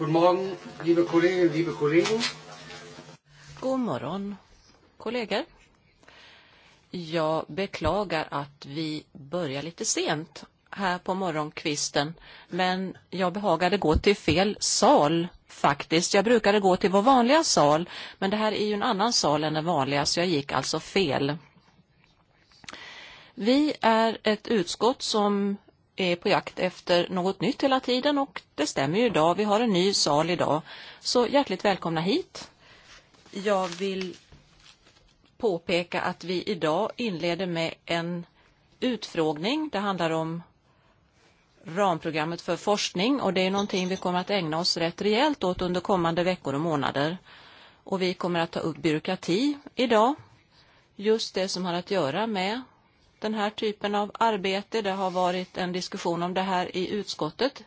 Guten Morgen, liebe Kolleginnen, liebe Kollegen. God morgon, kollegor. Jag beklagar att vi börjar lite sent här på morgonkvisten, men jag behagade gå till fel sal faktiskt. Jag brukade gå till vår vanliga sal, men det här är ju en annan sal än den vanliga, så jag gick alltså fel. Vi är ett utskott som är på jakt efter något nytt hela tiden och det stämmer ju idag. Vi har en ny sal idag. Så hjärtligt välkomna hit. Jag vill påpeka att vi idag inleder med en utfrågning. Det handlar om ramprogrammet för forskning och det är någonting vi kommer att ägna oss rätt rejält åt under kommande veckor och månader. Och vi kommer att ta upp byråkrati idag. Just det som har att göra med den här typen av arbete. Det har varit en diskussion om det här i utskottet.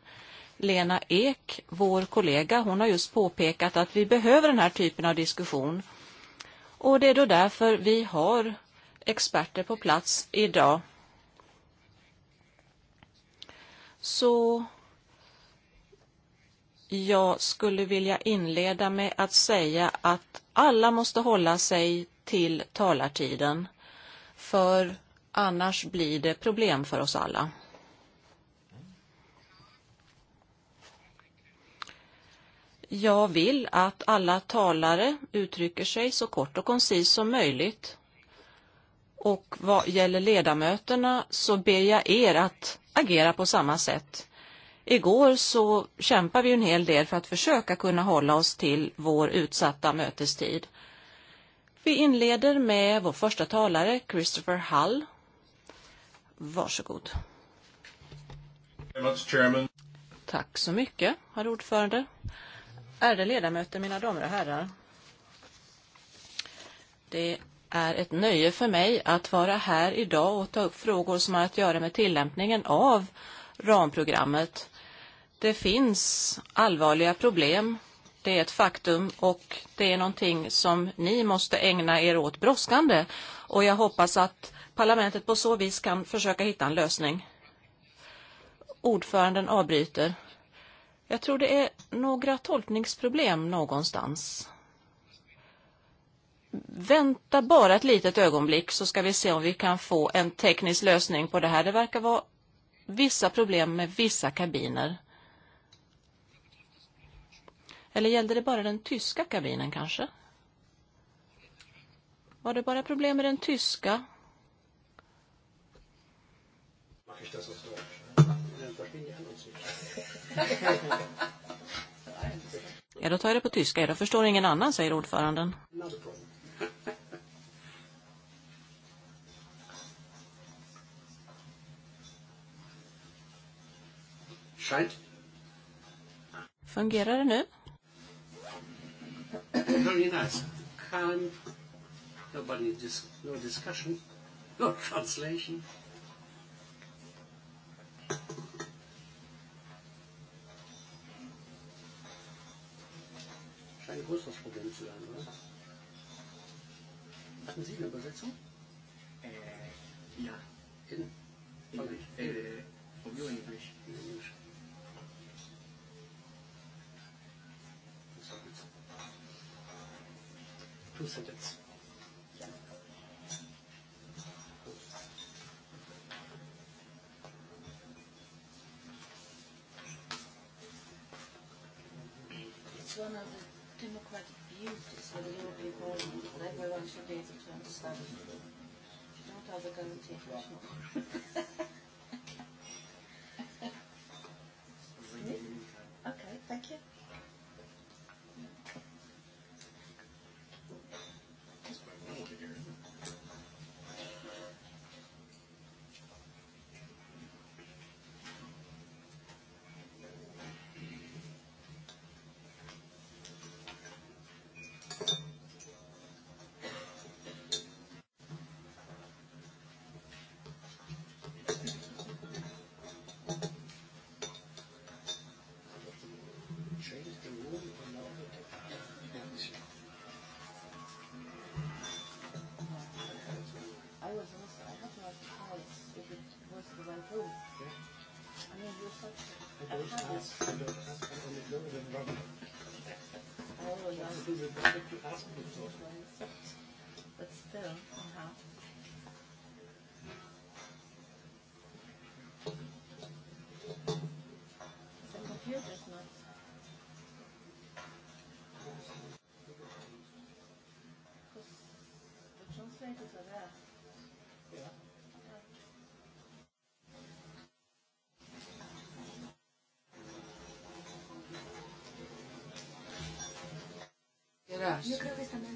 Lena Ek, vår kollega, hon har just påpekat att vi behöver den här typen av diskussion. Och det är då därför vi har experter på plats idag. Så jag skulle vilja inleda med att säga att alla måste hålla sig till talartiden. För Annars blir det problem för oss alla. Jag vill att alla talare uttrycker sig så kort och koncist som möjligt. Och vad gäller ledamöterna så ber jag er att agera på samma sätt. Igår så kämpade vi en hel del för att försöka kunna hålla oss till vår utsatta mötestid. Vi inleder med vår första talare, Christopher Hull, Varsågod. Tack så mycket, herr ordförande. Ärade ledamöter, mina damer och herrar. Det är ett nöje för mig att vara här idag och ta upp frågor som har att göra med tillämpningen av ramprogrammet. Det finns allvarliga problem. Det är ett faktum och det är någonting som ni måste ägna er åt brådskande. Och jag hoppas att parlamentet på så vis kan försöka hitta en lösning. Ordföranden avbryter. Jag tror det är några tolkningsproblem någonstans. Vänta bara ett litet ögonblick så ska vi se om vi kan få en teknisk lösning på det här. Det verkar vara vissa problem med vissa kabiner. Eller gällde det bara den tyska kabinen kanske? Var det bara problem med den tyska? ich das auf Deutsch. Den verstehen die anderen nicht. Ja, då tar jag det på tyska. Jag förstår ingen annan, säger ordföranden. Scheint. Fungerar det nu? Very nice. Can nobody dis no discussion? No translation. Scheint ein größeres Problem zu sein, oder? Hatten Sie eine Übersetzung? Äh, ja. In? English. Äh, from you English. In English. Two sentences. it's one of the democratic beauties of the European Parliament that everyone should be able to understand. You don't have the guarantee. But still, uh-huh. The computer's not because the translators are there. ます。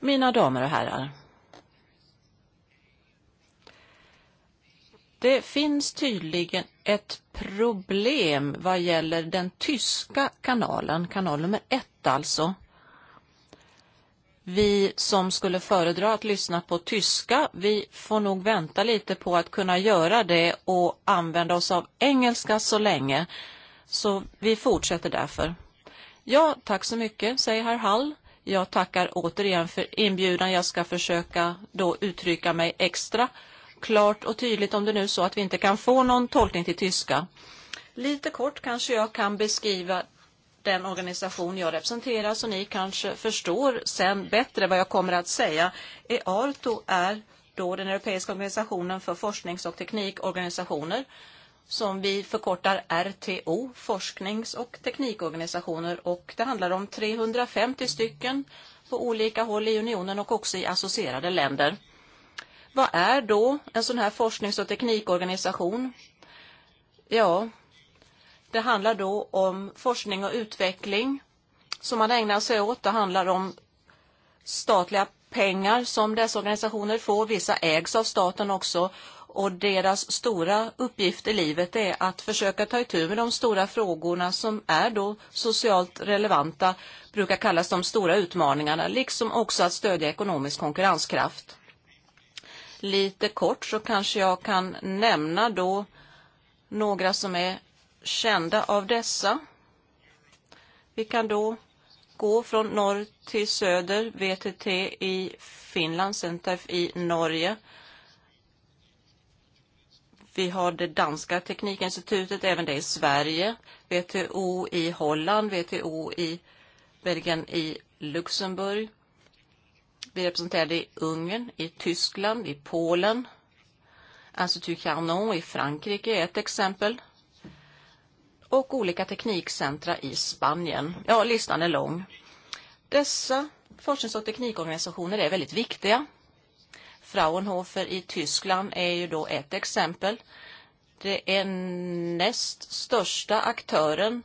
Mina damer och herrar. Det finns tydligen ett problem vad gäller den tyska kanalen, kanal nummer ett alltså. Vi som skulle föredra att lyssna på tyska, vi får nog vänta lite på att kunna göra det och använda oss av engelska så länge. Så vi fortsätter därför. Ja, tack så mycket, säger herr Hall. Jag tackar återigen för inbjudan. Jag ska försöka då uttrycka mig extra klart och tydligt om det nu är så att vi inte kan få någon tolkning till tyska. Lite kort kanske jag kan beskriva den organisation jag representerar så ni kanske förstår sen bättre vad jag kommer att säga. EARTO är då den europeiska organisationen för forsknings och teknikorganisationer som vi förkortar RTO, forsknings och teknikorganisationer. Och det handlar om 350 stycken på olika håll i unionen och också i associerade länder. Vad är då en sån här forsknings och teknikorganisation? Ja, det handlar då om forskning och utveckling som man ägnar sig åt. Det handlar om statliga pengar som dessa organisationer får. Vissa ägs av staten också och deras stora uppgift i livet är att försöka ta itu med de stora frågorna som är då socialt relevanta, brukar kallas de stora utmaningarna, liksom också att stödja ekonomisk konkurrenskraft. Lite kort så kanske jag kan nämna då några som är kända av dessa. Vi kan då gå från norr till söder, VTT i Finland, Centef i Norge, Vi har det danska teknikinstitutet, även det i Sverige, WTO i Holland, WTO i Belgien, i Luxemburg. Vi är representerade i Ungern, i Tyskland, i Polen. Institut Carnot i Frankrike är ett exempel. Och olika teknikcentra i Spanien. Ja, listan är lång. Dessa forsknings och teknikorganisationer är väldigt viktiga Fraunhofer i Tyskland är ju då ett exempel. Det är näst största aktören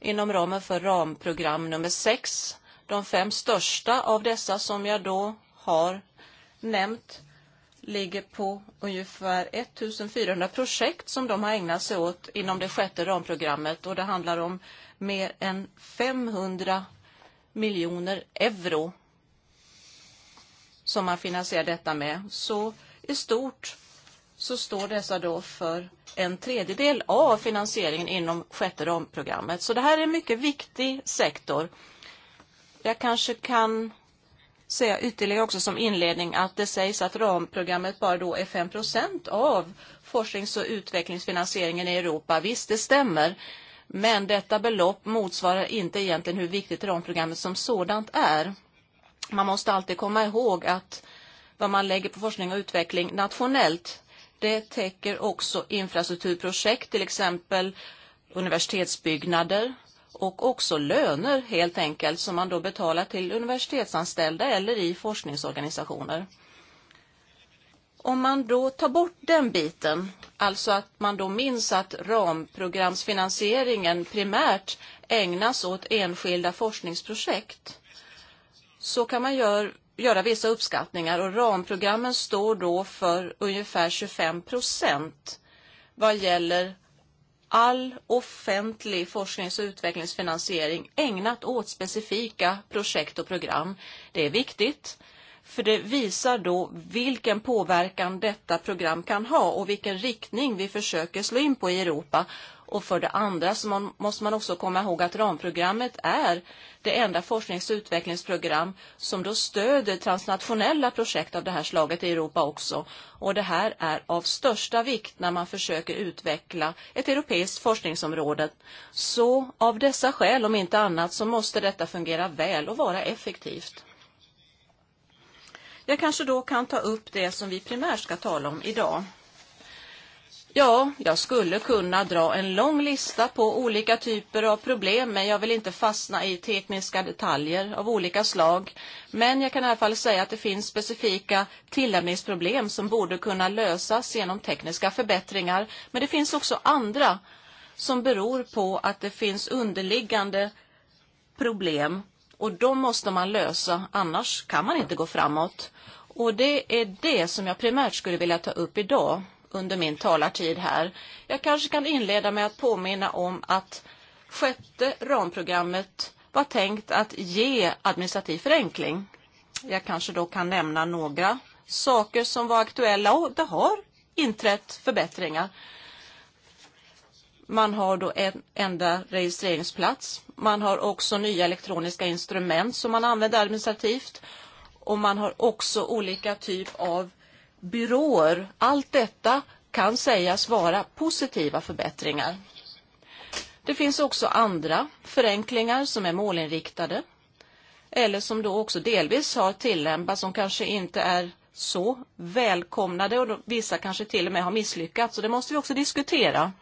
inom ramen för ramprogram nummer 6. De fem största av dessa som jag då har nämnt ligger på ungefär 1400 projekt som de har ägnat sig åt inom det sjätte ramprogrammet och det handlar om mer än 500 miljoner euro som man finansierar detta med, så i stort så står dessa då för en tredjedel av finansieringen inom sjätte ramprogrammet. Så det här är en mycket viktig sektor. Jag kanske kan säga ytterligare också som inledning att det sägs att ramprogrammet bara då är 5 av forsknings och utvecklingsfinansieringen i Europa. Visst, det stämmer. Men detta belopp motsvarar inte egentligen hur viktigt ramprogrammet som sådant är. Man måste alltid komma ihåg att vad man lägger på forskning och utveckling nationellt, det täcker också infrastrukturprojekt, till exempel universitetsbyggnader och också löner helt enkelt som man då betalar till universitetsanställda eller i forskningsorganisationer. Om man då tar bort den biten, alltså att man då minns att ramprogramsfinansieringen primärt ägnas åt enskilda forskningsprojekt, så kan man gör, göra vissa uppskattningar och ramprogrammen står då för ungefär 25 procent vad gäller all offentlig forsknings och utvecklingsfinansiering ägnat åt specifika projekt och program. Det är viktigt, för det visar då vilken påverkan detta program kan ha och vilken riktning vi försöker slå in på i Europa. Och för det andra så man, måste man också komma ihåg att ramprogrammet är det enda forsknings och utvecklingsprogram som då stöder transnationella projekt av det här slaget i Europa också. Och det här är av största vikt när man försöker utveckla ett europeiskt forskningsområde. Så av dessa skäl, om inte annat, så måste detta fungera väl och vara effektivt. Jag kanske då kan ta upp det som vi primärt ska tala om idag. Ja, jag skulle kunna dra en lång lista på olika typer av problem men jag vill inte fastna i tekniska detaljer av olika slag. Men jag kan i alla fall säga att det finns specifika tillämpningsproblem som borde kunna lösas genom tekniska förbättringar. Men det finns också andra som beror på att det finns underliggande problem och de måste man lösa annars kan man inte gå framåt. Och det är det som jag primärt skulle vilja ta upp idag under min talartid här. Jag kanske kan inleda med att påminna om att sjätte ramprogrammet var tänkt att ge administrativ förenkling. Jag kanske då kan nämna några saker som var aktuella och det har inträtt förbättringar. Man har då en enda registreringsplats. Man har också nya elektroniska instrument som man använder administrativt. Och man har också olika typ av byråer. Allt detta kan sägas vara positiva förbättringar. Det finns också andra förenklingar som är målinriktade eller som då också delvis har tillämpats som kanske inte är så välkomnade och vissa kanske till och med har misslyckats. Och det måste vi också diskutera.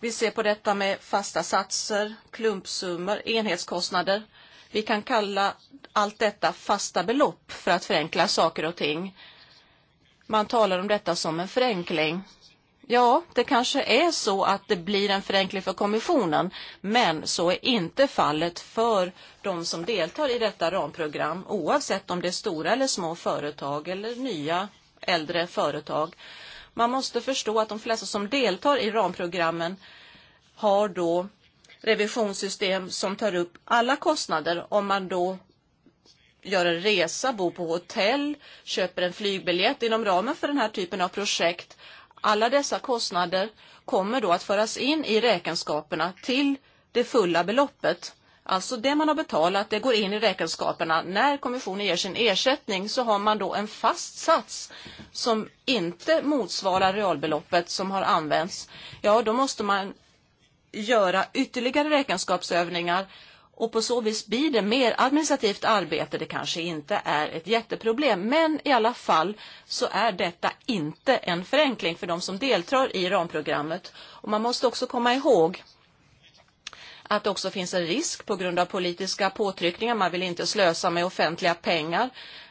Vi ser på detta med fasta satser, klumpsummor, enhetskostnader. Vi kan kalla allt detta fasta belopp för att förenkla saker och ting. Man talar om detta som en förenkling. Ja, det kanske är så att det blir en förenkling för kommissionen, men så är inte fallet för de som deltar i detta ramprogram, oavsett om det är stora eller små företag eller nya äldre företag. Man måste förstå att de flesta som deltar i ramprogrammen har då revisionssystem som tar upp alla kostnader om man då gör en resa, bor på hotell, köper en flygbiljett inom ramen för den här typen av projekt. Alla dessa kostnader kommer då att föras in i räkenskaperna till det fulla beloppet. Alltså det man har betalat, det går in i räkenskaperna. När kommissionen ger sin ersättning så har man då en fast sats som inte motsvarar realbeloppet som har använts. Ja, då måste man göra ytterligare räkenskapsövningar och på så vis blir det mer administrativt arbete. Det kanske inte är ett jätteproblem, men i alla fall så är detta inte en förenkling för de som deltar i ramprogrammet. Och man måste också komma ihåg att det också finns en risk på grund av politiska påtryckningar. Man vill inte slösa med offentliga pengar.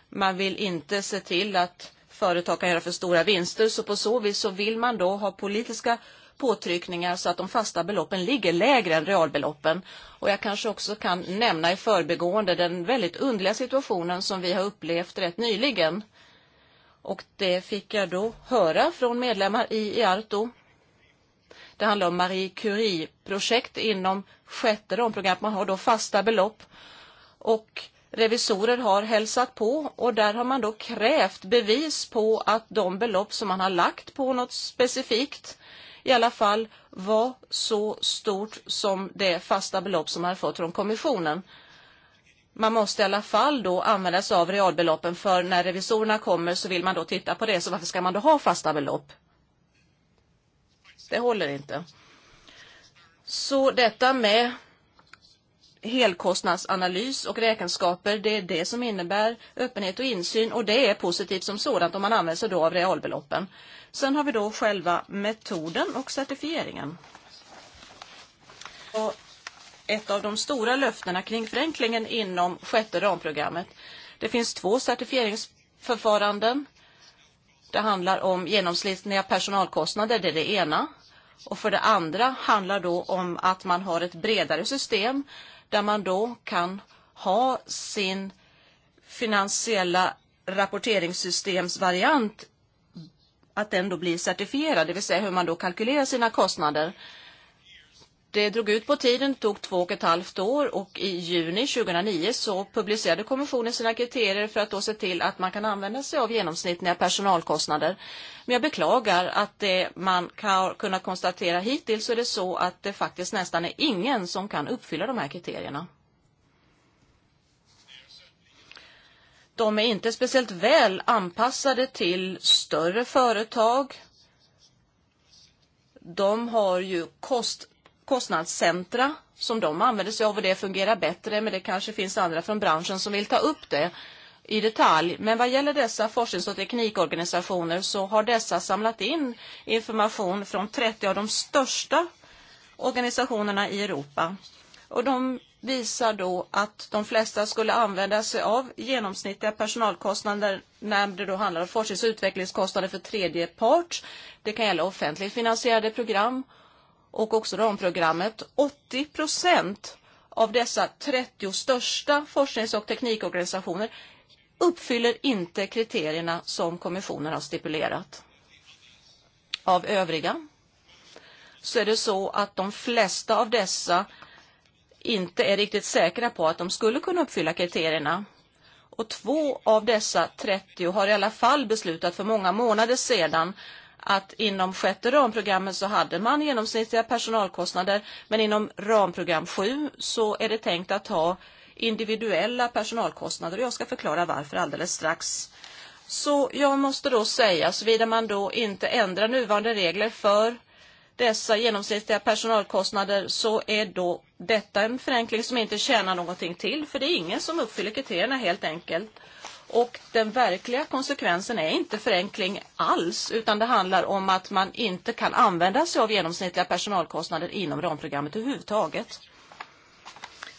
Man vill inte se till att företag kan göra för stora vinster. Så på så vis så vill man då ha politiska påtryckningar så att de fasta beloppen ligger lägre än realbeloppen. Och jag kanske också kan nämna i förbegående den väldigt underliga situationen som vi har upplevt rätt nyligen. Och det fick jag då höra från medlemmar i IARTO. Det handlar om Marie Curie-projekt inom sjätte ramprogrammet. Man har då fasta belopp. Och revisorer har hälsat på och där har man då krävt bevis på att de belopp som man har lagt på något specifikt i alla fall var så stort som det fasta belopp som man fått från kommissionen. Man måste i alla fall då använda sig av realbeloppen för när revisorerna kommer så vill man då titta på det. Så varför ska man då ha fasta belopp? Det håller inte. Så detta med helkostnadsanalys och räkenskaper, det är det som innebär öppenhet och insyn och det är positivt som sådant om man använder sig då av realbeloppen. Sen har vi då själva metoden och certifieringen. Och ett av de stora löftena kring förenklingen inom sjätte ramprogrammet. Det finns två certifieringsförfaranden. Det handlar om genomsnittliga personalkostnader, det är det ena. Och för det andra handlar då om att man har ett bredare system där man då kan ha sin finansiella rapporteringssystemsvariant att den då blir certifierad, det vill säga hur man då kalkylerar sina kostnader Det drog ut på tiden, tog två och ett halvt år och i juni 2009 så publicerade kommissionen sina kriterier för att då se till att man kan använda sig av genomsnittliga personalkostnader. Men jag beklagar att det man kan kunna konstatera hittills så är det så att det faktiskt nästan är ingen som kan uppfylla de här kriterierna. De är inte speciellt väl anpassade till större företag. De har ju kost kostnadscentra som de använder sig av och det fungerar bättre men det kanske finns andra från branschen som vill ta upp det i detalj. Men vad gäller dessa forsknings och teknikorganisationer så har dessa samlat in information från 30 av de största organisationerna i Europa. Och de visar då att de flesta skulle använda sig av genomsnittliga personalkostnader när det då handlar om forsknings och utvecklingskostnader för tredje part. Det kan gälla offentligt finansierade program och också ramprogrammet. 80 procent av dessa 30 största forsknings och teknikorganisationer uppfyller inte kriterierna som kommissionen har stipulerat. Av övriga så är det så att de flesta av dessa inte är riktigt säkra på att de skulle kunna uppfylla kriterierna. Och två av dessa 30 har i alla fall beslutat för många månader sedan att inom sjätte ramprogrammet så hade man genomsnittliga personalkostnader men inom ramprogram 7 så är det tänkt att ha individuella personalkostnader och jag ska förklara varför alldeles strax. Så jag måste då säga, såvida man då inte ändrar nuvarande regler för dessa genomsnittliga personalkostnader så är då detta en förenkling som inte tjänar någonting till för det är ingen som uppfyller kriterierna helt enkelt. Och den verkliga konsekvensen är inte förenkling alls, utan det handlar om att man inte kan använda sig av genomsnittliga personalkostnader inom ramprogrammet överhuvudtaget.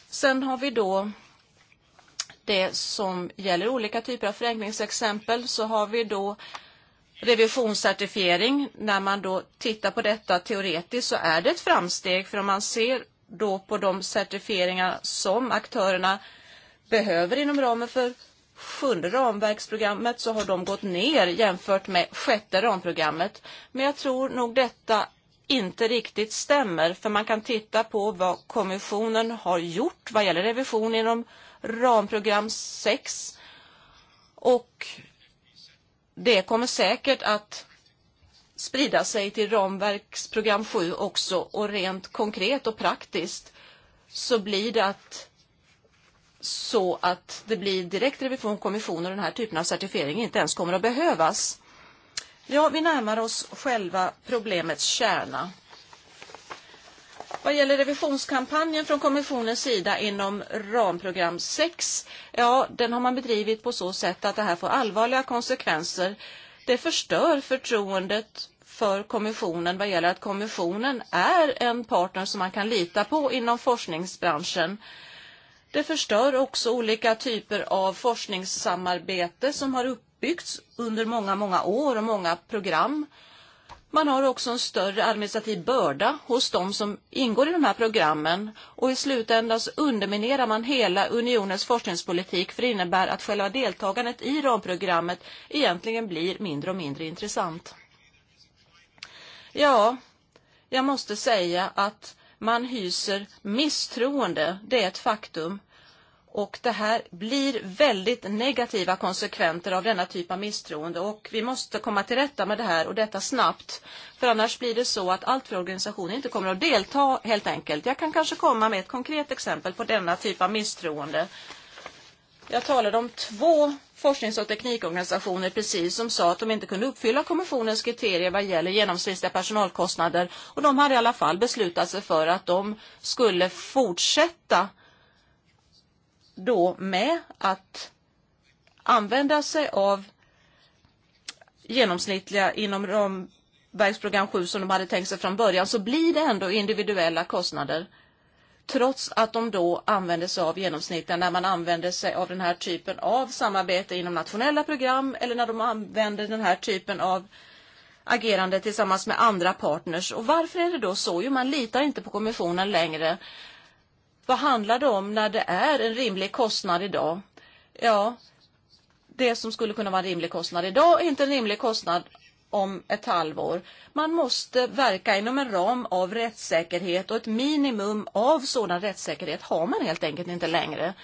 Sen har vi då det som gäller olika typer av förenklingsexempel så har vi då revisionscertifiering. När man då tittar på detta teoretiskt så är det ett framsteg för om man ser då på de certifieringar som aktörerna behöver inom ramen för sjunde ramverksprogrammet så har de gått ner jämfört med sjätte ramprogrammet. Men jag tror nog detta inte riktigt stämmer för man kan titta på vad kommissionen har gjort vad gäller revision inom ramprogram 6 och det kommer säkert att sprida sig till ramverksprogram 7 också och rent konkret och praktiskt så blir det att så att det blir direkt revision, kommission och den här typen av certifiering inte ens kommer att behövas. Ja, vi närmar oss själva problemets kärna. Vad gäller revisionskampanjen från kommissionens sida inom ramprogram 6, ja, den har man bedrivit på så sätt att det här får allvarliga konsekvenser. Det förstör förtroendet för kommissionen vad gäller att kommissionen är en partner som man kan lita på inom forskningsbranschen. Eh, Det förstör också olika typer av forskningssamarbete som har uppbyggts under många, många år och många program. Man har också en större administrativ börda hos de som ingår i de här programmen och i slutändan så underminerar man hela unionens forskningspolitik för det innebär att själva deltagandet i ramprogrammet egentligen blir mindre och mindre intressant. Ja, jag måste säga att man hyser misstroende, det är ett faktum, Och det här blir väldigt negativa konsekvenser av denna typ av misstroende och vi måste komma till rätta med det här och detta snabbt. För annars blir det så att allt fler organisationer inte kommer att delta helt enkelt. Jag kan kanske komma med ett konkret exempel på denna typ av misstroende. Jag talade om två forsknings och teknikorganisationer precis som sa att de inte kunde uppfylla kommissionens kriterier vad gäller genomsnittliga personalkostnader och de hade i alla fall beslutat sig för att de skulle fortsätta då med att använda sig av genomsnittliga inom ramverksprogram 7 som de hade tänkt sig från början så blir det ändå individuella kostnader trots att de då använder sig av genomsnitten när man använder sig av den här typen av samarbete inom nationella program eller när de använder den här typen av agerande tillsammans med andra partners. Och varför är det då så? Jo, man litar inte på kommissionen längre Vad handlar det om när det är en rimlig kostnad idag? Ja, det som skulle kunna vara en rimlig kostnad idag är inte en rimlig kostnad om ett halvår. Man måste verka inom en ram av rättssäkerhet och ett minimum av sådan rättssäkerhet har man helt enkelt inte längre.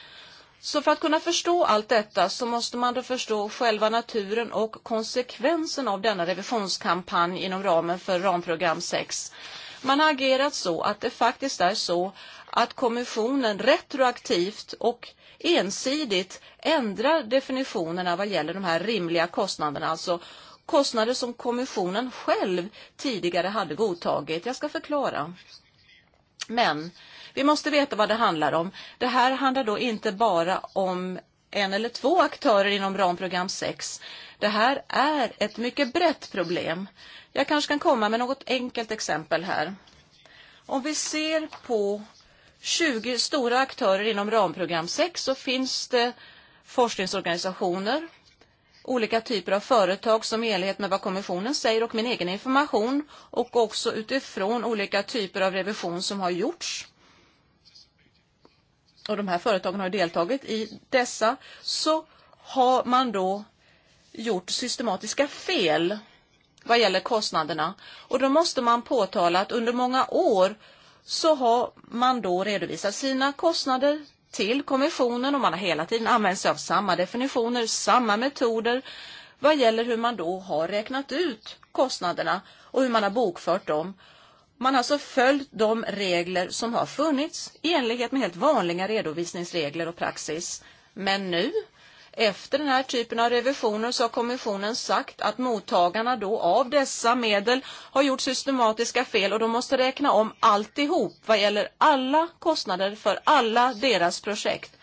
Så för att kunna förstå allt detta så måste man då förstå själva naturen och konsekvensen av denna revisionskampanj inom ramen för ramprogram 6. Man har agerat så att det faktiskt är så att kommissionen retroaktivt och ensidigt ändrar definitionerna vad gäller de här rimliga kostnaderna, alltså kostnader som kommissionen själv tidigare hade godtagit. Jag ska förklara. Men vi måste veta vad det handlar om. Det här handlar då inte bara om en eller två aktörer inom ramprogram 6. Det här är ett mycket brett problem. Jag kanske kan komma med något enkelt exempel här. Om vi ser på 20 stora aktörer inom ramprogram 6 så finns det forskningsorganisationer, olika typer av företag som i enlighet med vad kommissionen säger och min egen information och också utifrån olika typer av revision som har gjorts och de här företagen har deltagit i dessa så har man då gjort systematiska fel vad gäller kostnaderna. Och då måste man påtala att under många år så har man då redovisat sina kostnader till kommissionen och man har hela tiden använt sig av samma definitioner, samma metoder vad gäller hur man då har räknat ut kostnaderna och hur man har bokfört dem. Man har alltså följt de regler som har funnits i enlighet med helt vanliga redovisningsregler och praxis. Men nu, efter den här typen av revisioner, så har kommissionen sagt att mottagarna då av dessa medel har gjort systematiska fel och de måste räkna om alltihop vad gäller alla kostnader för alla deras projekt.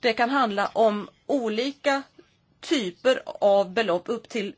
Det kan handla om olika typer av belopp upp till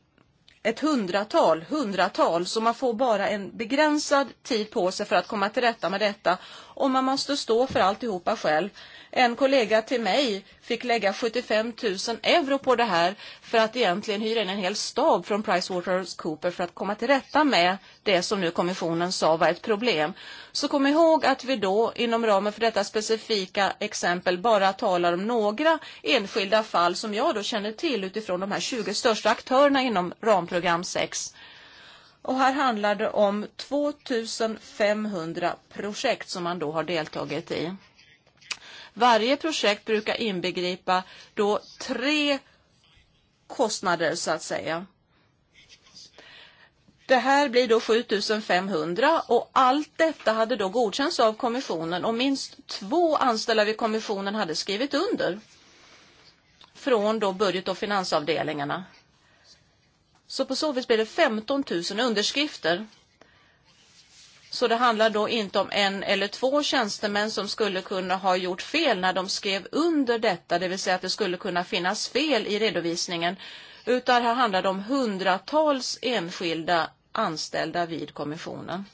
ett hundratal, hundratal, så man får bara en begränsad tid på sig för att komma till rätta med detta och man måste stå för alltihopa själv. En kollega till mig fick lägga 75 000 euro på det här för att egentligen hyra in en hel stab från PricewaterhouseCoopers för att komma till rätta med det som nu kommissionen sa var ett problem. Så kom ihåg att vi då inom ramen för detta specifika exempel bara talar om några enskilda fall som jag då känner till utifrån de här 20 största aktörerna inom ramprogram 6. Och här handlar det om 2500 projekt som man då har deltagit i. Varje projekt brukar inbegripa då tre kostnader så att säga. Det här blir då 7500 och allt detta hade då godkänts av kommissionen och minst två anställda vid kommissionen hade skrivit under från då budget och finansavdelningarna. Så på så vis blir det 15 000 underskrifter. Så det handlar då inte om en eller två tjänstemän som skulle kunna ha gjort fel när de skrev under detta, det vill säga att det skulle kunna finnas fel i redovisningen, utan här handlar det om hundratals enskilda anställda vid kommissionen.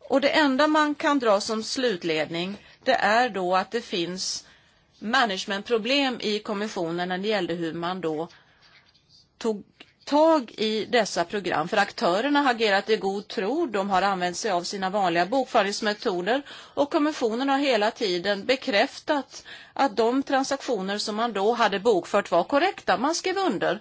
Och det enda man kan dra som slutledning, det är då att det finns managementproblem i kommissionen när det gällde hur man då tog tag i dessa program. För aktörerna har agerat i god tro, de har använt sig av sina vanliga bokföringsmetoder och kommissionen har hela tiden bekräftat att de transaktioner som man då hade bokfört var korrekta. Man skrev under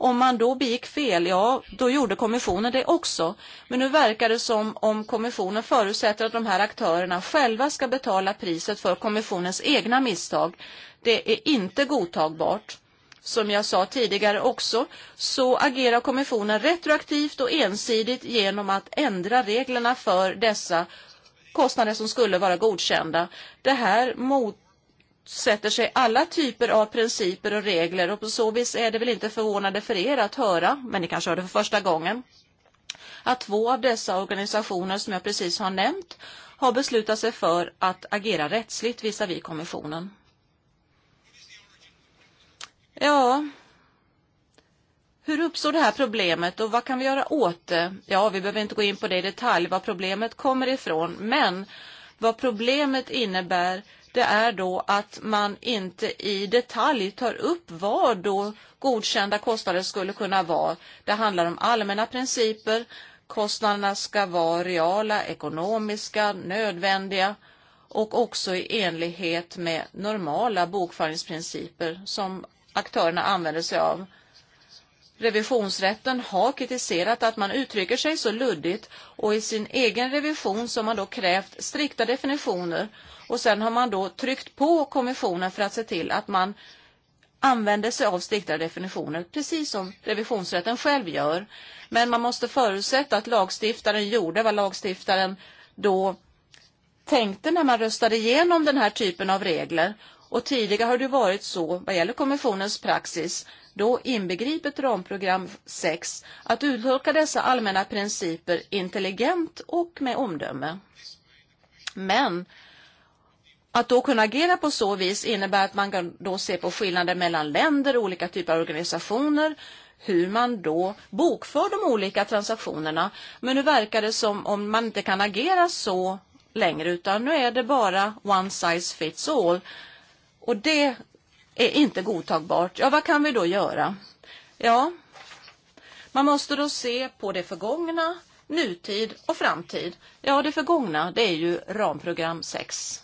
Om man då begick fel, ja, då gjorde kommissionen det också. Men nu verkar det som om kommissionen förutsätter att de här aktörerna själva ska betala priset för kommissionens egna misstag. Det är inte godtagbart. Som jag sa tidigare också, så agerar kommissionen retroaktivt och ensidigt genom att ändra reglerna för dessa kostnader som skulle vara godkända. Det här mot motsätter sig alla typer av principer och regler och på så vis är det väl inte förvånande för er att höra, men ni kanske hörde för första gången, att två av dessa organisationer som jag precis har nämnt har beslutat sig för att agera rättsligt visavi vis kommissionen. Ja, hur uppstår det här problemet och vad kan vi göra åt det? Ja, vi behöver inte gå in på det i detalj, var problemet kommer ifrån, men vad problemet innebär det är då att man inte i detalj tar upp vad då godkända kostnader skulle kunna vara. Det handlar om allmänna principer. Kostnaderna ska vara reala, ekonomiska, nödvändiga och också i enlighet med normala bokföringsprinciper som aktörerna använder sig av. Revisionsrätten har kritiserat att man uttrycker sig så luddigt och i sin egen revision som man då krävt strikta definitioner och sen har man då tryckt på kommissionen för att se till att man använder sig av strikta definitioner, precis som revisionsrätten själv gör. Men man måste förutsätta att lagstiftaren gjorde vad lagstiftaren då tänkte när man röstade igenom den här typen av regler. Och tidigare har det varit så vad gäller kommissionens praxis, då inbegripet ramprogram 6, att uttolka dessa allmänna principer intelligent och med omdöme. Men Att då kunna agera på så vis innebär att man kan då se på skillnader mellan länder, olika typer av organisationer, hur man då bokför de olika transaktionerna. Men nu verkar det som om man inte kan agera så längre utan nu är det bara one size fits all Och det är inte godtagbart. Ja, vad kan vi då göra? Ja, man måste då se på det förgångna, nutid och framtid. Ja, det förgångna det är ju ramprogram 6.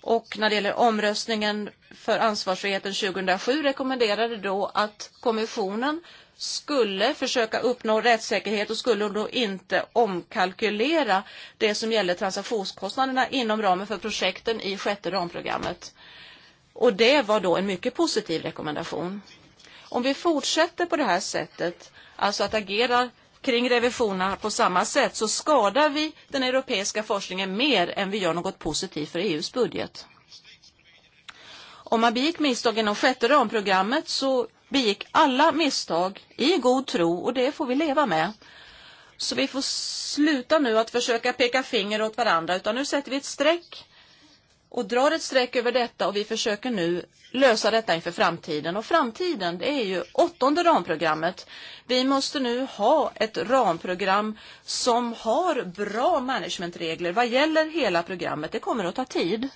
Och när det gäller omröstningen för ansvarsfriheten 2007 rekommenderade då att kommissionen skulle försöka uppnå rättssäkerhet och skulle då inte omkalkylera det som gäller transaktionskostnaderna inom ramen för projekten i sjätte ramprogrammet. Och det var då en mycket positiv rekommendation. Om vi fortsätter på det här sättet, alltså att agera kring revisionerna på samma sätt, så skadar vi den europeiska forskningen mer än vi gör något positivt för EUs budget. Om man begick misstag inom sjätte ramprogrammet så begick alla misstag i god tro och det får vi leva med. Så vi får sluta nu att försöka peka finger åt varandra utan nu sätter vi ett streck och drar ett streck över detta och vi försöker nu lösa detta inför framtiden. Och framtiden det är ju åttonde ramprogrammet. Vi måste nu ha ett ramprogram som har bra managementregler vad gäller hela programmet. Det kommer att ta tid.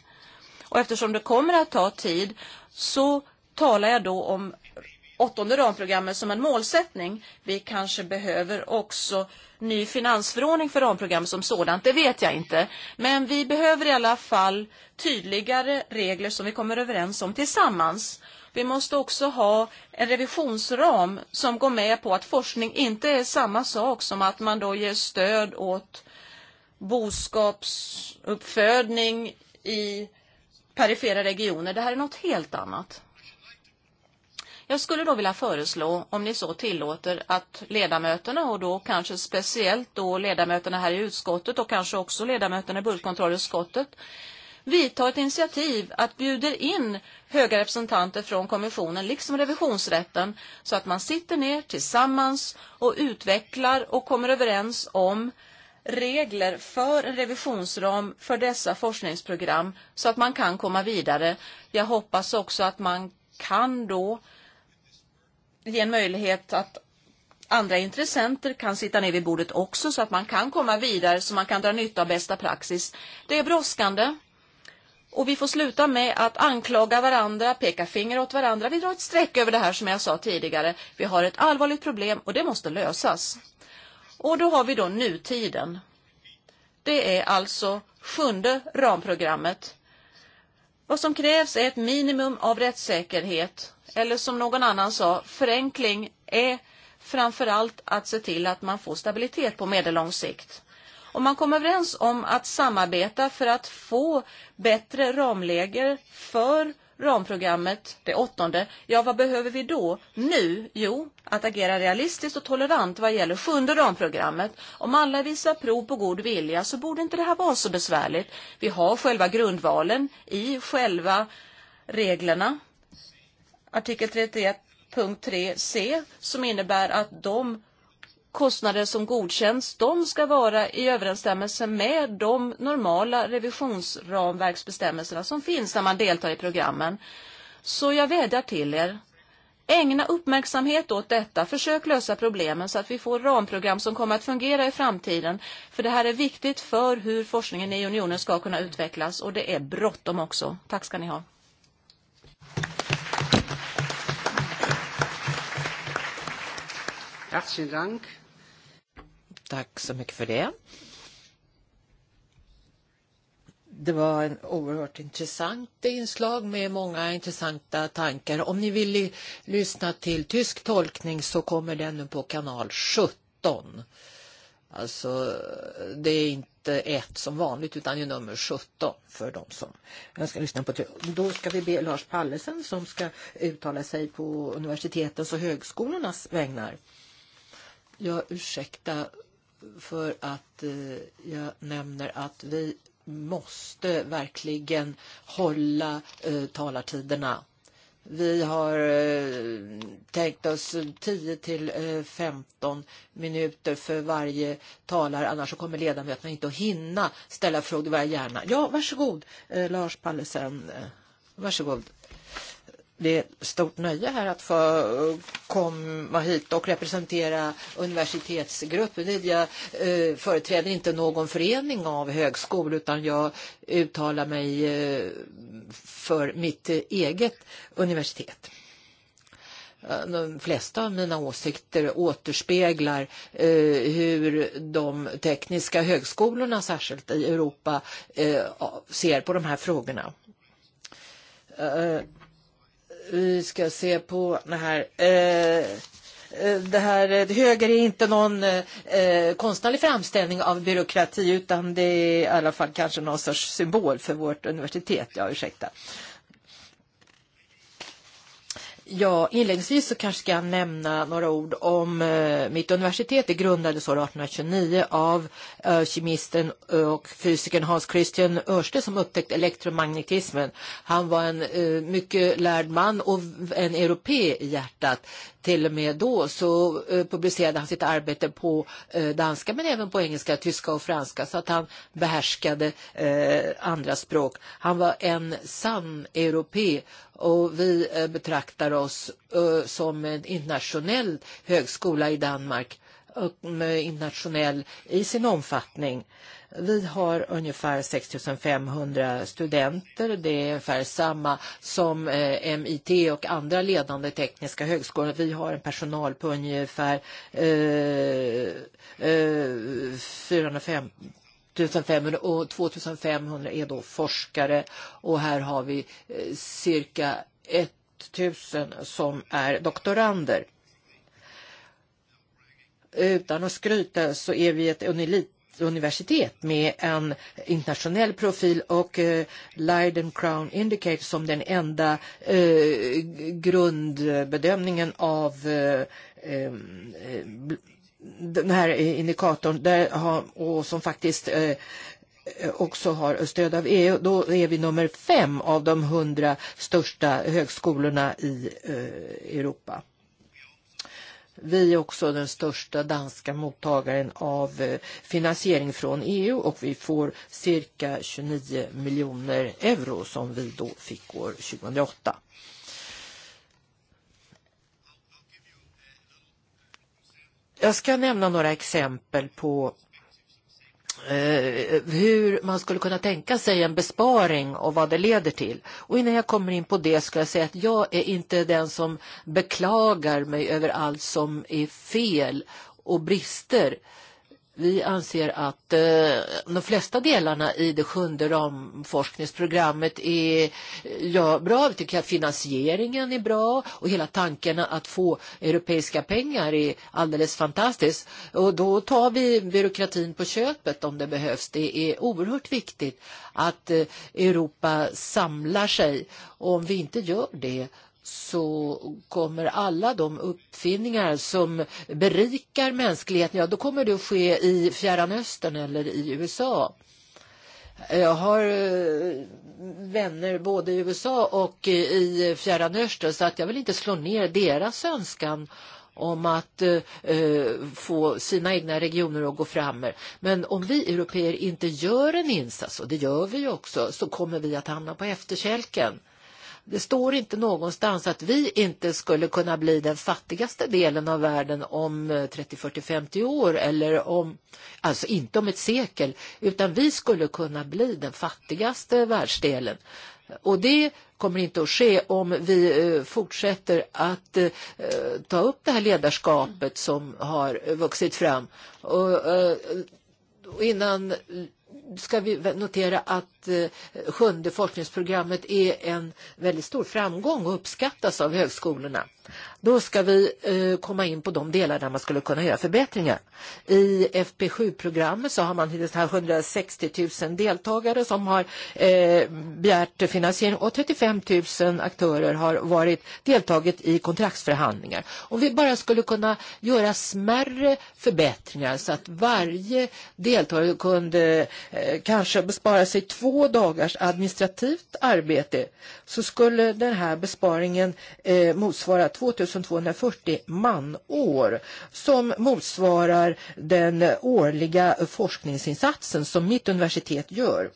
Och eftersom det kommer att ta tid så talar jag då om åttonde ramprogrammet som en målsättning. Vi kanske behöver också ny finansförordning för ramprogrammet som sådant. Det vet jag inte. Men vi behöver i alla fall tydligare regler som vi kommer överens om tillsammans. Vi måste också ha en revisionsram som går med på att forskning inte är samma sak som att man då ger stöd åt boskapsuppfödning i perifera regioner. Det här är något helt annat. Jag skulle då vilja föreslå, om ni så tillåter, att ledamöterna och då kanske speciellt då ledamöterna här i utskottet och kanske också ledamöterna i budgetkontrollutskottet vi tar ett initiativ att bjuda in höga representanter från kommissionen liksom revisionsrätten så att man sitter ner tillsammans och utvecklar och kommer överens om regler för en revisionsram för dessa forskningsprogram så att man kan komma vidare. Jag hoppas också att man kan då ge en möjlighet att andra intressenter kan sitta ner vid bordet också så att man kan komma vidare så man kan dra nytta av bästa praxis. Det är brådskande och vi får sluta med att anklaga varandra, peka finger åt varandra. Vi drar ett streck över det här som jag sa tidigare. Vi har ett allvarligt problem och det måste lösas. Och då har vi då nutiden. Det är alltså sjunde ramprogrammet. Vad som krävs är ett minimum av rättssäkerhet eller som någon annan sa, förenkling är framförallt att se till att man får stabilitet på medellång sikt. Om man kommer överens om att samarbeta för att få bättre ramläger för ramprogrammet, det åttonde, ja vad behöver vi då? Nu? Jo, att agera realistiskt och tolerant vad gäller sjunde ramprogrammet. Om alla visar prov på god vilja så borde inte det här vara så besvärligt. Vi har själva grundvalen i själva reglerna artikel 31 punkt 3c som innebär att de kostnader som godkänns, de ska vara i överensstämmelse med de normala revisionsramverksbestämmelserna som finns när man deltar i programmen. Så jag vädjar till er, ägna uppmärksamhet åt detta, försök lösa problemen så att vi får ramprogram som kommer att fungera i framtiden. För det här är viktigt för hur forskningen i unionen ska kunna utvecklas och det är bråttom också. Tack ska ni ha. Herzlichen Dank. Tack så mycket för det. Det var en oerhört intressant inslag med många intressanta tankar. Om ni vill lyssna till tysk tolkning så kommer den nu på kanal 17. Alltså, det är inte ett som vanligt utan ju nummer 17 för de som önskar lyssna på det. Då ska vi be Lars Pallesen som ska uttala sig på universitetens och högskolornas vägnar. Jag ursäkta för att eh, jag nämner att vi måste verkligen hålla eh, talartiderna. Vi har eh, tänkt oss 10 till eh, 15 minuter för varje talare, annars så kommer ledamöterna inte att hinna ställa frågor. Vara gärna. Ja, varsågod eh, Lars Pallesen. Eh, varsågod. Det är ett stort nöje här att få eh, komma hit och representera universitetsgruppen. Jag eh, företräder inte någon förening av högskolor utan jag uttalar mig eh, för mitt eget universitet. De flesta av mina åsikter återspeglar eh, hur de tekniska högskolorna, särskilt i Europa, eh, ser på de här frågorna. Eh, Vi ska se på det här. Eh, eh det här eh, höger är inte någon eh, konstnärlig framställning av byråkrati utan det är i alla fall kanske någon sorts symbol för vårt universitet. Ja, ursäkta. Eh, Ja, inledningsvis så kanske ska jag nämna några ord om eh, mitt universitet. Det grundades år 1829 av eh, kemisten eh, och fysikern Hans Christian Ørsted som upptäckte elektromagnetismen. Han var en eh, mycket lärd man och en europé i hjärtat. Till och med då så eh, publicerade han sitt arbete på eh, danska men även på engelska, tyska och franska så att han behärskade eh, andra språk. Han var en sann europé och vi eh, betraktar oss eh, som en internationell högskola i Danmark internationell i sin omfattning. Vi har ungefär 6 500 studenter. Det är ungefär samma som eh, MIT och andra ledande tekniska högskolor. Vi har en personal på ungefär eh, eh, 450 1500 och 2500 är då forskare och här har vi eh, cirka 1000 som är doktorander. Utan att skryta så är vi ett unilit universitet med en internationell profil och eh, Leiden Crown Indicator som den enda eh, grundbedömningen av eh, eh, den här indikatorn där har, och som faktiskt eh, också har stöd av EU, då är vi nummer fem av de hundra största högskolorna i eh, Europa. Vi är också den största danska mottagaren av eh, finansiering från EU och vi får cirka 29 miljoner euro som vi då fick år 2008. Jag ska nämna några exempel på eh, hur man skulle kunna tänka sig en besparing och vad det leder till. Och innan jag kommer in på det ska jag säga att jag är inte den som beklagar mig över allt som är fel och brister. Eh, Vi anser att eh, de flesta delarna i det sjunde ramforskningsprogrammet är ja, bra. Vi tycker att finansieringen är bra och hela tanken att få europeiska pengar är alldeles fantastisk. Och då tar vi byråkratin på köpet om det behövs. Det är oerhört viktigt att eh, Europa samlar sig. Och om vi inte gör det så kommer alla de uppfinningar som berikar mänskligheten, ja då kommer det att ske i Fjärran Östern eller i USA. Jag har eh, vänner både i USA och i Fjärran Östern så att jag vill inte slå ner deras önskan om att eh, eh få sina egna regioner att gå fram. Men om vi europeer inte gör en insats, och det gör vi ju också, så kommer vi att hamna på efterkälken. Eh, Det står inte någonstans att vi inte skulle kunna bli den fattigaste delen av världen om 30, 40, 50 år eller om, alltså inte om ett sekel, utan vi skulle kunna bli den fattigaste världsdelen. Och det kommer inte att ske om vi eh, fortsätter att eh, ta upp det här ledarskapet som har vuxit fram. Och eh, innan ska vi notera att eh, sjunde forskningsprogrammet är en väldigt stor framgång och uppskattas av högskolorna. Då ska vi eh, komma in på de delar där man skulle kunna göra förbättringar. I FP7-programmet så har man hittills 160 000 deltagare som har eh, begärt finansiering och 35 000 aktörer har varit, deltagit i kontraktsförhandlingar. Om vi bara skulle kunna göra smärre förbättringar så att varje deltagare kunde eh, kanske bespara sig två dagars administrativt arbete så skulle den här besparingen eh, motsvara 2240 manår som motsvarar den årliga forskningsinsatsen som mitt universitet gör.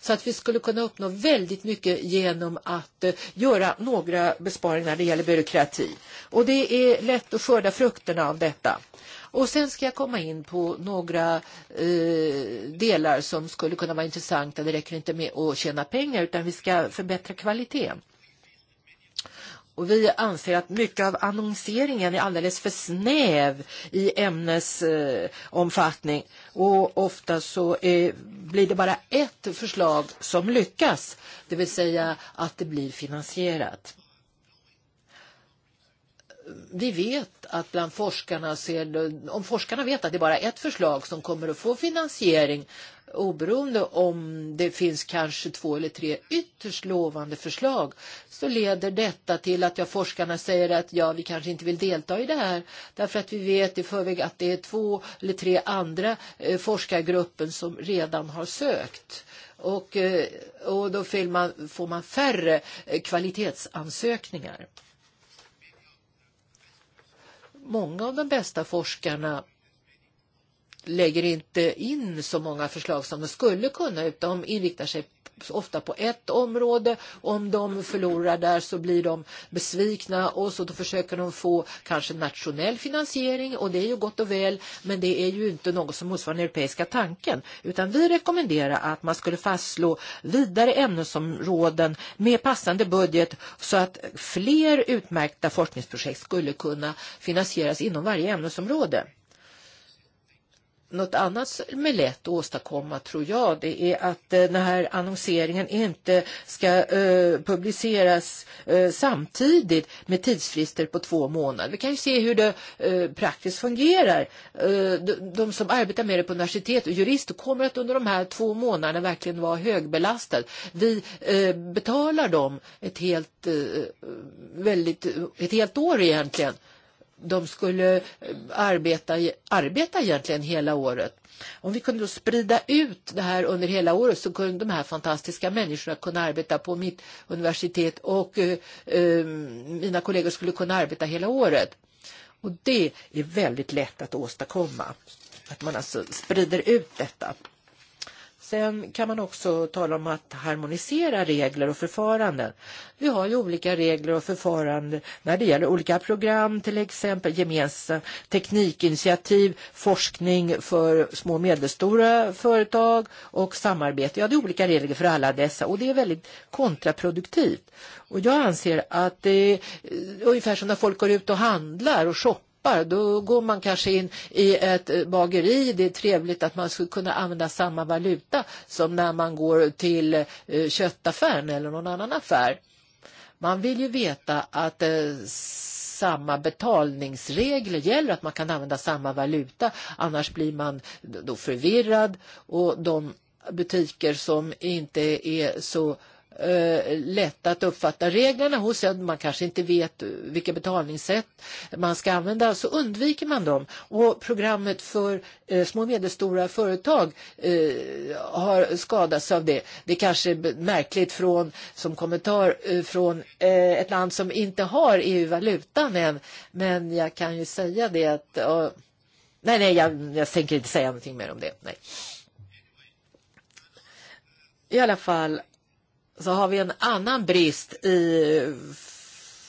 Så att vi skulle kunna uppnå väldigt mycket genom att eh, göra några besparingar när det gäller byråkrati. Och det är lätt att skörda frukterna av detta. Och sen ska jag komma in på några eh, delar som skulle kunna vara intressanta. Det räcker inte med att tjäna pengar utan vi ska förbättra kvaliteten. Eh, Och vi anser att mycket av annonseringen är alldeles för snäv i ämnesomfattning. Eh, och ofta så eh, blir det bara ett förslag som lyckas, det vill säga att det blir finansierat vi vet att bland forskarna ser, om forskarna vet att det är bara ett förslag som kommer att få finansiering oberoende om det finns kanske två eller tre ytterst lovande förslag så leder detta till att ja, forskarna säger att ja, vi kanske inte vill delta i det här därför att vi vet i förväg att det är två eller tre andra eh, forskargruppen som redan har sökt. Och, eh, och då får man, får man färre eh, kvalitetsansökningar många av de bästa forskarna lägger inte in så många förslag som de skulle kunna utan de inriktar sig ofta på ett område. Om de förlorar där så blir de besvikna och så då försöker de få kanske nationell finansiering och det är ju gott och väl men det är ju inte något som motsvarar den europeiska tanken. Utan vi rekommenderar att man skulle fastslå vidare ämnesområden med passande budget så att fler utmärkta forskningsprojekt skulle kunna finansieras inom varje ämnesområde. Något annat som är lätt att åstadkomma tror jag det är att eh, den här annonseringen inte ska eh, publiceras eh, samtidigt med tidsfrister på två månader. Vi kan ju se hur det eh, praktiskt fungerar. Eh, de, de som arbetar med det på universitet och jurister kommer att under de här två månaderna verkligen vara högbelastade. Vi eh, betalar dem ett helt, eh, väldigt, ett helt år egentligen eh, de skulle eh, arbeta, arbeta egentligen hela året. Om vi kunde sprida ut det här under hela året så kunde de här fantastiska människorna kunna arbeta på mitt universitet och eh, eh, mina kollegor skulle kunna arbeta hela året. Och det är väldigt lätt att åstadkomma, att man alltså sprider ut detta. Sen kan man också tala om att harmonisera regler och förfaranden. Vi har ju olika regler och förfaranden när det gäller olika program, till exempel gemensam teknikinitiativ, forskning för små och medelstora företag och samarbete. Ja, det är olika regler för alla dessa och det är väldigt kontraproduktivt. Och jag anser att det är ungefär som när folk går ut och handlar och shoppar jobbar. Då går man kanske in i ett bageri. Det är trevligt att man skulle kunna använda samma valuta som när man går till eh, köttaffären eller någon annan affär. Man vill ju veta att eh, samma betalningsregler gäller, att man kan använda samma valuta. Annars blir man då förvirrad och de butiker som inte är så eh, Eh, lätta att uppfatta reglerna hos en. Man kanske inte vet vilka betalningssätt man ska använda så undviker man dem. Och programmet för eh, små och medelstora företag eh, har skadats av det. Det kanske är märkligt från, som kommentar från ett land som inte har EU-valutan än. Men jag kan ju säga det att... Nej, nej, jag, jag tänker inte säga någonting mer om det. Nej. I alla fall, så har vi en annan brist i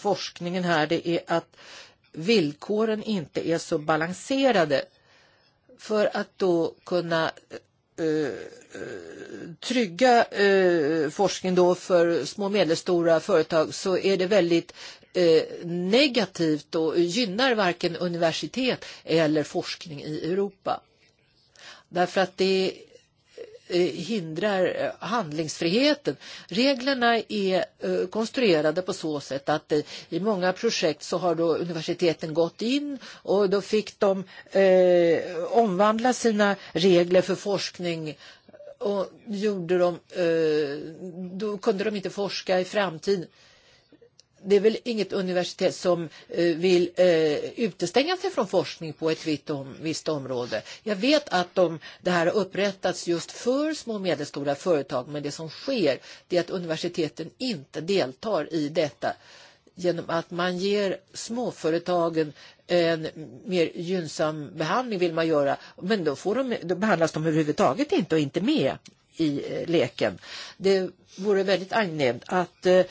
forskningen här. Det är att villkoren inte är så balanserade för att då kunna eh, eh, trygga eh, forskning då för små och medelstora företag så är det väldigt eh, negativt och gynnar varken universitet eller forskning i Europa. Därför att det Eh, hindrar eh, handlingsfriheten. Reglerna är eh, konstruerade på så sätt att i många projekt så har då universiteten gått in och då fick de omvandla sina regler för forskning och gjorde de, då kunde de inte forska i framtiden det är väl inget universitet som eh, vill eh, utestänga sig från forskning på ett vitt om, visst område. Jag vet att de, det här har upprättats just för små och medelstora företag men det som sker är att universiteten inte deltar i detta genom att man ger småföretagen en mer gynnsam behandling vill man göra men då, får de, då behandlas de överhuvudtaget inte och inte med i eh, leken. Det vore väldigt angenämt att eh,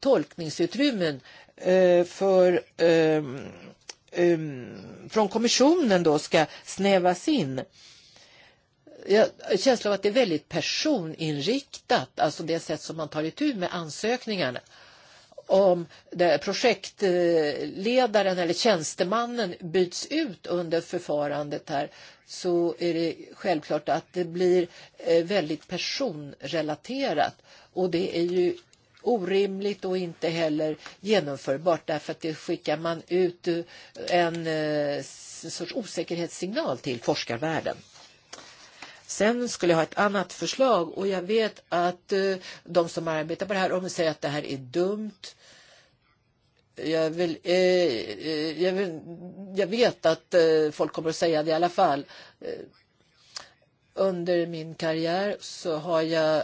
tolkningsutrymmen eh, för eh, eh, från kommissionen då ska snävas in jag har känslan av att det är väldigt personinriktat, alltså det sätt som man tar itu med ansökningarna om projektledaren eller tjänstemannen byts ut under förfarandet här så är det självklart att det blir eh, väldigt personrelaterat och det är ju orimligt och inte heller genomförbart därför att det skickar man ut en eh, sorts osäkerhetssignal till forskarvärlden. Sen skulle jag ha ett annat förslag och jag vet att eh, de som arbetar på det här området säger att det här är dumt. Jag, vill, eh, eh, jag, vill, jag vet att eh, folk kommer att säga det i alla fall. Eh, under min karriär så har jag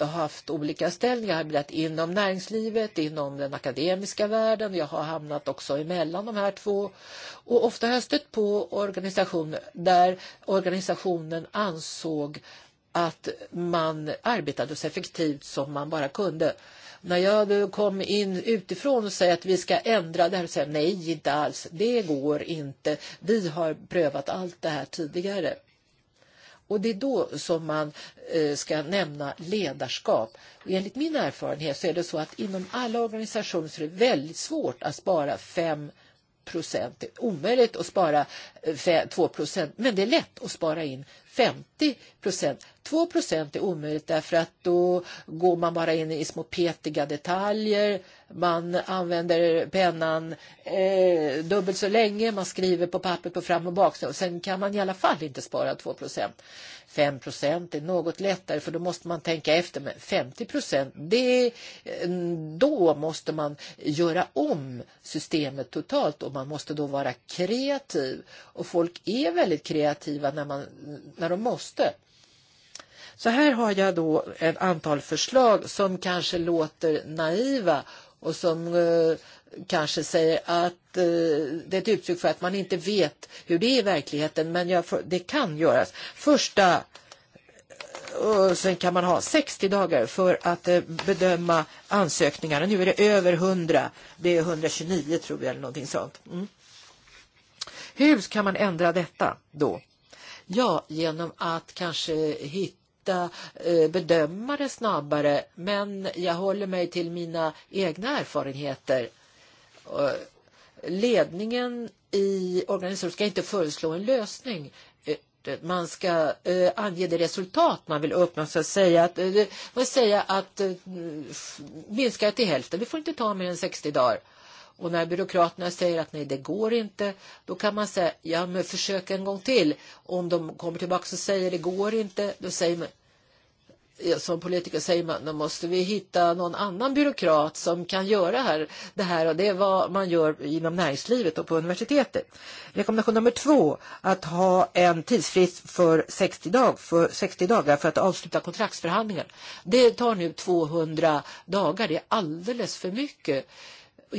haft olika ställningar. Jag har blivit inom näringslivet, inom den akademiska världen. Jag har hamnat också emellan de här två. Och ofta har jag stött på organisationer där organisationen ansåg att man arbetade så effektivt som man bara kunde. När jag kom in utifrån och säger att vi ska ändra det här, säger nej, inte alls. Det går inte. Vi har prövat allt det här tidigare. Och det är då som man eh, ska nämna ledarskap. Och enligt min erfarenhet så är det så att inom alla organisationer så är det väldigt svårt att spara 5 procent. Det är omöjligt att spara 2 eh, procent, men det är lätt att spara in 50 procent. 2 procent är omöjligt därför att då går man bara in i små petiga detaljer. Man använder pennan eh, dubbelt så länge, man skriver på papper på fram och bak. Och sen kan man i alla fall inte spara 2 procent. 5 procent är något lättare för då måste man tänka efter. Men 50 procent, eh, då måste man göra om systemet totalt och man måste då vara kreativ. Och folk är väldigt kreativa när man när de måste. Så här har jag då ett antal förslag som kanske låter naiva och som eh, kanske säger att eh, det är ett uttryck för att man inte vet hur det är i verkligheten, men jag, det kan göras. Första, eh, och sen kan man ha 60 dagar för att eh, bedöma ansökningarna. Nu är det över 100, det är 129 tror jag eller någonting sånt. Mm. Hur kan man ändra detta då? Ja, genom att kanske hitta hitta eh, bedömare snabbare, men jag håller mig till mina egna erfarenheter. Eh, ledningen i organisationen ska inte föreslå en lösning. Man ska eh, ange det resultat man vill uppnå, så att säga att, eh, säga att eh, minska till hälften. Vi får inte ta mer än 60 dagar. Eh, Och när byråkraterna säger att nej, det går inte, då kan man säga, ja men försök en gång till. Om de kommer tillbaka och säger det går inte, då säger man, som politiker säger man, då måste vi hitta någon annan byråkrat som kan göra här, det här och det är vad man gör inom näringslivet och på universitetet. Rekommendation nummer två, att ha en tidsfrist för 60, dag, för 60 dagar för att avsluta kontraktsförhandlingar. Det tar nu 200 dagar, det är alldeles för mycket. Eh,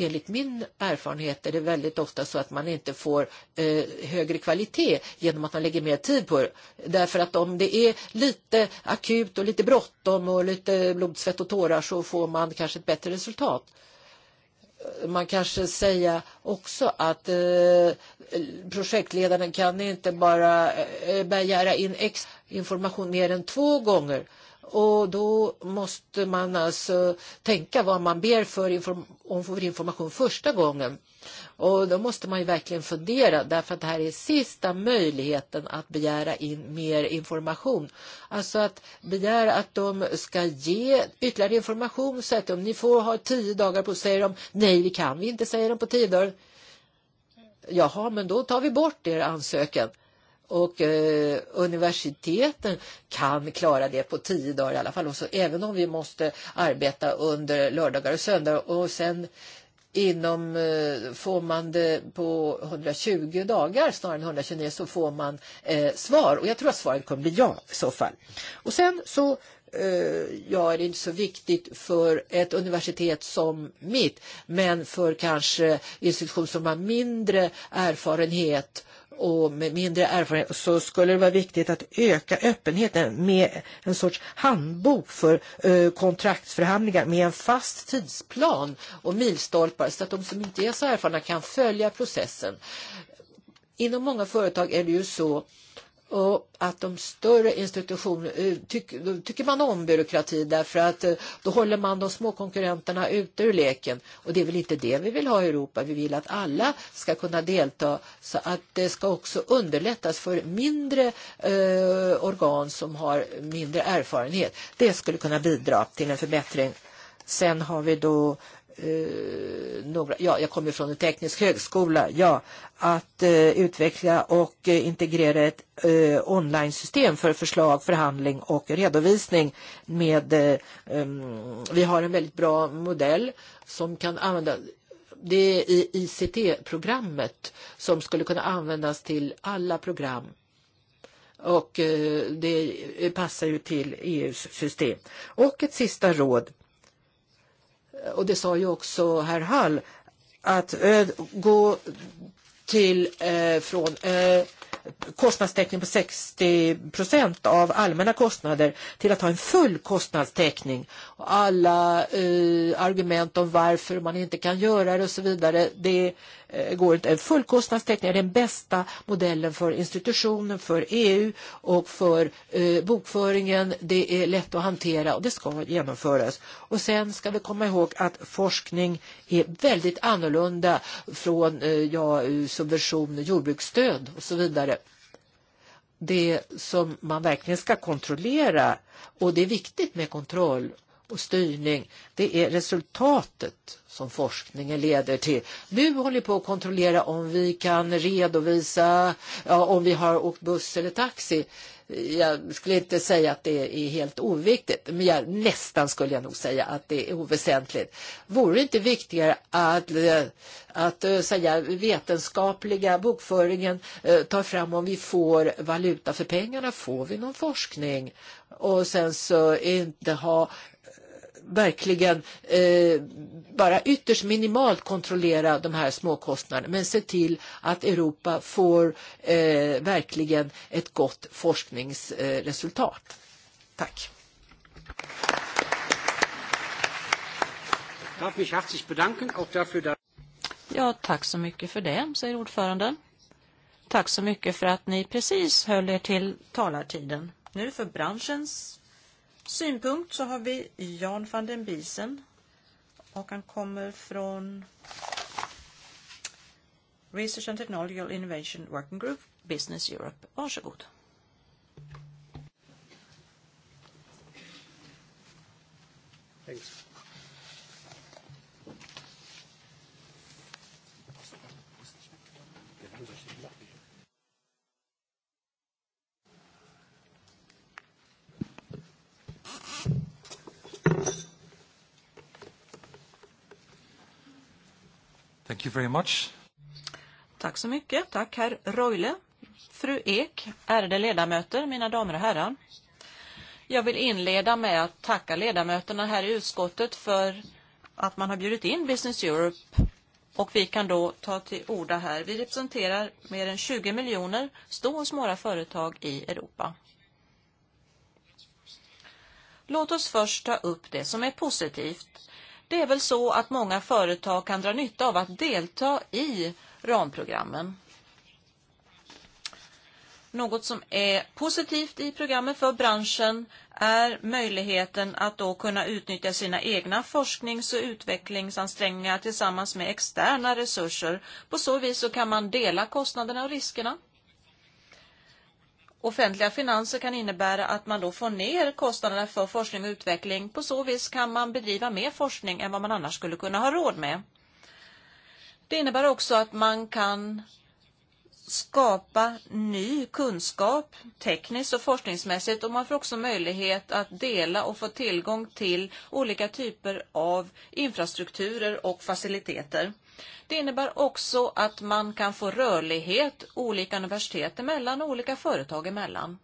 enligt min erfarenhet är det väldigt ofta så att man inte får eh, högre kvalitet genom att man lägger mer tid på det. Därför att om det är lite akut och lite bråttom och lite blod, svett och tårar så får man kanske ett bättre resultat. Man kanske säga också att eh, projektledaren kan inte bara eh, begära in ex information mer än två gånger Och då måste man alltså tänka vad man ber för, inform om för information första gången. Och då måste man ju verkligen fundera därför att det här är sista möjligheten att begära in mer information. Alltså att begära att de ska ge ytterligare information så att om ni får ha tio dagar på säger de nej det kan vi inte säger de på tio dagar. Jaha men då tar vi bort er ansökan och eh, universiteten kan klara det på tio dagar i alla fall. Och så, även om vi måste arbeta under lördagar och söndagar och sen inom eh, får man det på 120 dagar snarare än 129 så får man eh, svar. Och jag tror att svaret kommer bli ja i så fall. Och sen så eh, ja, det är inte så viktigt för ett universitet som mitt, men för kanske institution som har mindre erfarenhet och med mindre erfarenhet så skulle det vara viktigt att öka öppenheten med en sorts handbok för eh, kontraktsförhandlingar med en fast tidsplan och milstolpar så att de som inte är så erfarna kan följa processen. Inom många företag är det ju så och att de större institutionerna, eh, tyck, då tycker man om byråkrati därför att eh, då håller man de små konkurrenterna ute ur leken. Och det är väl inte det vi vill ha i Europa. Vi vill att alla ska kunna delta så att det ska också underlättas för mindre eh, organ som har mindre erfarenhet. Det skulle kunna bidra till en förbättring. Sen har vi då Eh, några, ja, jag kommer från en teknisk högskola, ja, att eh, utveckla och eh, integrera ett eh, online-system för förslag, förhandling och redovisning med, eh, um, vi har en väldigt bra modell som kan användas det är i ICT-programmet som skulle kunna användas till alla program och eh, det passar ju till EUs system. Och ett sista råd. Eh, och det sa ju också herr Hall, att eh, gå till eh, från eh, kostnadstäckning på 60 procent av allmänna kostnader till att ha en full kostnadstäckning. Alla eh, argument om varför man inte kan göra det och så vidare, det Eh, går full kostnadstäckning är den bästa modellen för institutionen, för EU och för eh, bokföringen. Det är lätt att hantera och det ska genomföras. Och sen ska vi komma ihåg att forskning är väldigt annorlunda från eh, ja, subvention, jordbruksstöd och så vidare det som man verkligen ska kontrollera och det är viktigt med kontroll och styrning. Det är resultatet som forskningen leder till. Nu håller vi på att kontrollera om vi kan redovisa ja, om vi har åkt buss eller taxi. Jag skulle inte säga att det är helt oviktigt, men jag, nästan skulle jag nog säga att det är oväsentligt. Vore det inte viktigare att, att eh, säga vetenskapliga bokföringen eh, tar fram om vi får valuta för pengarna? Får vi någon forskning? Och sen så inte ha verkligen eh, bara ytterst minimalt kontrollera de här småkostnaderna men se till att Europa får eh, verkligen ett gott forskningsresultat. Tack. Ja, tack så mycket för det, säger ordföranden. Tack så mycket för att ni precis höll er till talartiden. Nu för branschens synpunkt så har vi Jan van den Biesen och han kommer från Research and Technological Innovation Working Group, Business Europe. Varsågod. Thanks. Thank you very much. Tack så mycket. Tack herr Roile, fru Ek, ärade ledamöter, mina damer och herrar. Jag vill inleda med att tacka ledamöterna här i utskottet för att man har bjudit in Business Europe och vi kan då ta till orda här. Vi representerar mer än 20 miljoner stora och små företag i Europa. Låt oss först ta upp det som är positivt det är väl så att många företag kan dra nytta av att delta i ramprogrammen. Något som är positivt i programmet för branschen är möjligheten att då kunna utnyttja sina egna forsknings och utvecklingsansträngningar tillsammans med externa resurser. På så vis så kan man dela kostnaderna och riskerna offentliga finanser kan innebära att man då får ner kostnaderna för forskning och utveckling. På så vis kan man bedriva mer forskning än vad man annars skulle kunna ha råd med. Det innebär också att man kan skapa ny kunskap tekniskt och forskningsmässigt och man får också möjlighet att dela och få tillgång till olika typer av infrastrukturer och faciliteter. Det innebär också att man kan få rörlighet olika universitet emellan och olika företag emellan.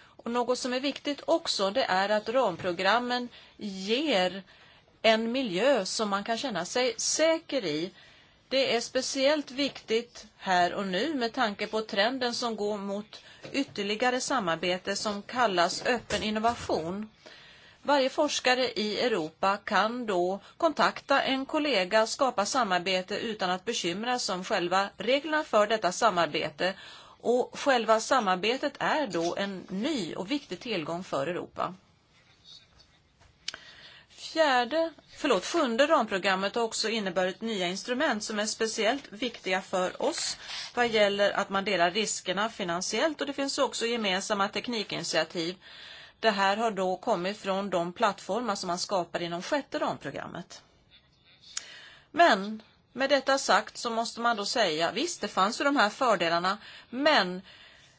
Och något som är viktigt också det är att ramprogrammen ger en miljö som man kan känna sig säker i. Det är speciellt viktigt här och nu med tanke på trenden som går mot ytterligare samarbete som kallas öppen innovation. Varje forskare i Europa kan då kontakta en kollega, skapa samarbete utan att bekymra sig om själva reglerna för detta samarbete. Och själva samarbetet är då en ny och viktig tillgång för Europa. Fjärde, förlåt, sjunde ramprogrammet har också inneburit nya instrument som är speciellt viktiga för oss vad gäller att man delar riskerna finansiellt och det finns också gemensamma teknikinitiativ Det här har då kommit från de plattformar som man skapar inom sjätte ramprogrammet. Men med detta sagt så måste man då säga, visst det fanns ju de här fördelarna, men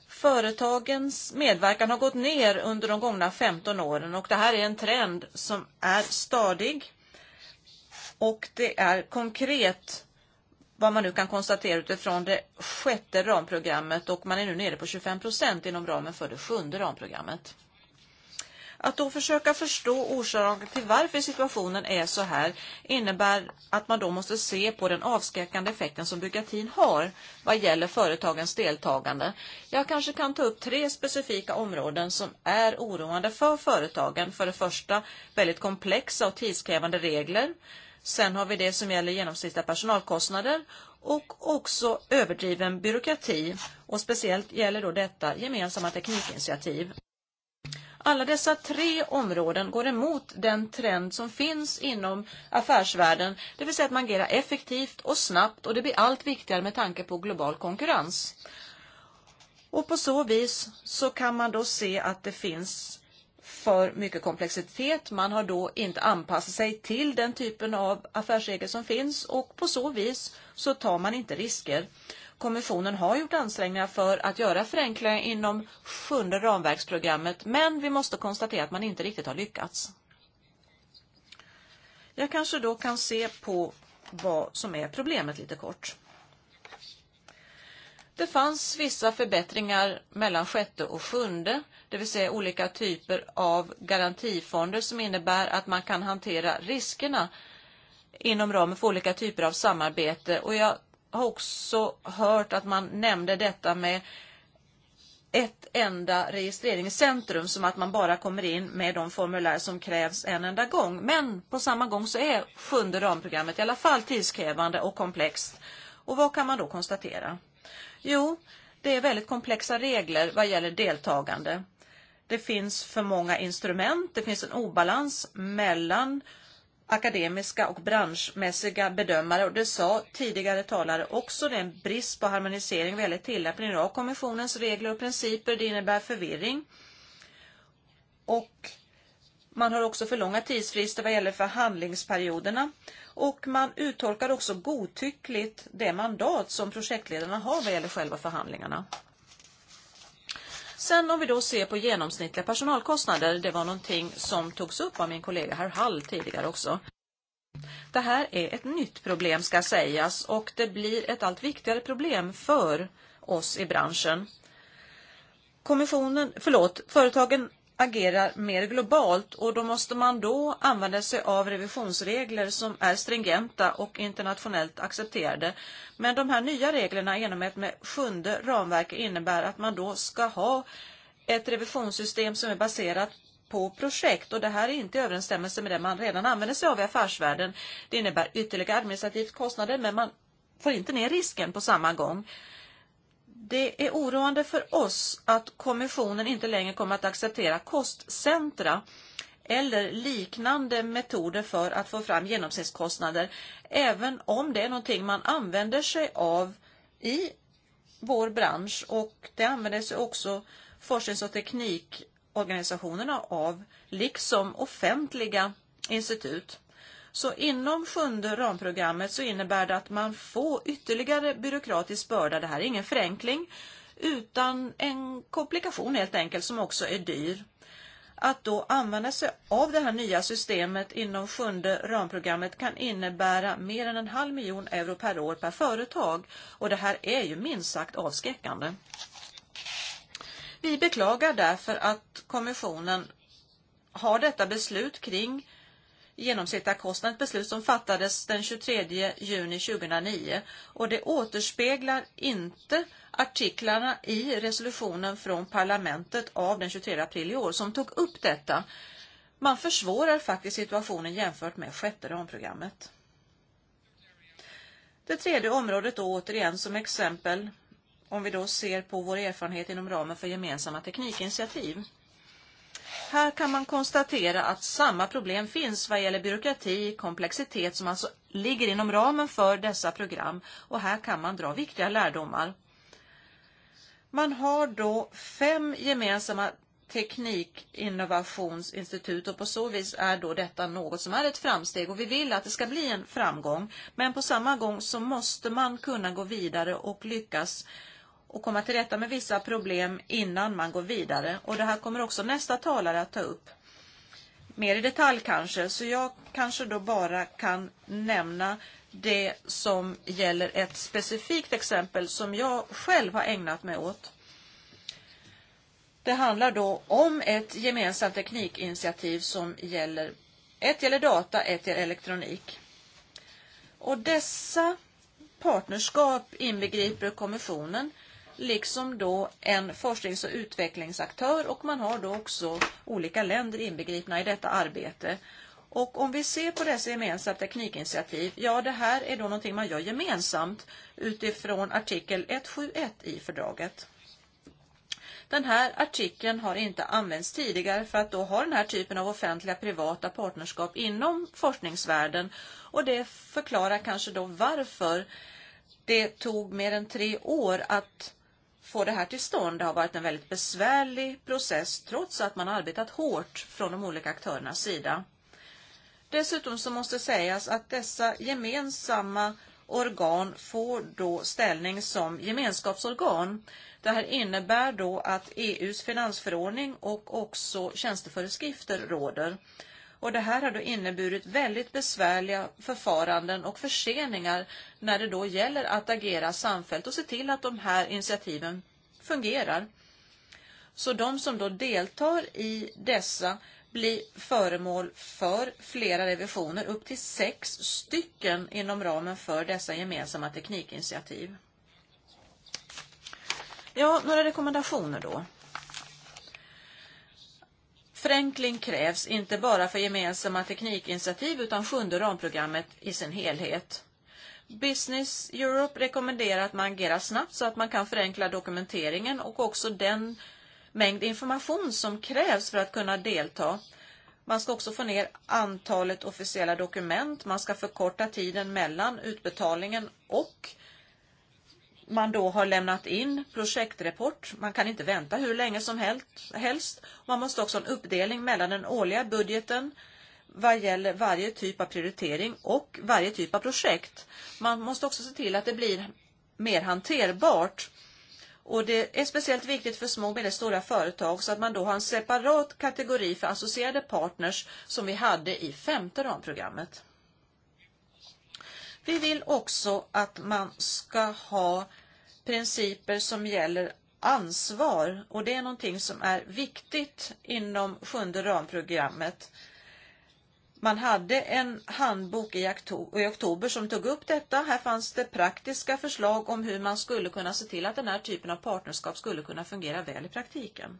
företagens medverkan har gått ner under de gångna 15 åren och det här är en trend som är stadig och det är konkret vad man nu kan konstatera utifrån det sjätte ramprogrammet och man är nu nere på 25 procent inom ramen för det sjunde ramprogrammet. Att då försöka förstå orsaken till varför situationen är så här innebär att man då måste se på den avskräckande effekten som byråkratin har vad gäller företagens deltagande. Jag kanske kan ta upp tre specifika områden som är oroande för företagen. För det första väldigt komplexa och tidskrävande regler. Sen har vi det som gäller genomsnittliga personalkostnader och också överdriven byråkrati. Och speciellt gäller då detta gemensamma teknikinitiativ. Alla dessa tre områden går emot den trend som finns inom affärsvärlden, det vill säga att man agerar effektivt och snabbt och det blir allt viktigare med tanke på global konkurrens. Och på så vis så kan man då se att det finns för mycket komplexitet. Man har då inte anpassat sig till den typen av affärsregler som finns och på så vis så tar man inte risker kommissionen har gjort ansträngningar för att göra förenklingar inom sjunde ramverksprogrammet, men vi måste konstatera att man inte riktigt har lyckats. Jag kanske då kan se på vad som är problemet lite kort. Det fanns vissa förbättringar mellan sjätte och sjunde, det vill säga olika typer av garantifonder som innebär att man kan hantera riskerna inom ramen för olika typer av samarbete. Och jag också hört att man nämnde detta med ett enda registreringscentrum som att man bara kommer in med de formulär som krävs en enda gång. Men på samma gång så är sjunde ramprogrammet i alla fall tidskrävande och komplext. Och vad kan man då konstatera? Jo, det är väldigt komplexa regler vad gäller deltagande. Det finns för många instrument, det finns en obalans mellan akademiska och branschmässiga bedömare och det sa tidigare talare också den brist på harmonisering vad gäller tillämpningen av kommissionens regler och principer. Det innebär förvirring och man har också för långa tidsfrister vad gäller förhandlingsperioderna och man uttolkar också godtyckligt det mandat som projektledarna har vad gäller själva förhandlingarna. Sen om vi då ser på genomsnittliga personalkostnader, det var någonting som togs upp av min kollega herr Hall tidigare också. Det här är ett nytt problem ska sägas och det blir ett allt viktigare problem för oss i branschen. Kommissionen, förlåt, företagen agerar mer globalt och då måste man då använda sig av revisionsregler som är stringenta och internationellt accepterade. Men de här nya reglerna genom ett med sjunde ramverk innebär att man då ska ha ett revisionssystem som är baserat på projekt och det här är inte i överensstämmelse med det man redan använder sig av i affärsvärlden. Det innebär ytterligare administrativt kostnader men man får inte ner risken på samma gång. Det är oroande för oss att kommissionen inte längre kommer att acceptera kostcentra eller liknande metoder för att få fram genomsnittskostnader, även om det är någonting man använder sig av i vår bransch och det använder sig också forsknings och teknikorganisationerna av, liksom offentliga institut. Så inom sjunde ramprogrammet så innebär det att man får ytterligare byråkratisk börda. Det här är ingen förenkling utan en komplikation helt enkelt som också är dyr. Att då använda sig av det här nya systemet inom sjunde ramprogrammet kan innebära mer än en halv miljon euro per år per företag och det här är ju minst sagt avskräckande. Vi beklagar därför att kommissionen har detta beslut kring genomsnittliga ett beslut som fattades den 23 juni 2009 och det återspeglar inte artiklarna i resolutionen från parlamentet av den 23 april i år som tog upp detta. Man försvårar faktiskt situationen jämfört med sjätte ramprogrammet. Det tredje området då återigen som exempel om vi då ser på vår erfarenhet inom ramen för gemensamma teknikinitiativ. Här kan man konstatera att samma problem finns vad gäller byråkrati, komplexitet som alltså ligger inom ramen för dessa program och här kan man dra viktiga lärdomar. Man har då fem gemensamma teknikinnovationsinstitut och på så vis är då detta något som är ett framsteg och vi vill att det ska bli en framgång. Men på samma gång så måste man kunna gå vidare och lyckas och komma till rätta med vissa problem innan man går vidare. Och det här kommer också nästa talare att ta upp. Mer i detalj kanske, så jag kanske då bara kan nämna det som gäller ett specifikt exempel som jag själv har ägnat mig åt. Det handlar då om ett gemensamt teknikinitiativ som gäller, ett gäller data, ett gäller elektronik. Och dessa partnerskap inbegriper kommissionen, liksom då en forsknings och utvecklingsaktör och man har då också olika länder inbegripna i detta arbete. Och om vi ser på dessa gemensamma teknikinitiativ, ja det här är då någonting man gör gemensamt utifrån artikel 171 i fördraget. Den här artikeln har inte använts tidigare för att då har den här typen av offentliga privata partnerskap inom forskningsvärlden och det förklarar kanske då varför det tog mer än tre år att få det här till stånd har varit en väldigt besvärlig process trots att man har arbetat hårt från de olika aktörernas sida. Dessutom så måste sägas att dessa gemensamma organ får då ställning som gemenskapsorgan. Det här innebär då att EUs finansförordning och också tjänsteföreskrifter råder. Och det här har då inneburit väldigt besvärliga förfaranden och förseningar när det då gäller att agera samfällt och se till att de här initiativen fungerar. Så de som då deltar i dessa blir föremål för flera revisioner, upp till sex stycken inom ramen för dessa gemensamma teknikinitiativ. Ja, några rekommendationer då. Förenkling krävs inte bara för gemensamma teknikinitiativ utan sjunde ramprogrammet i sin helhet. Business Europe rekommenderar att man agerar snabbt så att man kan förenkla dokumenteringen och också den mängd information som krävs för att kunna delta. Man ska också få ner antalet officiella dokument, man ska förkorta tiden mellan utbetalningen och man då har lämnat in projektrapport. Man kan inte vänta hur länge som helst. Man måste också ha en uppdelning mellan den årliga budgeten vad gäller varje typ av prioritering och varje typ av projekt. Man måste också se till att det blir mer hanterbart. Och det är speciellt viktigt för små och medelstora företag så att man då har en separat kategori för associerade partners som vi hade i femte ramprogrammet. Vi vill också att man ska ha principer som gäller ansvar och det är någonting som är viktigt inom sjunde ramprogrammet. Man hade en handbok i oktober som tog upp detta. Här fanns det praktiska förslag om hur man skulle kunna se till att den här typen av partnerskap skulle kunna fungera väl i praktiken.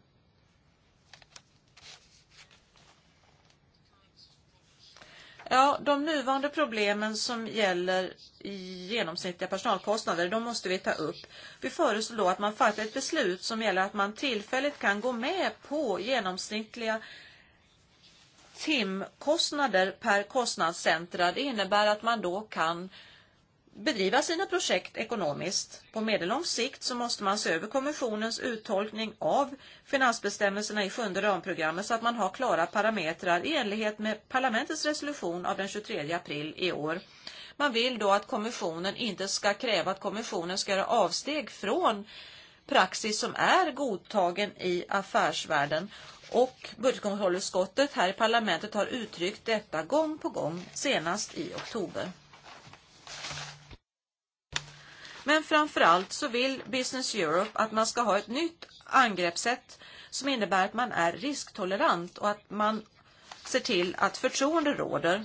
Ja, de nuvarande problemen som gäller genomsnittliga personalkostnader, de måste vi ta upp. Vi föreslår då att man fattar ett beslut som gäller att man tillfälligt kan gå med på genomsnittliga timkostnader per kostnadscentra. Det innebär att man då kan eh, bedriva sina projekt ekonomiskt. På medellång sikt så måste man se över kommissionens uttolkning av finansbestämmelserna i sjunde ramprogrammet så att man har klara parametrar i enlighet med parlamentets resolution av den 23 april i år. Man vill då att kommissionen inte ska kräva att kommissionen ska göra avsteg från praxis som är godtagen i affärsvärlden och budgetkontrollutskottet här i parlamentet har uttryckt detta gång på gång, senast i oktober. Men framförallt så vill Business Europe att man ska ha ett nytt angreppssätt som innebär att man är risktolerant och att man ser till att förtroende råder.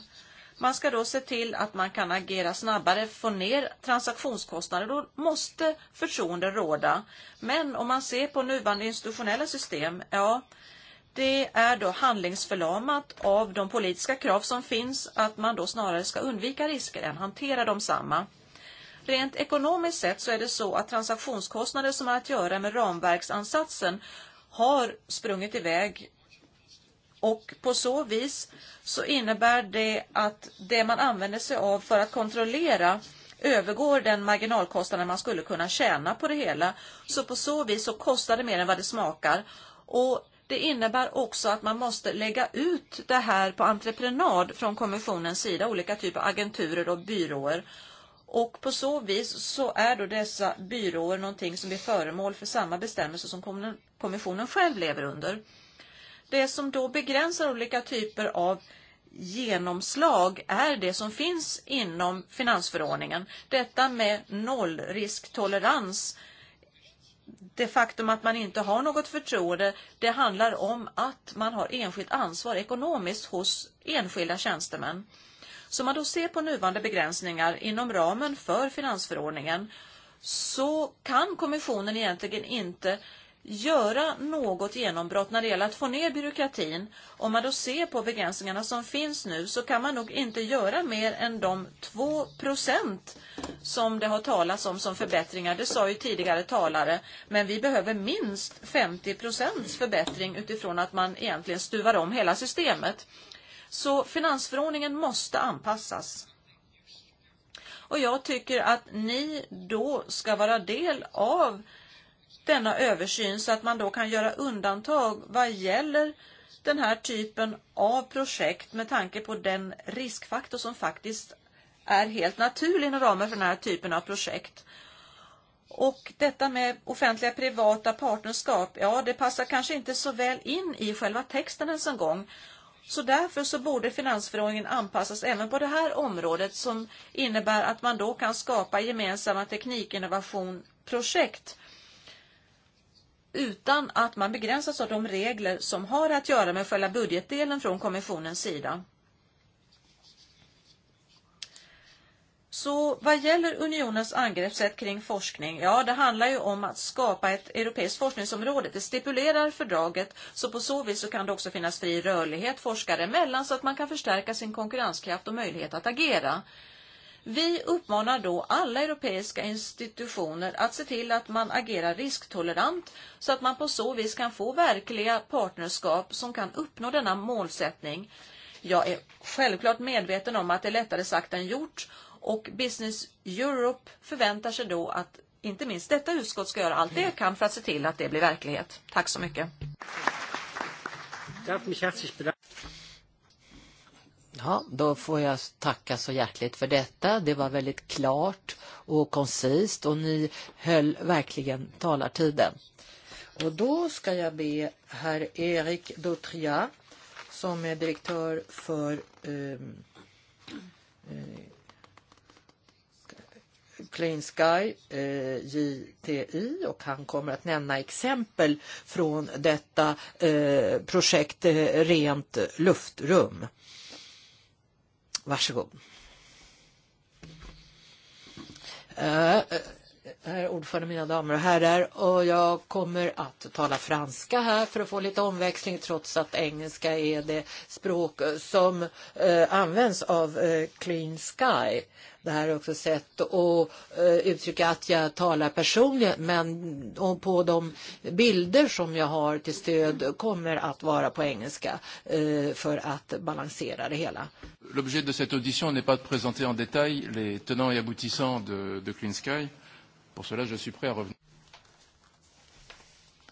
Man ska då se till att man kan agera snabbare, få ner transaktionskostnader. Då måste förtroende råda. Men om man ser på nuvarande institutionella system, ja, det är då handlingsförlamat av de politiska krav som finns att man då snarare ska undvika risker än hantera dem samma. Rent ekonomiskt sett så är det så att transaktionskostnader som har att göra med ramverksansatsen har sprungit iväg och på så vis så innebär det att det man använder sig av för att kontrollera övergår den marginalkostnaden man skulle kunna tjäna på det hela. Så på så vis så kostar det mer än vad det smakar. Och det innebär också att man måste lägga ut det här på entreprenad från kommissionens sida, olika typer av agenturer och byråer. Och på så vis så är då dessa byråer någonting som är föremål för samma bestämmelser som kommissionen själv lever under. Det som då begränsar olika typer av genomslag är det som finns inom finansförordningen. Detta med nollrisktolerans, det faktum att man inte har något förtroende, det handlar om att man har enskilt ansvar ekonomiskt hos enskilda tjänstemän. Så om man då ser på nuvarande begränsningar inom ramen för finansförordningen så kan kommissionen egentligen inte göra något genombrott när det gäller att få ner byråkratin. Om man då ser på begränsningarna som finns nu så kan man nog inte göra mer än de 2 som det har talats om som förbättringar. Det sa ju tidigare talare. Men vi behöver minst 50 förbättring utifrån att man egentligen stuvar om hela systemet. Så finansförordningen måste anpassas. Och jag tycker att ni då ska vara del av denna översyn så att man då kan göra undantag vad gäller den här typen av projekt med tanke på den riskfaktor som faktiskt är helt naturlig inom ramen för den här typen av projekt. Och detta med offentliga privata partnerskap, ja det passar kanske inte så väl in i själva texten ens en gång. Så därför så borde finansförordningen anpassas även på det här området som innebär att man då kan skapa gemensamma teknikinnovationprojekt utan att man begränsas av de regler som har att göra med själva budgetdelen från kommissionens sida. Så vad gäller unionens angreppssätt kring forskning, ja det handlar ju om att skapa ett europeiskt forskningsområde. Det stipulerar fördraget, så på så vis så kan det också finnas fri rörlighet forskare emellan så att man kan förstärka sin konkurrenskraft och möjlighet att agera. Vi uppmanar då alla europeiska institutioner att se till att man agerar risktolerant så att man på så vis kan få verkliga partnerskap som kan uppnå denna målsättning. Jag är självklart medveten om att det är lättare sagt än gjort Och Business Europe förväntar sig då att inte minst detta utskott ska göra allt det kan för att se till att det blir verklighet. Tack så mycket. Ja, då får jag tacka så hjärtligt för detta. Det var väldigt klart och koncist och ni höll verkligen talartiden. Och då ska jag be herr Erik Dutria som är direktör för ehm, eh, eh, Clean Sky, eh, JTI och han kommer att nämna exempel från detta eh, projekt eh, Rent luftrum. Varsågod. Eh, eh herr eh, ordförande, mina damer och herrar. Och jag kommer att tala franska här för att få lite omväxling trots att engelska är det språk som eh, används av eh, Clean Sky. Det här är också ett sätt att eh, uttrycka att jag talar personligen men och på de bilder som jag har till stöd kommer att vara på engelska eh, för att balansera det hela. L'objet de cette audition n'est pas de présenter en détail les tenants et aboutissants de, de Clean Sky. Euh, Pour cela, je suis prêt à revenir.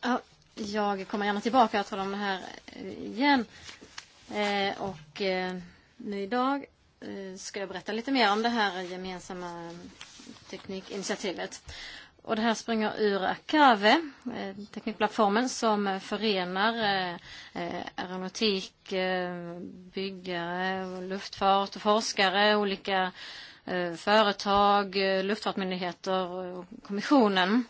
Ja, jag kommer gärna tillbaka till de här eh, igen. Eh, och eh, nu idag eh, ska jag berätta lite mer om det här gemensamma teknikinitiativet. Och det här springer ur Akave, eh, teknikplattformen som förenar eh, eh aeronautik, eh, byggare, luftfart och forskare, olika eh, Eh, företag, eh, luftfartsmyndigheter och kommissionen.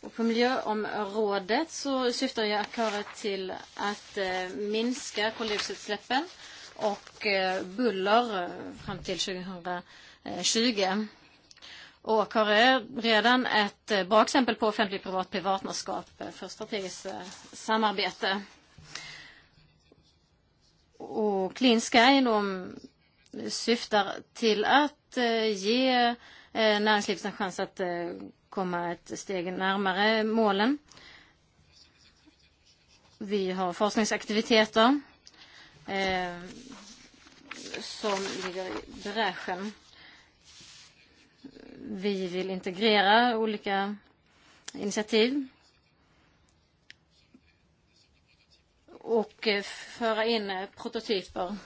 Och på miljöområdet så syftar Jakarta till att eh, minska koldioxidutsläppen och buller fram till 2020. Och har redan ett bra exempel på offentlig-privat privatmarskap för strategiskt samarbete. Och Clean Sky, de syftar till att eh, ge eh, näringslivet en chans att eh, komma ett steg närmare målen. Vi har forskningsaktiviteter som ligger i bräschen. Vi vill integrera olika initiativ och föra in prototyper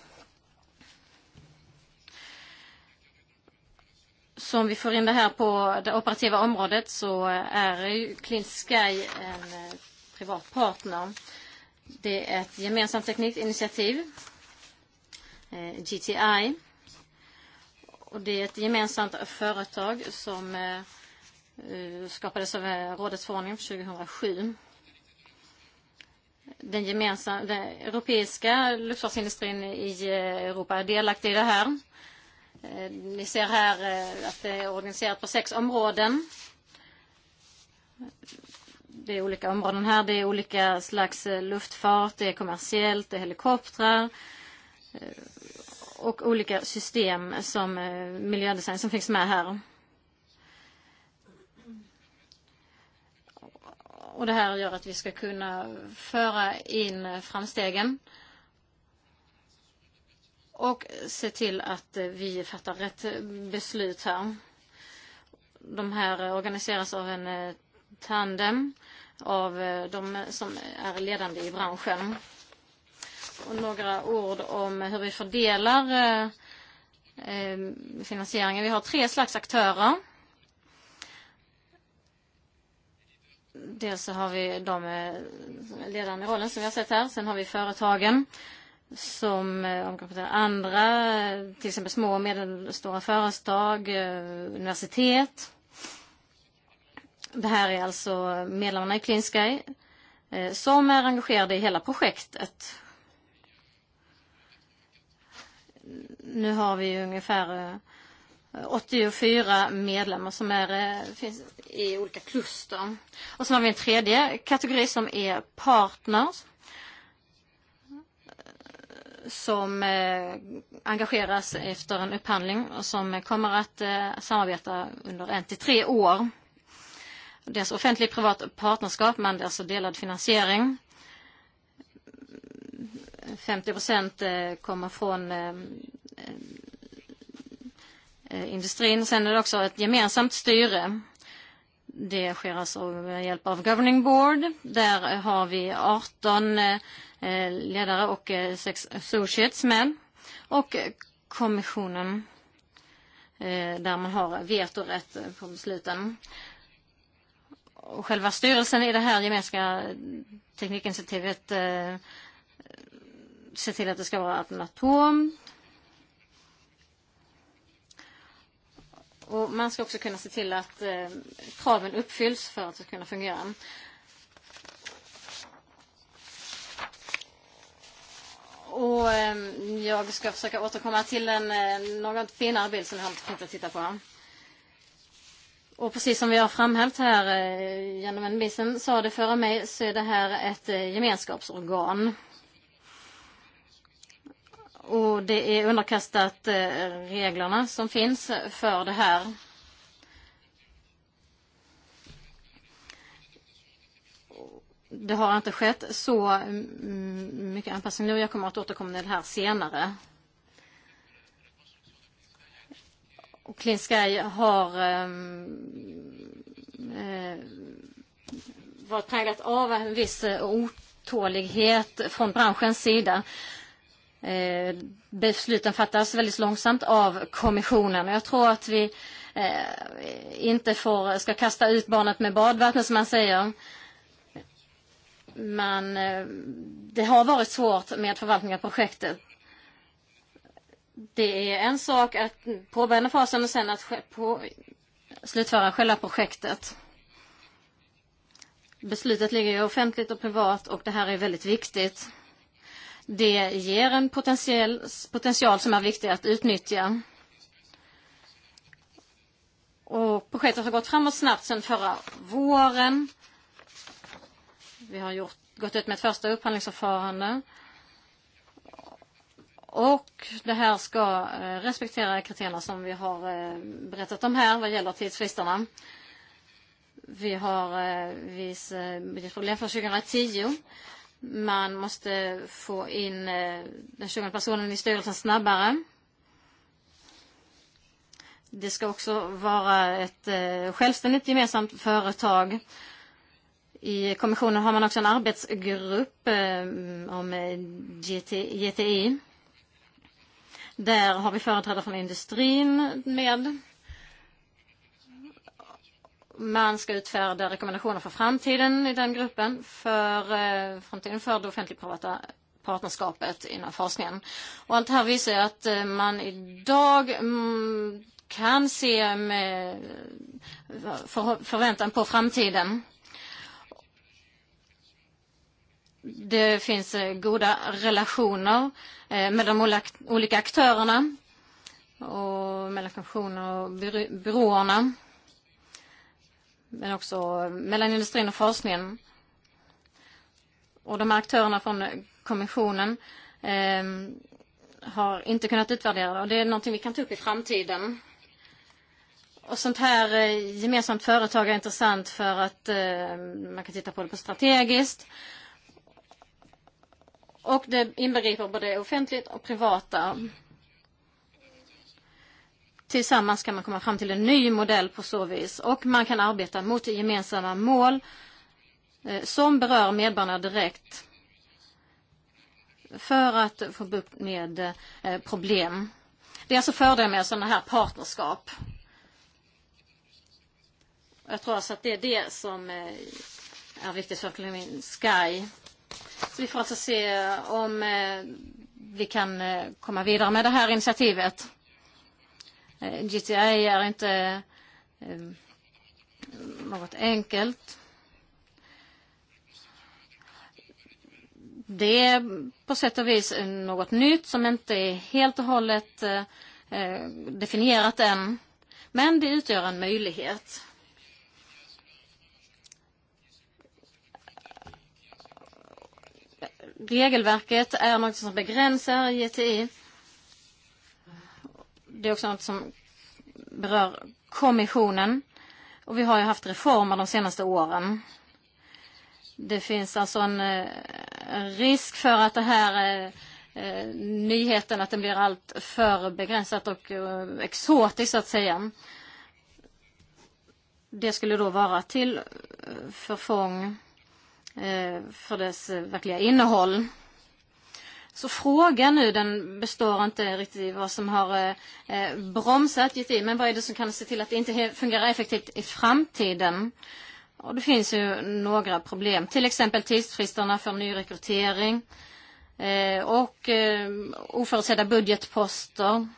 som vi får in det här på det operativa området så eh, är Clean Sky en eh, privat partner. Det är ett gemensamt teknikinitiativ, eh, GTI. Och det är ett gemensamt företag som skapades av rådets förordning 2007. Den, gemensamma, den europeiska luftfartsindustrin i Europa är delaktig i det här. Eh, ni ser här eh, att det är organiserat på sex områden. Det är olika områden här. Det är olika slags eh, luftfart, det är kommersiellt, det är helikoptrar och olika system som miljödesign som finns med här. Och det här gör att vi ska kunna föra in framstegen eh, och se till att vi fattar rätt beslut här. De här organiseras av en eh, tandem av eh, de som är ledande i branschen. Och några ord om hur vi fördelar eh, finansieringen. Vi har tre slags aktörer. Dels så har vi de ledande rollen som vi har sett här. Sen har vi företagen. Eh, som eh, omkring andra, till exempel små och medelstora företag, eh, universitet. Det här är alltså medlemmarna i Clean Sky eh, som är engagerade i hela projektet. Nu har vi ungefär 84 eh, medlemmar som är, eh, finns i olika kluster. Och sen har vi en tredje kategori som är partners som eh, engageras efter en upphandling och som kommer att eh, samarbeta under en till tre år. Dels offentlig-privat partnerskap men alltså delad finansiering. 50 procent eh, kommer från industrin. Sen är det också ett gemensamt styre Det sker alltså med hjälp av Governing Board. Där har vi 18 ledare och 6 associates med. Och kommissionen eh, där man har vetorätt på besluten. Och själva styrelsen i det här gemensamma teknikinitiativet eh, ser till att det ska vara alternatom Och man ska också kunna se till att eh, kraven uppfylls för att det ska kunna fungera. Och eh, jag ska försöka återkomma till en eh, något finare bild som jag har lite tänkt att titta på. Och precis som vi har framhävt här, eh, genom en Bissen sa det före mig, så är det här ett eh, gemenskapsorgan Och det är underkastat eh, reglerna som finns för det här. Det har inte skett så mm, mycket anpassning nu. Jag kommer att återkomma till det här senare. Och Clean Sky har ehm, eh, varit präglat av en viss otålighet från branschens sida. Eh, besluten fattas väldigt långsamt av kommissionen. Jag tror att vi eh, inte får, ska kasta ut barnet med badvattnet som man säger. Men eh, det har varit svårt med förvaltning av projektet. Det är en sak att påbörja den fasen och sen att på, slutföra själva projektet. Beslutet ligger ju offentligt och privat och det här är väldigt viktigt. Det ger en potentiell, potential som är viktig att utnyttja. Och projektet har gått framåt snabbt sedan förra våren. Vi har gjort, gått ut med ett första upphandlingsförfarande. Och det här ska eh, respektera kriterierna som vi har eh, berättat om här vad gäller tidsfristerna. Vi har eh, viss budgetproblem för 2010 man måste få in eh, den 20 personen i styrelsen snabbare. Det ska också vara ett eh, självständigt gemensamt företag. I kommissionen har man också en arbetsgrupp eh, om GTI. Där har vi företrädare från industrin med man ska utfärda rekommendationer för framtiden i den gruppen för eh, framtiden för det offentligt-privata partnerskapet inom forskningen. Och allt det här visar att eh, man idag mm, kan se med för, förväntan på framtiden. Det finns eh, goda relationer eh, mellan olika aktörerna och mellan funktioner och byråerna. Byrå men också mellan industrin och forskningen. Och de här aktörerna från kommissionen eh, har inte kunnat utvärdera det. Och det är någonting vi kan ta upp i framtiden. Och sånt här eh, gemensamt företag är intressant för att eh, man kan titta på det på strategiskt. Och det inbegriper både offentligt och privata. Mm Tillsammans kan man komma fram till en ny modell på så vis och man kan arbeta mot gemensamma mål eh, som berör medborgarna direkt för att få bukt med eh, problem. Det är alltså fördelen med sådana här partnerskap. Jag tror alltså att det är det som eh, är viktigt för Clemin Sky. Så vi får alltså se om vi kan komma vidare med det här initiativet. GTI är inte eh, något enkelt. Det är på sätt och vis något nytt som inte är helt och hållet eh, definierat än. Men det utgör en möjlighet. Regelverket är något som begränsar GTI Det är också något som berör kommissionen. Och vi har ju haft reformer de senaste åren. Det finns alltså en eh, risk för att det här eh, eh, nyheten att den blir allt för begränsat och exotiskt så att säga. Det skulle då vara till förfång för dess verkliga innehåll. Så frågan nu den består inte riktigt i vad som har eh, bromsat GTI, men vad är det som kan se till att det inte fungerar effektivt i framtiden? Och det finns ju några problem, till exempel tidsfristerna för nyrekrytering eh, och eh, oförutsedda budgetposter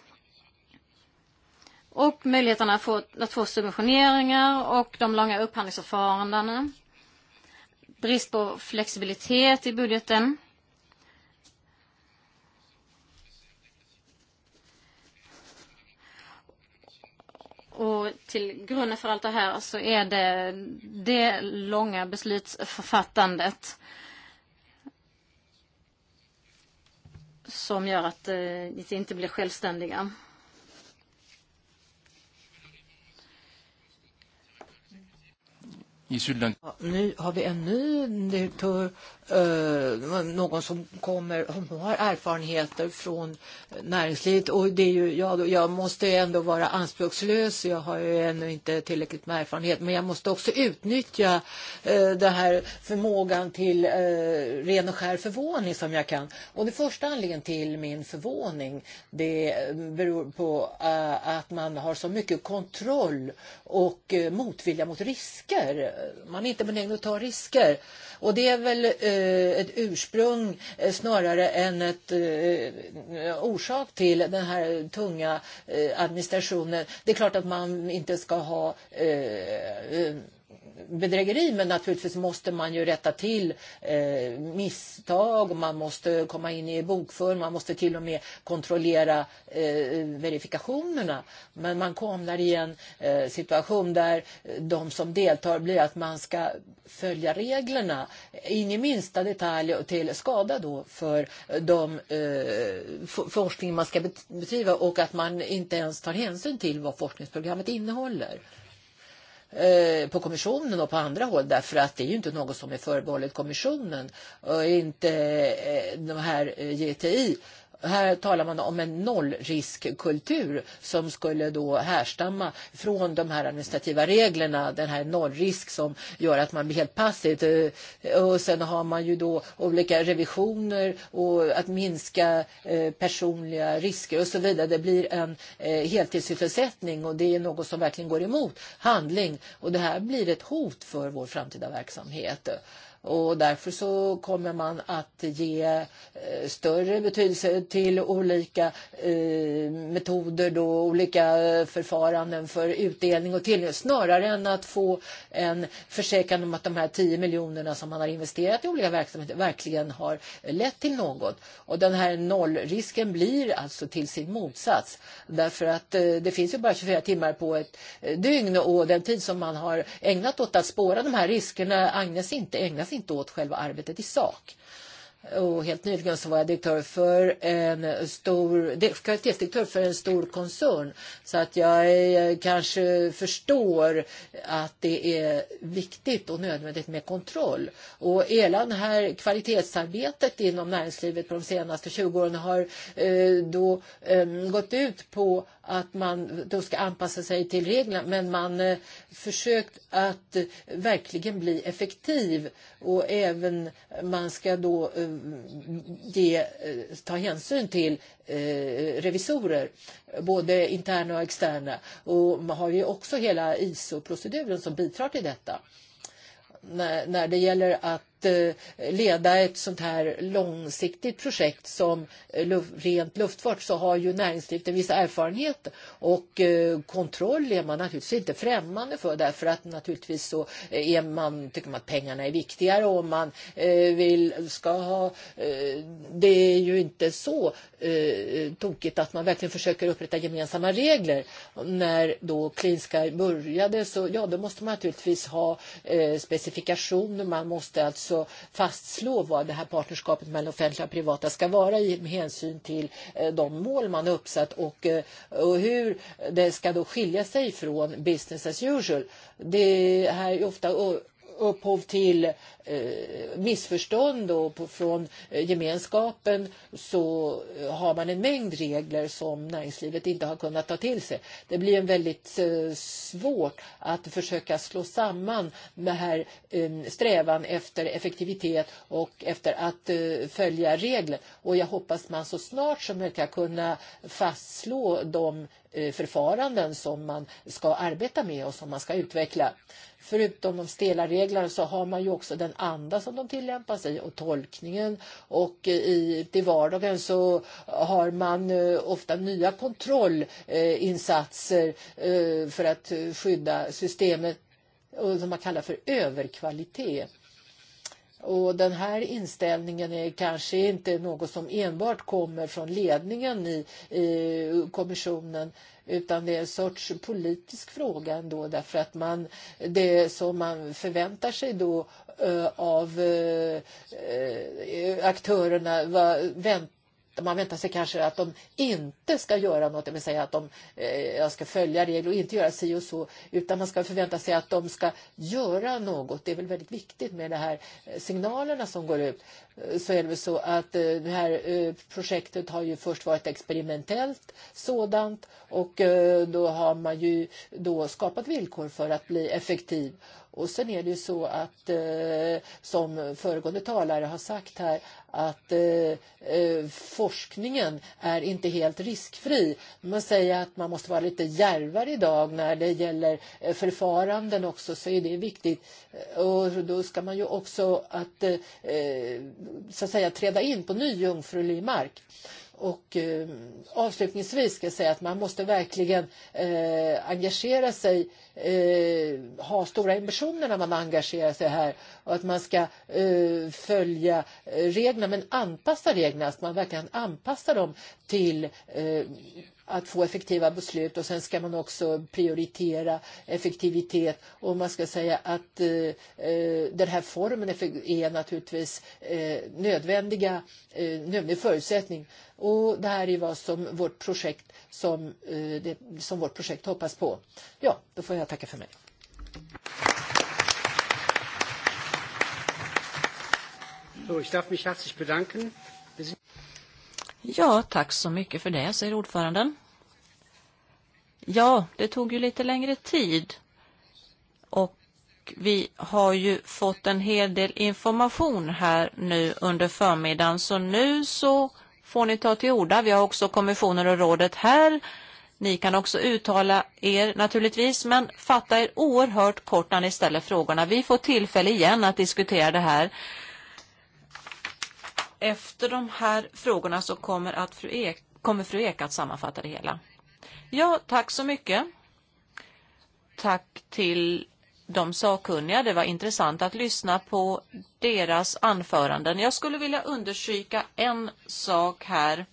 och möjligheterna att få, att få subventioneringar och de långa upphandlingsförfarandena. Brist på flexibilitet i budgeten. och till grunden för allt det här så är det det långa beslutsförfattandet som gör att det eh, inte blir självständiga. i Sydland. Ja, nu har vi en ny direktör, eh, någon som kommer, hon har erfarenheter från näringslivet och det är ju, ja, jag måste ändå vara anspråkslös, jag har ju ännu inte tillräckligt med erfarenhet, men jag måste också utnyttja eh, den här förmågan till eh, ren och skär förvåning som jag kan. Och det första anledningen till min förvåning, det eh, beror på eh, att man har så mycket kontroll och eh, motvilja mot risker man är inte benägen att ta risker. Och det är väl eh, ett ursprung eh, snarare än ett eh, orsak till den här tunga eh, administrationen. Det är klart att man inte ska ha eh, eh bedrägeri, men naturligtvis måste man ju rätta till eh, misstag, man måste komma in i bokföring, man måste till och med kontrollera eh, verifikationerna. Men man kommer i en eh, situation där de som deltar blir att man ska följa reglerna in i minsta detalj och till skada då för de eh, forskning man ska bedriva och att man inte ens tar hänsyn till vad forskningsprogrammet innehåller. Eh, Eh, på kommissionen och på andra håll därför att det är ju inte något som är förbehållet kommissionen och inte eh, de här eh, GTI Här talar man om en nollriskkultur som skulle då härstamma från de här administrativa reglerna, den här nollrisk som gör att man blir helt passiv. Eh, och sen har man ju då olika revisioner och att minska eh, personliga risker och så vidare. Det blir en eh, heltidssysselsättning och det är något som verkligen går emot handling och det här blir ett hot för vår framtida verksamhet och därför så kommer man att ge eh, större betydelse till olika eh, metoder då, olika förfaranden för utdelning och tillgång snarare än att få en försäkran om att de här 10 miljonerna som man har investerat i olika verksamheter verkligen har lett till något. Och den här nollrisken blir alltså till sin motsats därför att eh, det finns ju bara 24 timmar på ett dygn och den tid som man har ägnat åt att spåra de här riskerna ägnas inte, ägnas inte inte åt själva arbetet i sak. Och helt nyligen så var jag direktör för en stor, kvalitetsdirektör för en stor koncern. Så att jag eh, kanske förstår att det är viktigt och nödvändigt med kontroll. Och hela det här kvalitetsarbetet inom näringslivet på de senaste 20 åren har eh, då ehm, gått ut på att man då ska anpassa sig till reglerna men man eh, försökt att eh, verkligen bli effektiv och även man ska då eh, ge, ta hänsyn till revisorer både interna och externa och man har ju också hela ISO-proceduren som bidrar till detta när, när det gäller att Eh, leda ett sånt här långsiktigt projekt som eh, rent luftfart så har ju näringslivet en viss erfarenhet och eh, kontroll är man naturligtvis inte främmande för därför att naturligtvis så är man, tycker man att pengarna är viktigare och man vill, ska ha, det är ju inte så tokigt att man verkligen försöker upprätta gemensamma regler. När då Clean Sky började så ja, då måste man naturligtvis ha specifikationer, man måste alltså också fastslå vad det här partnerskapet mellan offentliga och privata ska vara i med hänsyn till eh, de mål man uppsatt och, eh, och hur det ska då skilja sig från business as usual. Det här är ofta upphov till eh, missförstånd och från eh, gemenskapen så eh, har man en mängd regler som näringslivet inte har kunnat ta till sig. Det blir en väldigt svårt att försöka slå samman den här strävan efter effektivitet och efter att följa regler. Och jag hoppas man så snart som möjligt kan kunna fastslå de Eh, förfaranden som man ska arbeta med och som man ska utveckla. Förutom de stela reglerna så har man ju också den anda som de tillämpas i och tolkningen och eh, i till vardagen så har man eh, ofta nya kontrollinsatser för att skydda systemet och som man kallar för överkvalitet. Och den här inställningen är kanske inte något som enbart kommer från ledningen i, i kommissionen utan det är en sorts politisk fråga ändå därför att man, det som man förväntar sig då eh, av eh, aktörerna vad, vänt, man väntar sig kanske att de inte ska göra något, det vill säga att de eh, ska följa regler och inte göra si och så, utan man ska förvänta sig att de ska göra något. Det är väl väldigt viktigt med de här eh, signalerna som går ut. Eh, så är det väl så att eh, det här eh, projektet har ju först varit experimentellt sådant och eh, då har man ju då skapat villkor för att bli effektiv. Och sen är det ju så att, eh, som föregående talare har sagt här, att eh, eh, forskningen är inte helt riskfri. Man säger att man måste vara lite järvare idag när det gäller eh, förfaranden också så är det viktigt. Eh, och då ska man ju också att, eh, så att säga, träda in på ny jungfrulig mark. Och eh, avslutningsvis ska jag säga att man måste verkligen eh, engagera sig eh, eh, ha stora ambitioner när man engagerar sig här och att man ska eh, följa reglerna men anpassa reglerna, att man verkligen anpassar dem till eh, att få effektiva beslut och sen ska man också prioritera effektivitet och man ska säga att eh, den här formen är naturligtvis eh, nödvändiga, eh, nödvändig förutsättning och det här är vad som vårt projekt, som, eh, det, som vårt projekt hoppas på. Ja, då får jag Jag tackar för mig. So, ich darf mich herzlich bedanken. Ja, tack så mycket för det, säger ordföranden. Ja, det tog ju lite längre tid. Och vi har ju fått en hel del information här nu under förmiddagen, så nu så får ni ta till orda. Vi har också kommissionen och rådet här Ni kan också uttala er naturligtvis, men fatta er oerhört kort när ni ställer frågorna. Vi får tillfälle igen att diskutera det här. Efter de här frågorna så kommer, att fru, Ek, kommer fru Ek att sammanfatta det hela. Ja, tack så mycket. Tack till de sakkunniga. Det var intressant att lyssna på deras anföranden. Jag skulle vilja undersöka en sak här.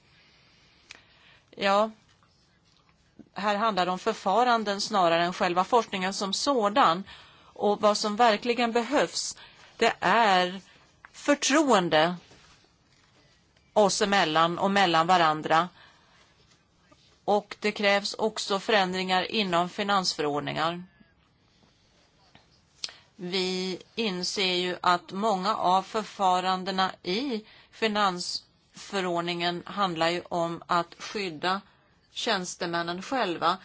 Ja, här handlar det om förfaranden snarare än själva forskningen som sådan. Och vad som verkligen behövs, det är förtroende oss emellan och mellan varandra. Och det krävs också förändringar inom finansförordningar. Vi inser ju att många av förfarandena i finansförordningen handlar ju om att skydda tjänstemännen själva.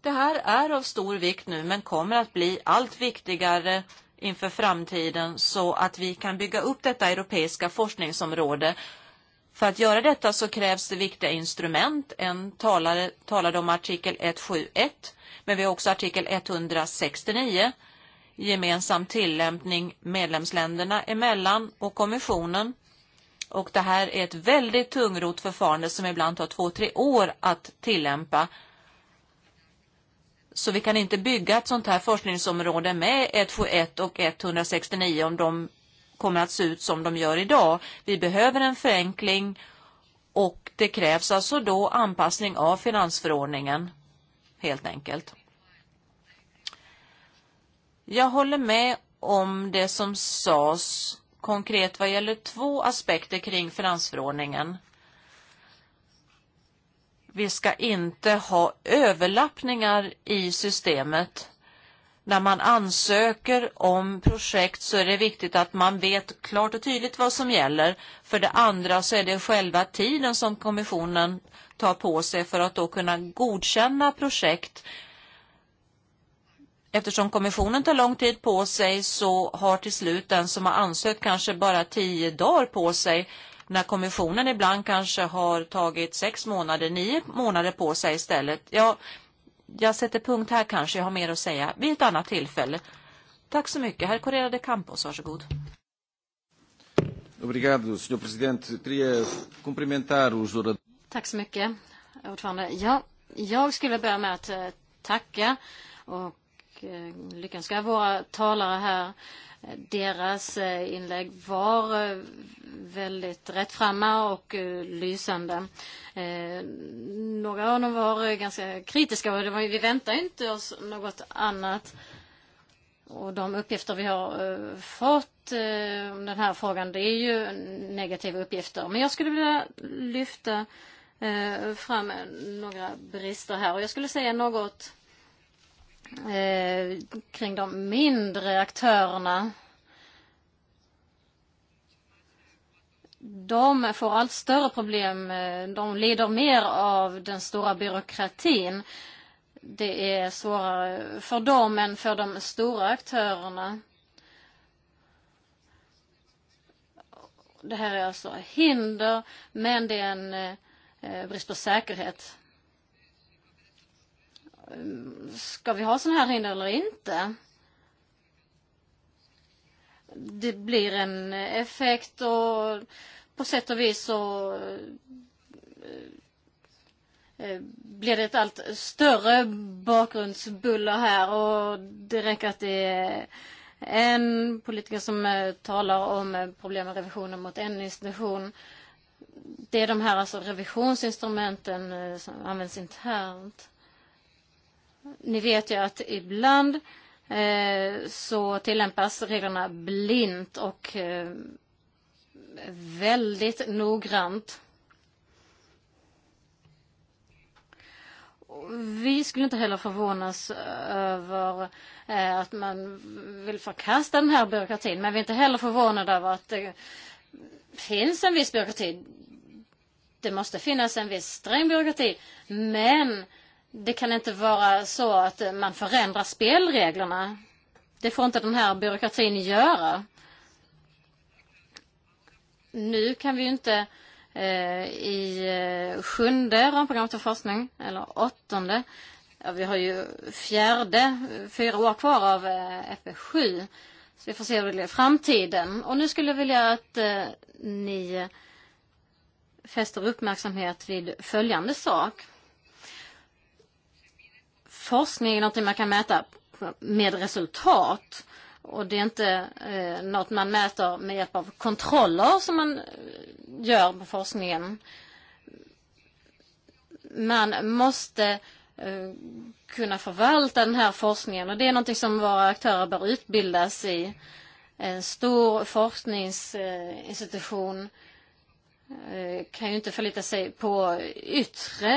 Det här är av stor vikt nu men kommer att bli allt viktigare inför framtiden så att vi kan bygga upp detta europeiska forskningsområde. För att göra detta så krävs det viktiga instrument. En talare talade om artikel 171 men vi har också artikel 169 gemensam tillämpning medlemsländerna emellan och kommissionen Och det här är ett väldigt tungrot förfarande som ibland tar två, tre år att tillämpa. Så vi kan inte bygga ett sånt här forskningsområde med 171 och 169 om de kommer att se ut som de gör idag. Vi behöver en förenkling och det krävs alltså då anpassning av finansförordningen helt enkelt. Jag håller med om det som sades konkret vad gäller två aspekter kring finansförordningen. Vi ska inte ha överlappningar i systemet. När man ansöker om projekt så är det viktigt att man vet klart och tydligt vad som gäller. För det andra så är det själva tiden som kommissionen tar på sig för att då kunna godkänna projekt Eftersom kommissionen tar lång tid på sig så har till slut den som har ansökt kanske bara tio dagar på sig när kommissionen ibland kanske har tagit sex månader, nio månader på sig istället. Jag, jag sätter punkt här kanske, jag har mer att säga vid ett annat tillfälle. Tack så mycket. Herr Correa de Campos, varsågod. Obrigado, senhor presidente. Queria cumprimentar os oradores. Tack så mycket, ordförande. Ja, jag skulle börja med att eh, tacka och Eh, lyckönskar våra talare här. Eh, deras eh, inlägg var väldigt rättframma och lysande. Några av dem var ganska kritiska och det var, vi väntar inte oss något annat. Och de uppgifter vi har fått om den här frågan det är ju negativa uppgifter. Men jag skulle vilja lyfta fram några brister här och jag skulle säga något Eh, kring de mindre aktörerna. De får allt större problem. Eh, de lider mer av den stora byråkratin. Det är svårare för dem än för de stora aktörerna. Det här är alltså hinder, men det är en eh, brist på säkerhet. Ska vi ha sådana här hinder eller inte? Det blir en effekt och på sätt och vis så eh, blir det ett allt större bakgrundsbuller här och det räcker att det är en politiker som eh, talar om eh, problem med revisionen mot en institution. Det är de här alltså revisionsinstrumenten som används internt. Ni vet ju att ibland eh, så tillämpas reglerna blint och eh, väldigt noggrant. Vi skulle inte heller förvånas över eh, att man vill förkasta den här byråkratin. Men vi är inte heller förvånade över att det finns en viss byråkrati. Det måste finnas en viss sträng byråkrati. Men Det kan inte vara så att man förändrar spelreglerna. Det får inte den här byråkratin göra. Nu kan vi ju inte eh, i eh, sjunde ramprogrammet för forskning, eller åttonde, ja, vi har ju fjärde, eh, fyra år kvar av eh, FP7. Så vi får se hur det blir framtiden. Och nu skulle jag vilja att eh, ni fäster uppmärksamhet vid följande sak forskning är något man kan mäta med resultat. Och det är inte eh, något man mäter med hjälp av kontroller som man eh, gör på forskningen. Man måste eh, kunna förvalta den här forskningen och det är något som våra aktörer bör utbildas i. En stor forskningsinstitution eh, Eh, kan ju inte förlita sig på yttre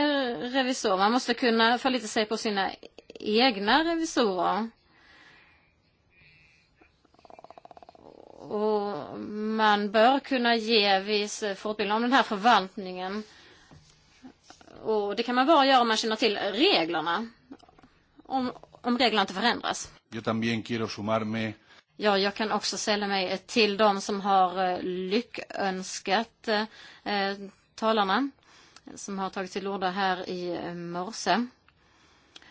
revisorer. Man måste kunna förlita sig på sina egna revisorer. Och man bör kunna ge viss fortbildning om den här förvaltningen. Och det kan man bara göra om man känner till reglerna. Om, om reglerna inte förändras. Jag también quiero sumarme Ja, jag kan också sälja mig till de som har eh, lyckönskat eh, talarna som har tagit till orda här i eh, morse.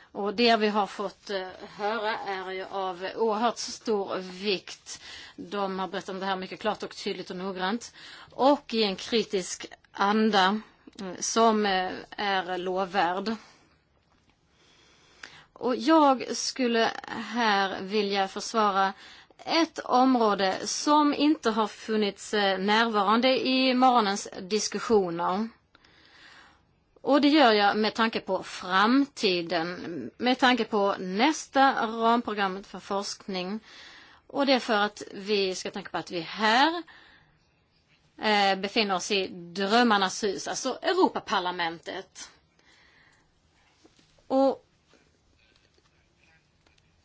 Och det vi har fått eh, höra är ju av oerhört stor vikt. De har berättat om det här mycket klart och tydligt och noggrant. Och i en kritisk anda som är lovvärd. Och jag skulle här vilja försvara ett område som inte har funnits eh, närvarande i morgonens diskussioner. Och det gör jag med tanke på framtiden, med tanke på nästa ramprogram för forskning. Och det är för att vi ska tänka på att vi här eh, befinner oss i drömmarnas hus, alltså Europaparlamentet. Och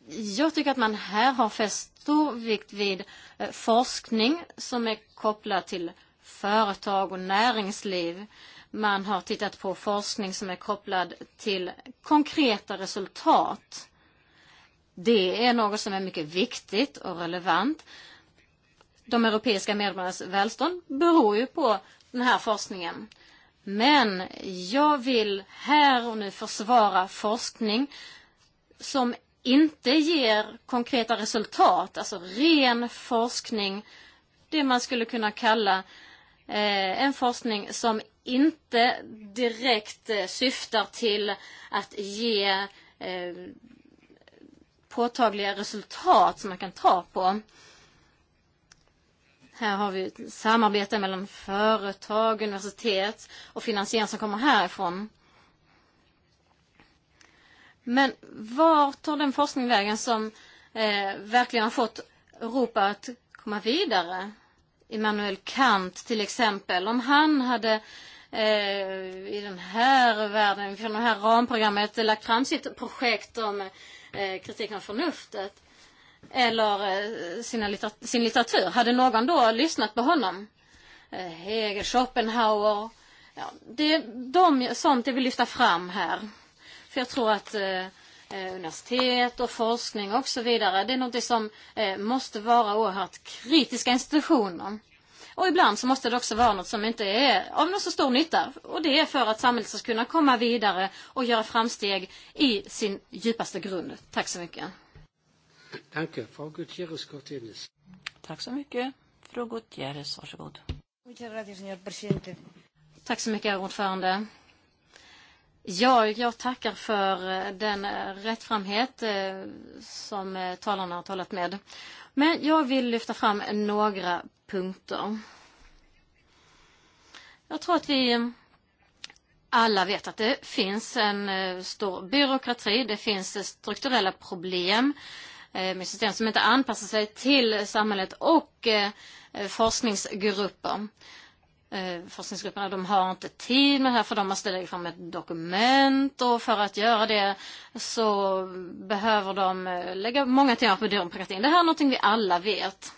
Jag tycker att man här har fäst stor vikt vid eh, forskning som är kopplad till företag och näringsliv. Man har tittat på forskning som är kopplad till konkreta resultat. Det är något som är mycket viktigt och relevant. De europeiska medborgarnas välstånd beror ju på den här forskningen. Men jag vill här och nu försvara forskning som inte ger konkreta resultat, alltså ren forskning, det man skulle kunna kalla eh, en forskning som inte direkt eh, syftar till att ge eh, påtagliga resultat som man kan ta på. Här har vi ett samarbete mellan företag, universitet och finansiering som kommer härifrån. Eh, Men var tar den forskning vägen som eh, verkligen har fått Europa att komma vidare? Immanuel Kant till exempel, om han hade eh, i den här världen, från det här ramprogrammet, lagt fram sitt projekt om eh, kritiken av förnuftet eller eh, sina litter sin litteratur, hade någon då lyssnat på honom? Eh, Hegel, Schopenhauer, ja, det är de, sånt jag vill lyfta fram här. För jag tror att eh, eh, universitet och forskning och så vidare, det är något som eh, måste vara oerhört kritiska institutioner. Och ibland så måste det också vara något som inte är av någon så stor nytta. Och det är för att samhället ska kunna komma vidare och göra framsteg i sin djupaste grund. Tack så mycket. Danke. Frau Gutierrez Cortines. Tack så mycket. Fru Gutierrez, varsågod. Muchas gracias, señor presidente. Tack så mycket, ordförande. Ja, jag tackar för eh, den eh, rättframhet eh, som talarna har talat med. Men jag vill lyfta fram några punkter. Jag tror att vi alla vet att det finns en stor byråkrati, det finns strukturella problem med system som inte anpassar sig till samhället och forskningsgrupper. Eh, forskningsgrupperna. De har inte tid med det här för de måste lägga fram ett dokument och för att göra det så behöver de eh, lägga många timmar på byråkratin. Det här är någonting vi alla vet.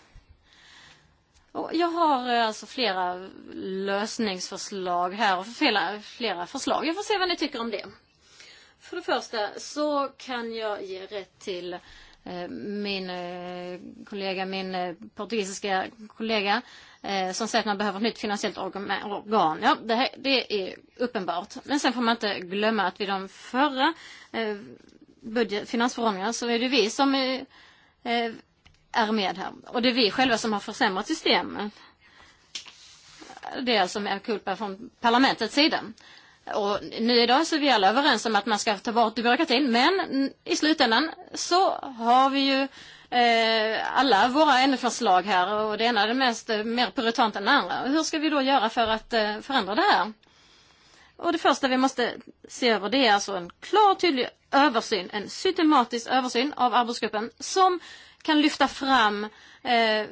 Och jag har eh, alltså flera lösningsförslag här och flera, flera förslag. Jag får se vad ni tycker om det. För det första så kan jag ge rätt till min kollega, min portugisiska kollega Eh, som säger att man behöver ett nytt finansiellt organ. Ja, det, här, det är uppenbart. Men sen får man inte glömma att vid de förra eh, budget, finansförordningarna så är det vi som är, eh, är med här. Och det är vi själva som har försämrat systemet. Det är alltså med culpa från parlamentets sida. Och nu idag så är vi alla överens om att man ska ta bort byråkratin, men i slutändan så har vi ju Eh, alla våra ämnesförslag här och det ena är det mest eh, mer puritant än det andra. Hur ska vi då göra för att eh, förändra det här? Och det första vi måste se över det är alltså en klar tydlig översyn, en systematisk översyn av arbetsgruppen som kan lyfta fram eh,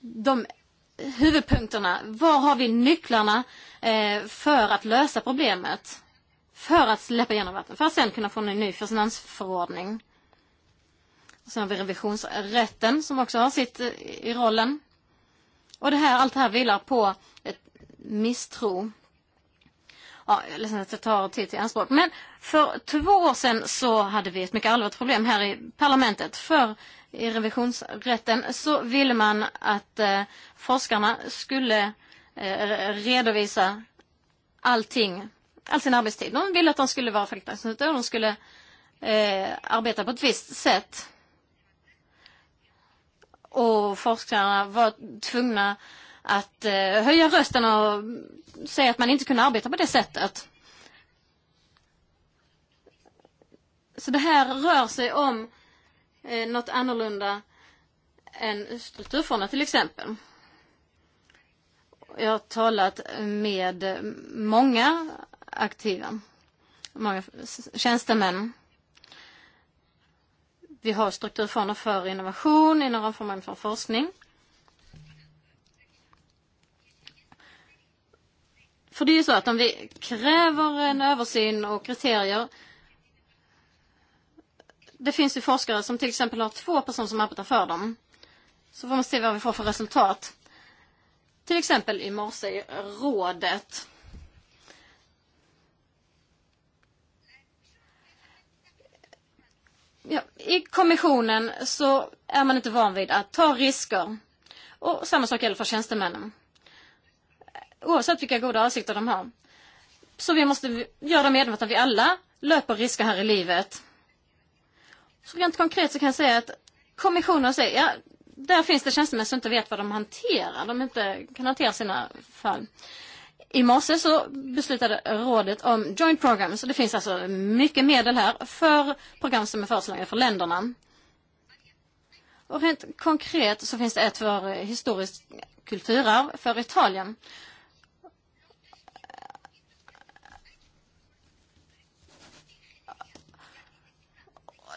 de huvudpunkterna. Var har vi nycklarna eh, för att lösa problemet? För att släppa igenom vatten, för att sen kunna få en ny förstahandsförordning. Sen har vi revisionsrätten som också har sitt eh, i rollen. Och det här, allt det här vilar på ett misstro. Ja, jag är ledsen att jag tar tid till anspråk. Men för två år sedan så hade vi ett mycket allvarligt problem här i parlamentet. För i revisionsrätten så ville man att eh, forskarna skulle eh, redovisa allting, all sin arbetstid. De ville att de skulle vara fakultetsnämnder och de skulle eh, arbeta på ett visst sätt och forskarna var tvungna att eh, höja rösten och säga att man inte kunde arbeta på det sättet. Så det här rör sig om eh, något annorlunda än strukturfonderna till exempel. Jag har talat med många aktiva, många tjänstemän. Vi har strukturfonder för innovation inom ramen för forskning. För det är ju så att om vi kräver en översyn och kriterier det finns ju forskare som till exempel har två personer som arbetar för dem. Så får man se vad vi får för resultat. Till exempel i morse i rådet Ja, I kommissionen så är man inte van vid att ta risker. Och samma sak gäller för tjänstemännen. Oavsett vilka goda avsikter de har. Så vi måste göra dem medvetna att vi alla löper risker här i livet. Så rent konkret så kan jag säga att kommissionen säger, ja, där finns det tjänstemän som inte vet vad de hanterar. De inte kan hantera sina fall. Eh, I morse så beslutade rådet om joint programs. Det finns alltså mycket medel här för program som är föreslagna för länderna. Och rent konkret så finns det ett för historiskt kulturarv för Italien.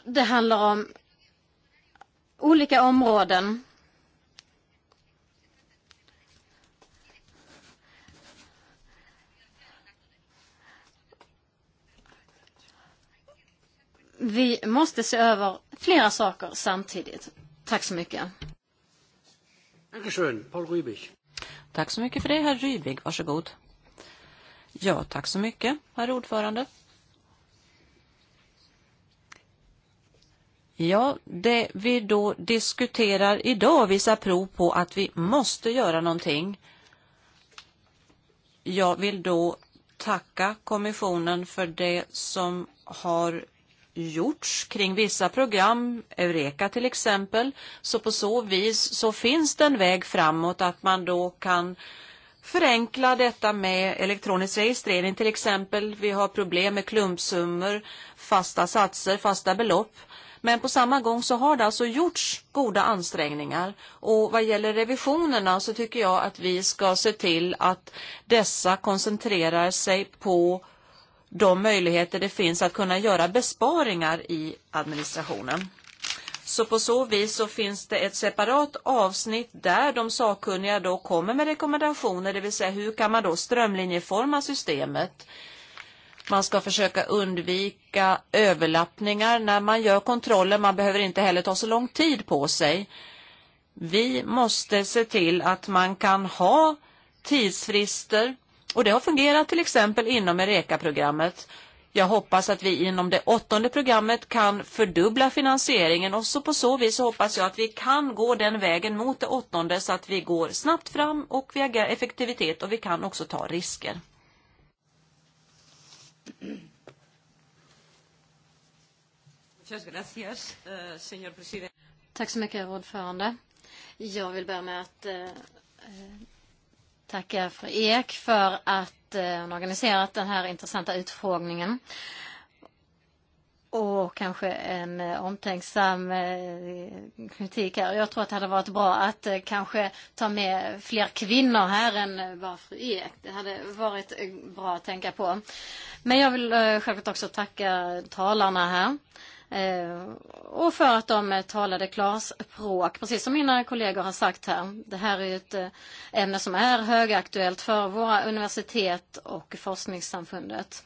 Det handlar om olika områden vi måste se över flera saker samtidigt. Tack så mycket. Dankeschön, Paul Rübig. Tack så mycket för det, herr Rybig. Varsågod. Ja, tack så mycket, herr ordförande. Ja, det vi då diskuterar idag visar prov på att vi måste göra någonting. Jag vill då tacka kommissionen för det som har gjorts kring vissa program, Eureka till exempel. Så på så vis så finns det en väg framåt att man då kan förenkla detta med elektronisk registrering till exempel. Vi har problem med klumpsummor, fasta satser, fasta belopp. Men på samma gång så har det alltså gjorts goda ansträngningar och vad gäller revisionerna så tycker jag att vi ska se till att dessa koncentrerar sig på de möjligheter det finns att kunna göra besparingar i administrationen. Så på så vis så finns det ett separat avsnitt där de sakkunniga då kommer med rekommendationer, det vill säga hur kan man då strömlinjeforma systemet. Man ska försöka undvika överlappningar när man gör kontroller. Man behöver inte heller ta så lång tid på sig. Vi måste se till att man kan ha tidsfrister Och det har fungerat till exempel inom Ereka-programmet. Jag hoppas att vi inom det åttonde programmet kan fördubbla finansieringen och så på så vis hoppas jag att vi kan gå den vägen mot det åttonde så att vi går snabbt fram och vi agerar effektivitet och vi kan också ta risker. Eh, Tack så mycket, ordförande. Jag vill börja med att eh, eh, tacka fru Ek för att eh, hon organiserat den här intressanta utfrågningen. Och kanske en eh, omtänksam eh, kritik här. Jag tror att det hade varit bra att kanske ta med fler kvinnor här än bara fru Ek. Det hade varit bra att tänka på. Men jag vill självklart också tacka talarna här. Eh, och för att de eh, talade klarspråk. Precis som mina kollegor har sagt här, det här är ett eh, ämne som är högaktuellt för våra universitet och forskningssamfundet.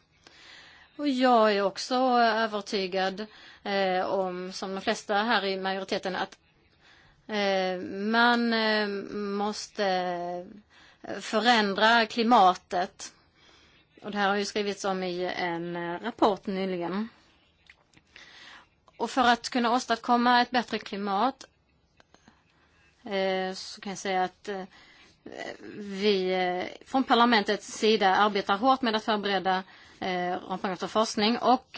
Och jag är också övertygad eh, om, som de flesta här i majoriteten, att eh, man eh, måste förändra klimatet. Och det här har ju skrivits om i en rapport nyligen. Och för att kunna åstadkomma ett bättre klimat eh, så kan jag säga att eh, vi eh, från parlamentets sida arbetar hårt med att förbereda ramprogrammet för forskning och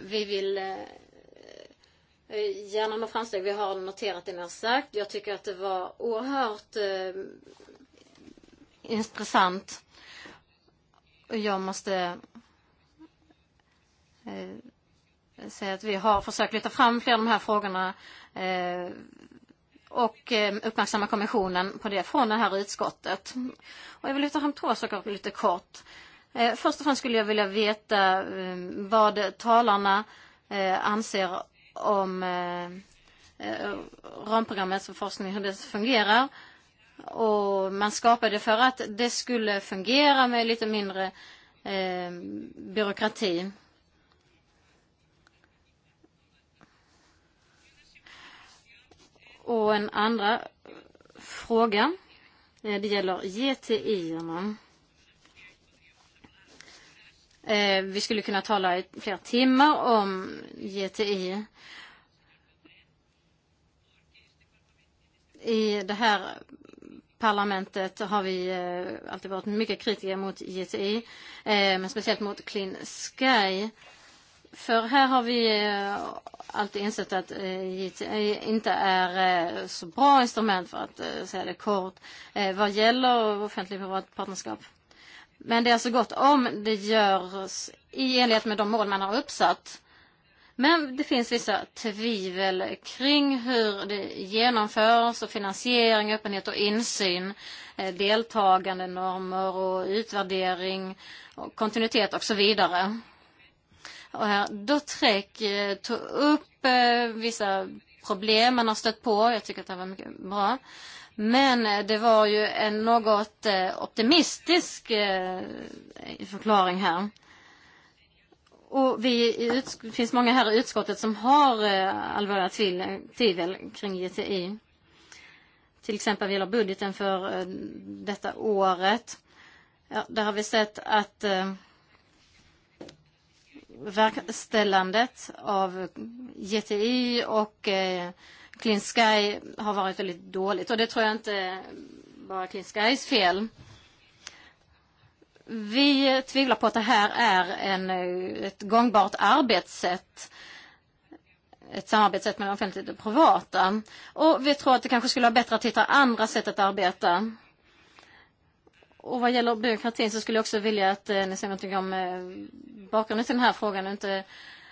vi vill gärna nå framsteg. Vi har noterat det ni har sagt. Jag tycker att det var oerhört intressant. Jag måste säga att vi har försökt lyfta fram flera av de här frågorna eh, och eh, uppmärksamma kommissionen på det från det här utskottet. Och jag vill lyfta fram två saker lite kort. Eh, först och främst skulle jag vilja veta eh, vad talarna eh, anser om eh, eh ramprogrammet för forskning, hur det fungerar. Och man skapade för att det skulle fungera med lite mindre eh, byråkrati. Och en andra fråga, eh, det gäller GTI-erna. Eh, vi skulle kunna tala i flera timmar om GTI. E. I det här parlamentet har vi eh, alltid varit mycket kritiska mot GTI, e, men speciellt mot Clean Sky. För här har vi eh, alltid insett att eh, JTA inte är eh, så bra instrument för att säga det kort vad gäller offentligt privat partnerskap. Men det är alltså gott om det görs i enlighet med de mål man har uppsatt. Men det finns vissa tvivel kring hur det genomförs och finansiering, öppenhet och insyn, deltagande normer och utvärdering, och kontinuitet och så vidare. Då Trek eh, tog upp eh, vissa problem man har stött på. Jag tycker att det var mycket bra. Men eh, det var ju en något optimistisk förklaring här. Och vi det finns många här i utskottet som har allvarliga tvivel kring GTI. Till exempel gäller budgeten för detta året. Ja, där har vi sett att eh, verkställandet av GTI och eh, Clean Sky har varit väldigt dåligt. Och det tror jag inte bara Clean Skys fel. Vi tvivlar på att det här är en, eh, ett gångbart arbetssätt. Ett samarbetssätt mellan offentligt och privata. Och vi tror att det kanske skulle vara bättre att hitta andra sätt att arbeta. Och vad gäller byråkratin så skulle jag också vilja att eh, ni säger någonting om eh, bakgrunden till den här frågan. Inte,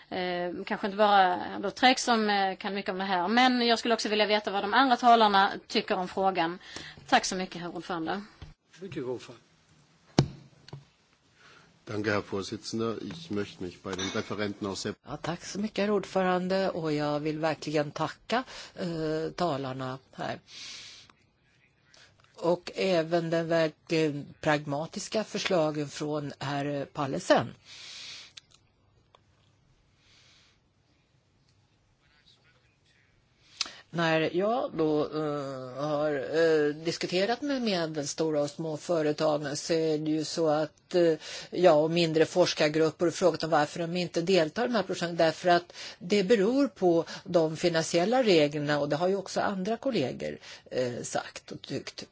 eh, kanske inte bara då Träck som eh, kan mycket om det här. Men jag skulle också vilja veta vad de andra talarna tycker om frågan. Tack så mycket, herr ordförande. Danke, Herr Vorsitzender. Ich möchte mich bei den Referenten auch sehr... Ja, tack så mycket, herr ordförande. Och jag vill verkligen tacka eh, talarna här. Eh, och även den verkligt pragmatiska förslagen från herr Pallesen. När jag då uh, har uh, diskuterat med medelstora och små företag så är det ju så att uh, jag och mindre forskargrupper och frågat om varför de inte deltar i de här projekten. Därför att det beror på de finansiella reglerna och det har ju också andra kollegor uh, sagt och tyckt.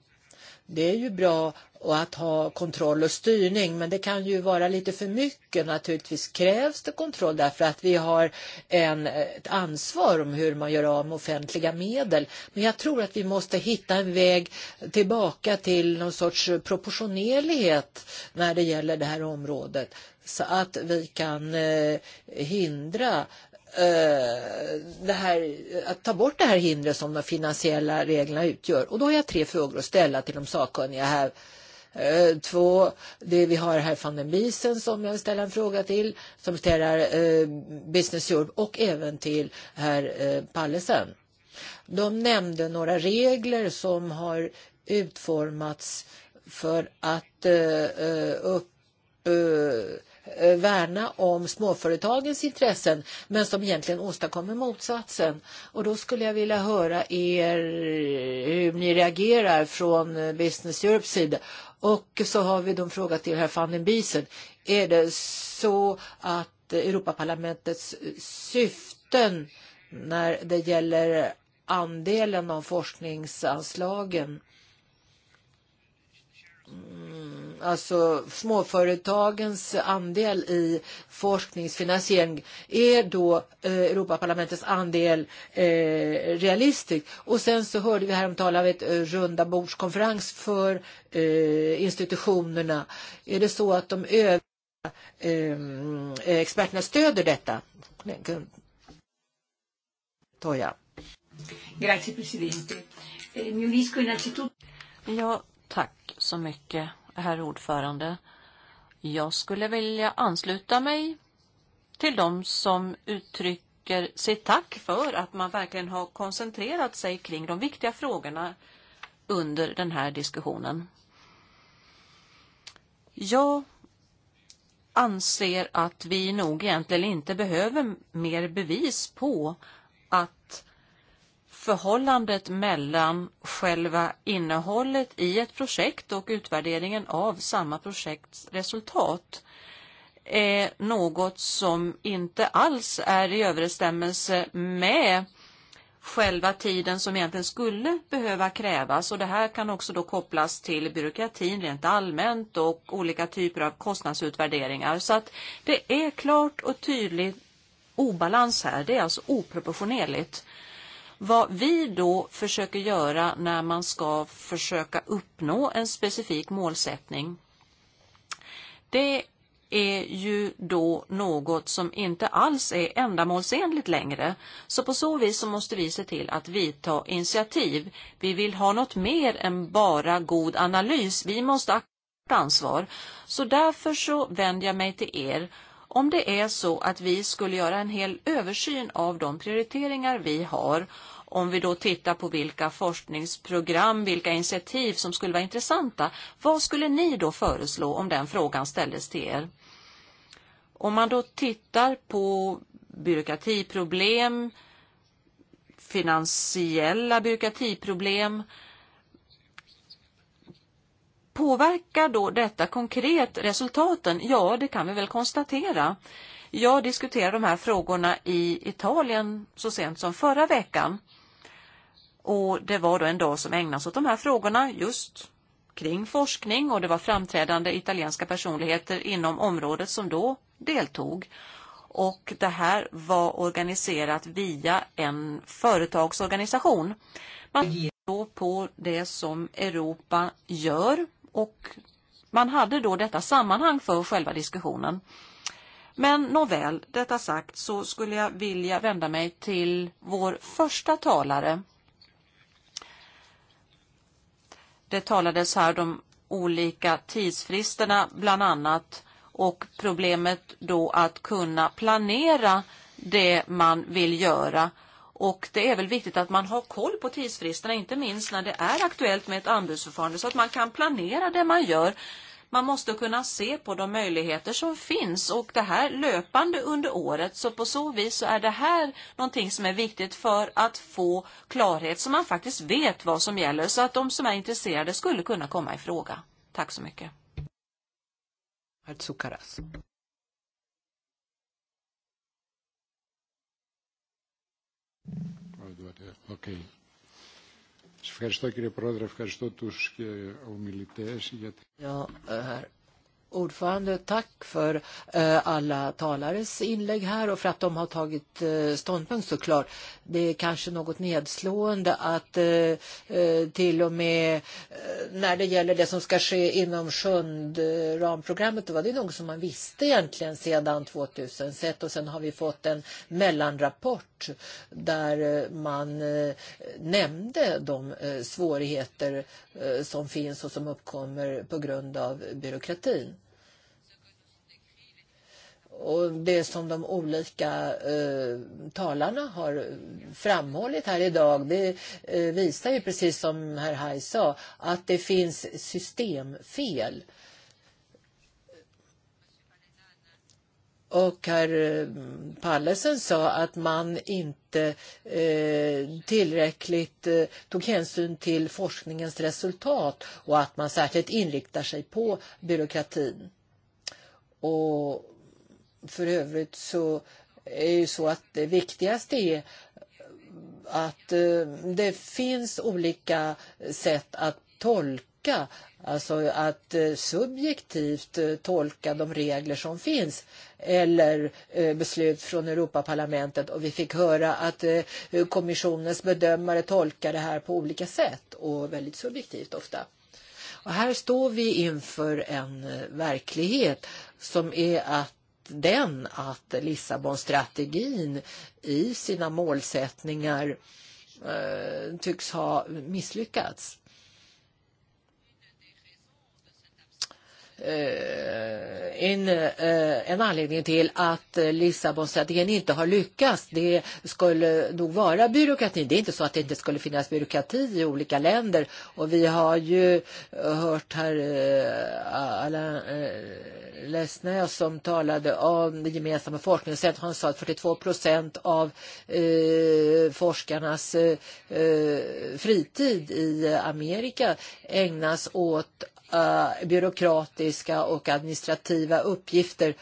Det är ju bra att ha kontroll och styrning men det kan ju vara lite för mycket. Naturligtvis krävs det kontroll därför att vi har en, ett ansvar om hur man gör av med offentliga medel. Men jag tror att vi måste hitta en väg tillbaka till någon sorts proportionerlighet när det gäller det här området så att vi kan eh, hindra Eh, det här, att ta bort det här hindret som de finansiella reglerna utgör. Och då har jag tre frågor att ställa till de sakkunniga här. Eh, två, det vi har här van den Biesen som jag vill ställa en fråga till, som ställer eh, Business Europe och även till herr eh, Pallesen. De nämnde några regler som har utformats för att eh, eh upp, eh, Eh, värna om småföretagens intressen men som egentligen åstadkommer motsatsen. Och då skulle jag vilja höra er, hur ni reagerar från eh, Business Europes sida. Och så har vi då en fråga till herr van den Biesen. Är det så att Europaparlamentets eh, syften när det gäller andelen av forskningsanslagen mm, alltså småföretagens andel i forskningsfinansiering, är då eh, Europaparlamentets andel eh, realistisk? Och sen så hörde vi häromdagen av ett eh, runda bordskonferens för eh, institutionerna. Är det så att de övriga eh, experterna stöder detta? Toja. Grazie Presidente. Eh, mi unisco innanzitutto. Ja, tack så mycket herr ordförande. Jag skulle vilja ansluta mig till de som uttrycker sitt tack för att man verkligen har koncentrerat sig kring de viktiga frågorna under den här diskussionen. Jag anser att vi nog egentligen inte behöver mer bevis på förhållandet mellan själva innehållet i ett projekt och utvärderingen av samma projekts resultat är något som inte alls är i överensstämmelse med själva tiden som egentligen skulle behöva krävas. Och det här kan också då kopplas till byråkratin rent allmänt och olika typer av kostnadsutvärderingar. Så att det är klart och tydligt obalans här. Det är alltså oproportionerligt. Vad vi då försöker göra när man ska försöka uppnå en specifik målsättning, det är ju då något som inte alls är ändamålsenligt längre. Så på så vis så måste vi se till att vi tar initiativ. Vi vill ha något mer än bara god analys. Vi måste ansvar. Så därför så vänder jag mig till er om det är så att vi skulle göra en hel översyn av de prioriteringar vi har om vi då tittar på vilka forskningsprogram, vilka initiativ som skulle vara intressanta, vad skulle ni då föreslå om den frågan ställdes till er? Om man då tittar på byråkratiproblem, finansiella byråkratiproblem, eh, Påverkar då detta konkret resultaten? Ja, det kan vi väl konstatera. Jag diskuterade de här frågorna i Italien så sent som förra veckan. Och det var då en dag som ägnas åt de här frågorna just kring forskning och det var framträdande italienska personligheter inom området som då deltog. Och det här var organiserat via en företagsorganisation. Man då på det som Europa gör Och man hade då detta sammanhang för själva diskussionen. Men nåväl, detta sagt så skulle jag vilja vända mig till vår första talare. Det talades här om olika tidsfristerna bland annat och problemet då att kunna planera det man vill göra Och det är väl viktigt att man har koll på tidsfristerna, inte minst när det är aktuellt med ett anbudsförfarande, så att man kan planera det man gör. Man måste kunna se på de möjligheter som finns och det här löpande under året. Så på så vis så är det här någonting som är viktigt för att få klarhet så man faktiskt vet vad som gäller så att de som är intresserade skulle kunna komma i fråga. Tack så mycket. Herr Tsukaras. Okay. Σας ευχαριστώ κύριε Πρόεδρε, ευχαριστώ τους και ομιλητές για... Eh, ordförande. Tack för eh, alla talares inlägg här och för att de har tagit eh, ståndpunkt såklart. Det är kanske något nedslående att eh, eh, till och med eh, när det gäller det som ska ske inom sjunde eh, ramprogrammet, då var det något som man visste egentligen sedan 2001 och sen har vi fått en mellanrapport där eh, man eh, nämnde de eh, svårigheter eh, som finns och som uppkommer på grund av byråkratin och det som de olika eh, talarna har framhållit här idag det eh, visar ju precis som herr Haj sa att det finns systemfel. Och herr eh, Pallesen sa att man inte eh, tillräckligt eh, tog hänsyn till forskningens resultat och att man särskilt inriktar sig på byråkratin. Och För övrigt så är ju så att det viktigaste är att eh, det finns olika sätt att tolka, alltså att eh, subjektivt eh, tolka de regler som finns eller beslut från Europaparlamentet och vi fick höra att kommissionens bedömare tolkar det här på olika sätt och väldigt subjektivt ofta. Och här står vi inför en verklighet som är att den att Lissabonstrategin i sina målsättningar eh, tycks ha misslyckats. Eh, en, eh, en anledning till att eh, Lissabonstrategin inte har lyckats det skulle nog vara byråkratin. Det är inte så att det inte skulle finnas byråkrati i olika länder och vi har ju hört här alla Lesnä som talade om det gemensamma forskningscentret. Han sa att 42 procent av eh, forskarnas eh, fritid i Amerika ägnas åt Eh, byråkratiska och administrativa uppgifter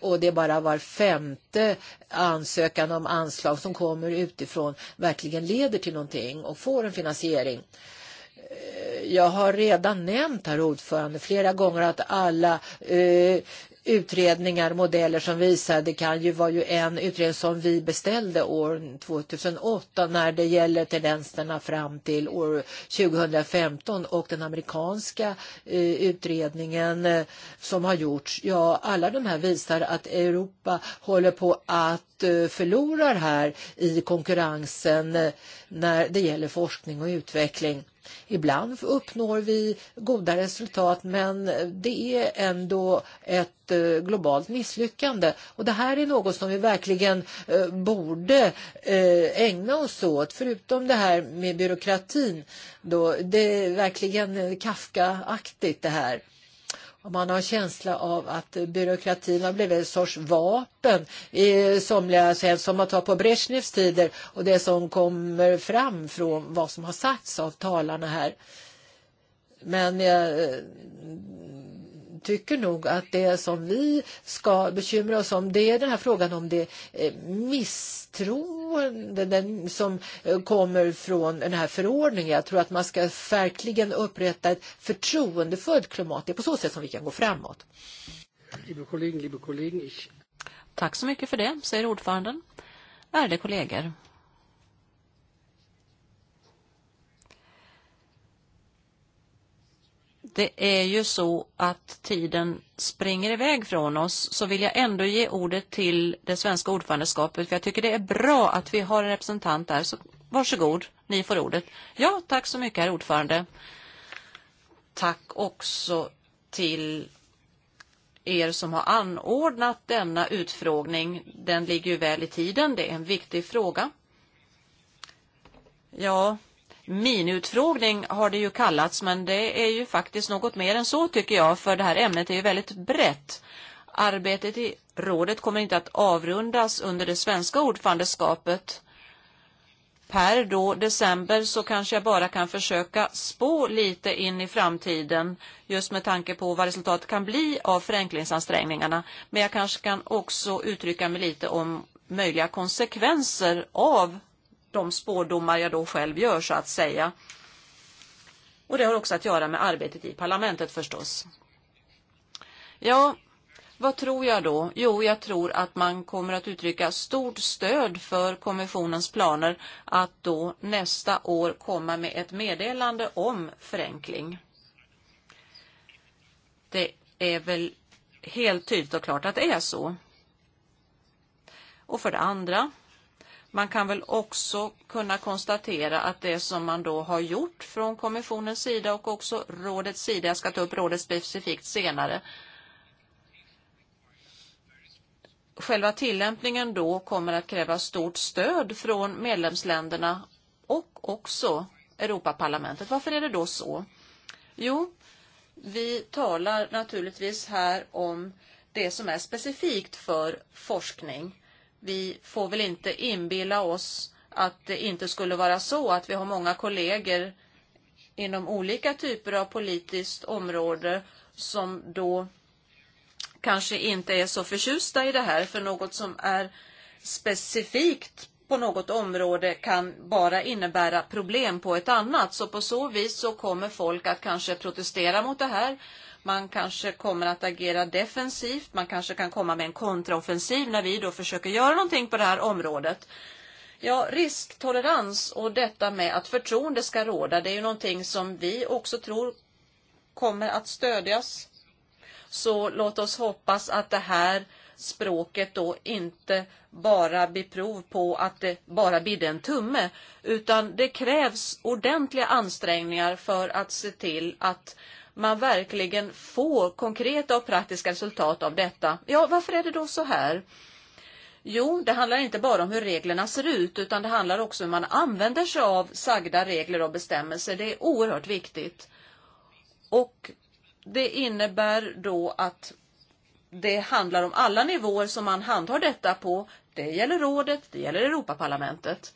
och det är bara var femte ansökan om anslag som kommer utifrån verkligen leder till någonting och får en finansiering. Eh, jag har redan nämnt, herr ordförande, flera gånger att alla eh, utredningar, modeller som visar, det kan ju vara ju en utredning som vi beställde år 2008 när det gäller tendenserna fram till år 2015 och den amerikanska eh, utredningen eh, som har gjorts. Ja, alla de här visar att Europa håller på att eh, förlorar här i konkurrensen när det gäller forskning och utveckling. Ibland uppnår vi goda resultat men det är ändå ett eh, globalt misslyckande. Och det här är något som vi verkligen eh, borde eh, ägna oss åt, förutom det här med byråkratin. Då, det är verkligen Kafkaaktigt det här. Och man har en känsla av att byråkratin har blivit en sorts vapen i somliga sätt som man tar på Brezhnevs tider och det som kommer fram från vad som har sagts av talarna här. Men jag eh, tycker nog att det som vi ska bekymra oss om det är den här frågan om det eh, misstro förtroende som eh, kommer från den här förordningen. Jag tror att man ska verkligen upprätta ett förtroendefullt klimat. Det är på så sätt som vi kan gå framåt. Liebe Kollegen, liebe Kollegen, ich... Tack så mycket för det, säger ordföranden. Ärade kollegor, det är ju så att tiden springer iväg från oss så vill jag ändå ge ordet till det svenska ordförandeskapet för jag tycker det är bra att vi har en representant där. Så varsågod, ni får ordet. Ja, tack så mycket herr ordförande. Tack också till er som har anordnat denna utfrågning. Den ligger ju väl i tiden, det är en viktig fråga. Ja, Minutfrågning har det ju kallats, men det är ju faktiskt något mer än så tycker jag, för det här ämnet är ju väldigt brett. Arbetet i rådet kommer inte att avrundas under det svenska ordförandeskapet. Per då december så kanske jag bara kan försöka spå lite in i framtiden just med tanke på vad resultatet kan bli av förenklingsansträngningarna. Men jag kanske kan också uttrycka mig lite om möjliga konsekvenser av de spårdomar jag då själv gör så att säga. Och det har också att göra med arbetet i parlamentet förstås. Ja, vad tror jag då? Jo, jag tror att man kommer att uttrycka stort stöd för kommissionens planer att då nästa år komma med ett meddelande om förenkling. Det är väl helt tydligt och klart att det är så. Och för det andra Man kan väl också kunna konstatera att det som man då har gjort från kommissionens sida och också rådets sida, jag ska ta upp rådet specifikt senare, själva tillämpningen då kommer att kräva stort stöd från medlemsländerna och också Europaparlamentet. Varför är det då så? Jo, vi talar naturligtvis här om det som är specifikt för forskning vi får väl inte inbilla oss att det inte skulle vara så att vi har många kollegor inom olika typer av politiskt område som då kanske inte är så förtjusta i det här, för något som är specifikt på något område kan bara innebära problem på ett annat. Så på så vis så kommer folk att kanske protestera mot det här Man kanske kommer att agera defensivt. Man kanske kan komma med en kontraoffensiv när vi då försöker göra någonting på det här området. Ja, risktolerans och detta med att förtroende ska råda, det är ju någonting som vi också tror kommer att stödjas. Så låt oss hoppas att det här språket då inte bara blir prov på att det bara bidde en tumme, utan det krävs ordentliga ansträngningar för att se till att man verkligen får konkreta och praktiska resultat av detta. Ja, varför är det då så här? Jo, det handlar inte bara om hur reglerna ser ut utan det handlar också om hur man använder sig av sagda regler och bestämmelser. Det är oerhört viktigt. Och det innebär då att det handlar om alla nivåer som man handhar detta på. Det gäller rådet, det gäller Europaparlamentet.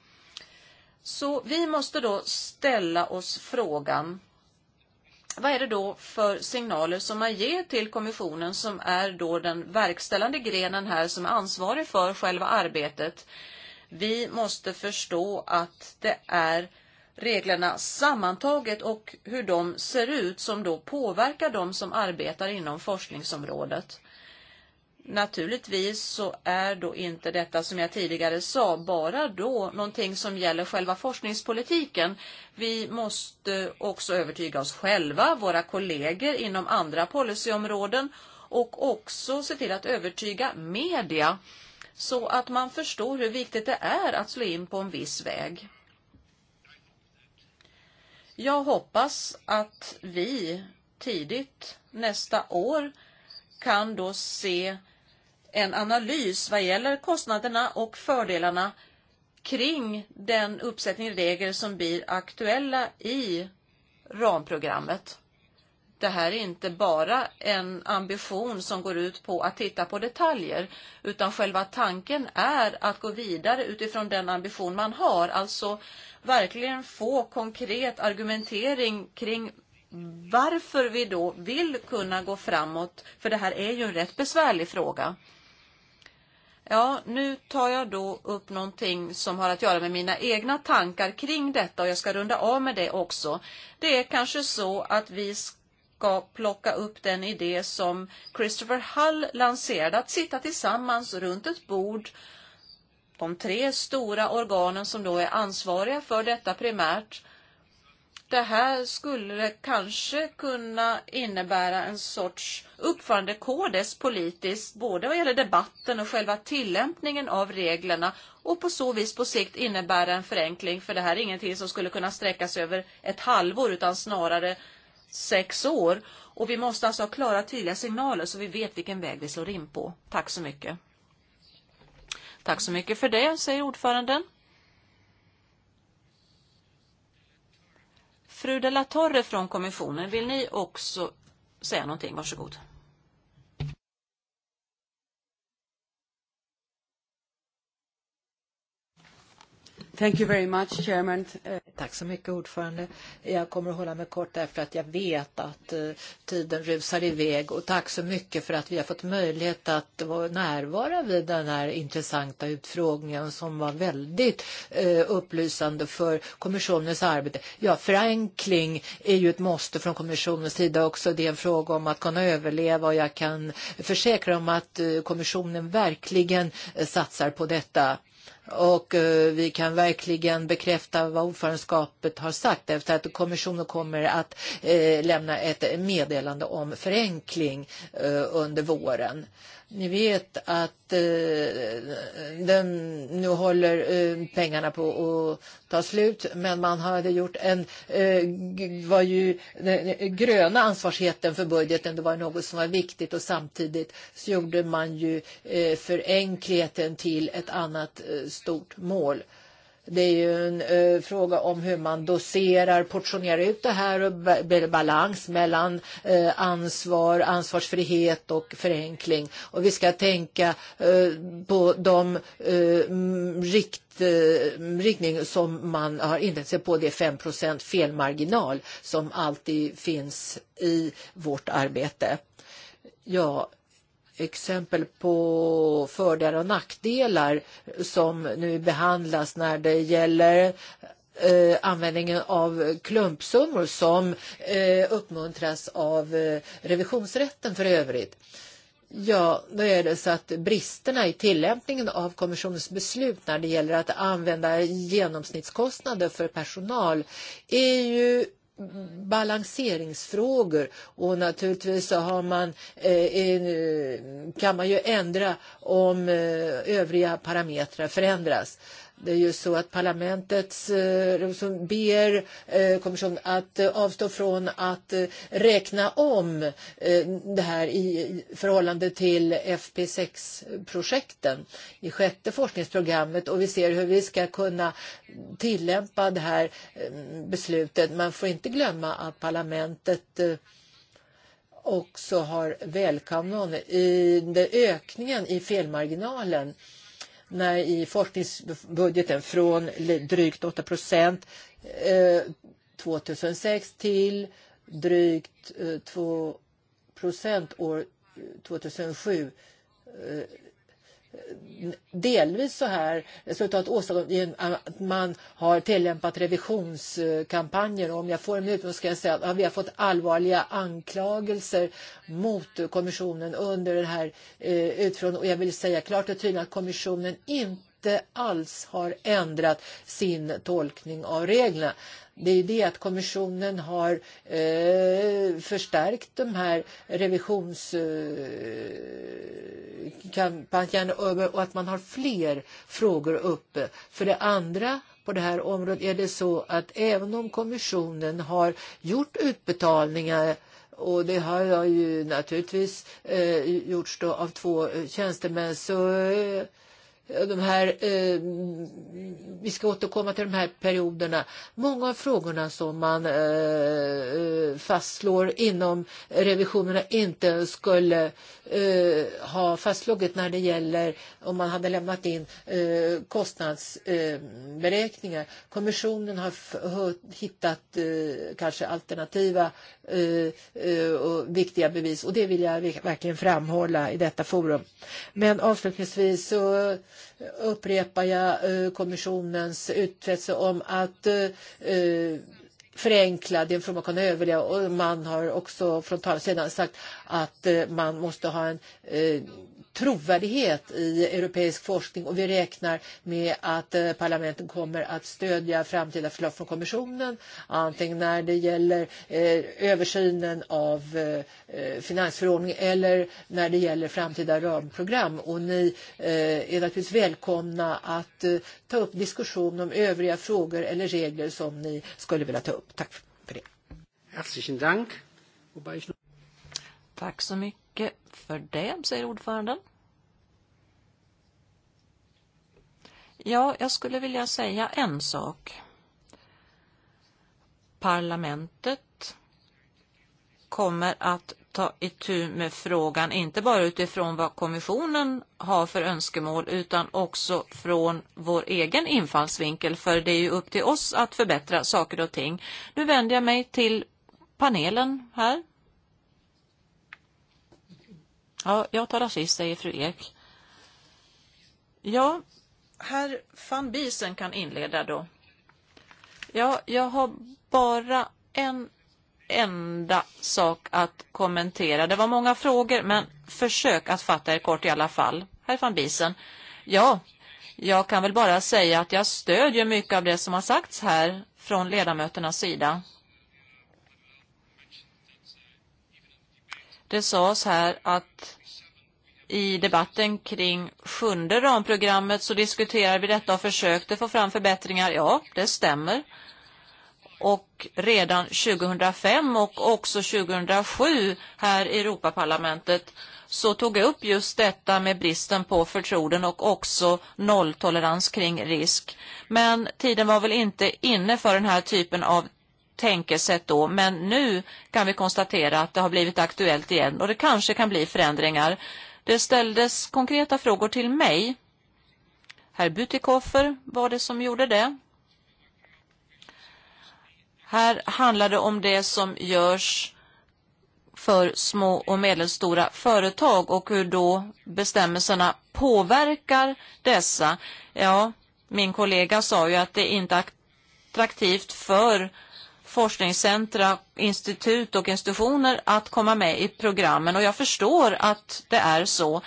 Så vi måste då ställa oss frågan Vad är det då för signaler som man ger till kommissionen som är då den verkställande grenen här som är ansvarig för själva arbetet? Vi måste förstå att det är reglerna sammantaget och hur de ser ut som då påverkar de som arbetar inom forskningsområdet. Naturligtvis så är då inte detta som jag tidigare sa bara då någonting som gäller själva forskningspolitiken. Vi måste också övertyga oss själva, våra kollegor inom andra policyområden och också se till att övertyga media så att man förstår hur viktigt det är att slå in på en viss väg. Jag hoppas att vi tidigt nästa år kan då se en analys vad gäller kostnaderna och fördelarna kring den uppsättning regler som blir aktuella i ramprogrammet. Det här är inte bara en ambition som går ut på att titta på detaljer, utan själva tanken är att gå vidare utifrån den ambition man har. Alltså verkligen få konkret argumentering kring varför vi då vill kunna gå framåt, för det här är ju en rätt besvärlig fråga. Ja, nu tar jag då upp någonting som har att göra med mina egna tankar kring detta och jag ska runda av med det också. Det är kanske så att vi ska plocka upp den idé som Christopher Hull lanserade, att sitta tillsammans runt ett bord, de tre stora organen som då är ansvariga för detta primärt, Det här skulle kanske kunna innebära en sorts uppförandekodes politiskt, både vad gäller debatten och själva tillämpningen av reglerna och på så vis på sikt innebära en förenkling, för det här är ingenting som skulle kunna sträckas över ett halvår utan snarare sex år. Och vi måste alltså ha klara tydliga signaler så vi vet vilken väg vi slår in på. Tack så mycket. Tack så mycket för det, säger ordföranden. Fru de la Torre från kommissionen, vill ni också säga någonting? Varsågod. Thank you very much, Chairman. Tack så mycket, ordförande. Jag kommer att hålla mig kort därför att jag vet att eh, tiden rusar iväg. Och tack så mycket för att vi har fått möjlighet att närvara vid den här intressanta utfrågningen som var väldigt eh, upplysande för kommissionens arbete. Ja, förenkling är ju ett måste från kommissionens sida också. Det är en fråga om att kunna överleva och jag kan försäkra om att eh, kommissionen verkligen satsar på detta Och eh, vi kan verkligen bekräfta vad ordförandeskapet har sagt efter att kommissionen kommer att eh, lämna ett meddelande om förenkling eh, under våren. Ni vet att eh, den nu håller eh, pengarna på att ta slut, men man hade gjort en, eh, var ju gröna ansvarsheten för budgeten, det var något som var viktigt och samtidigt så gjorde man ju förenklingen till ett annat stort mål. Det är ju en eh, fråga om hur man doserar, portionerar ut det här och balans mellan eh, ansvar, ansvarsfrihet och förenkling. Och vi ska tänka eh, på de eh, rikt eh, riktning som man har inriktat sig på, det är 5 felmarginal som alltid finns i vårt arbete. Ja, exempel på fördelar och nackdelar som nu behandlas när det gäller eh, användningen av klumpsummor som eh, uppmuntras av eh, revisionsrätten för övrigt. Ja, då är det så att bristerna i tillämpningen av kommissionens beslut när det gäller att använda genomsnittskostnader för personal är ju balanseringsfrågor och naturligtvis så har man, eh, eh, kan man ju ändra om eh, övriga parametrar förändras. Det är ju så att parlamentet eh, som ber eh, kommissionen att avstå från att eh, räkna om det här i förhållande till FP6-projekten i sjätte forskningsprogrammet och vi ser hur vi ska kunna tillämpa det här beslutet. Man får inte glömma att parlamentet också har välkomnat i ökningen i felmarginalen när i forskningsbudgeten från drygt 8 procent 2006 eh, till drygt 2 eh, procent år 2007 eh, delvis så här resultat åstadkommit att man har tillämpat revisionskampanjer. Och om jag får en minut ska jag säga att vi har fått allvarliga anklagelser mot kommissionen under den här eh, utfrågningen. Och jag vill säga klart och tydligt att kommissionen inte inte alls har ändrat sin tolkning av reglerna. Det är det att kommissionen har eh, förstärkt de här revisionskampanjerna eh, och att man har fler frågor uppe. För det andra på det här området är det så att även om kommissionen har gjort utbetalningar och det har ju naturligtvis eh, gjorts då av två eh, tjänstemän så eh, de här, eh, vi ska återkomma till de här perioderna. Många av frågorna som man eh, eh, fastslår inom revisionerna inte skulle eh, ha fastslagit när det gäller om man hade lämnat in eh, kostnadsberäkningar. Eh, Kommissionen har hittat eh, kanske alternativa eh, eh, och viktiga bevis och det vill jag verkligen framhålla i detta forum. Men avslutningsvis så upprepar jag eh, kommissionens utfästelse om att eh, förenklad information kan överleva och man har också från talarsidan sagt att eh, man måste ha en trovärdighet i europeisk forskning och vi räknar med att eh, parlamenten kommer att stödja framtida förslag från kommissionen antingen när det gäller eh, översynen av eh, finansförordningen eller när det gäller framtida ramprogram och ni är naturligtvis välkomna att ta upp diskussion om övriga frågor eller regler som ni skulle vilja ta upp. Tack för det. Tack så mycket mycket för det, säger ordföranden. Ja, jag skulle vilja säga en sak. Parlamentet kommer att ta itu med frågan, inte bara utifrån vad kommissionen har för önskemål, utan också från vår egen infallsvinkel, för det är ju upp till oss att förbättra saker och ting. Nu vänder jag mig till panelen här. Ja, jag talar sist, säger fru Ek. Ja, herr van Biesen kan inleda då. Ja, jag har bara en enda sak att kommentera. Det var många frågor, men försök att fatta er kort i alla fall. Herr van Biesen. Ja, jag kan väl bara säga att jag stödjer mycket av det som har sagts här från ledamöternas sida. Det sades här att i debatten kring sjunde ramprogrammet så diskuterade vi detta och försökte få fram förbättringar. Ja, det stämmer. Och redan 2005 och också 2007 här i Europaparlamentet så tog jag upp just detta med bristen på förtroenden och också nolltolerans kring risk. Men tiden var väl inte inne för den här typen av tänkesätt då, men nu kan vi konstatera att det har blivit aktuellt igen och det kanske kan bli förändringar. Det ställdes konkreta frågor till mig. Herr Butikoffer var det som gjorde det. Här handlar det om det som görs för små och medelstora företag och hur då bestämmelserna påverkar dessa. Ja, min kollega sa ju att det inte är attraktivt för forskningscentra, institut och institutioner att komma med i programmen. Och jag förstår att det är så.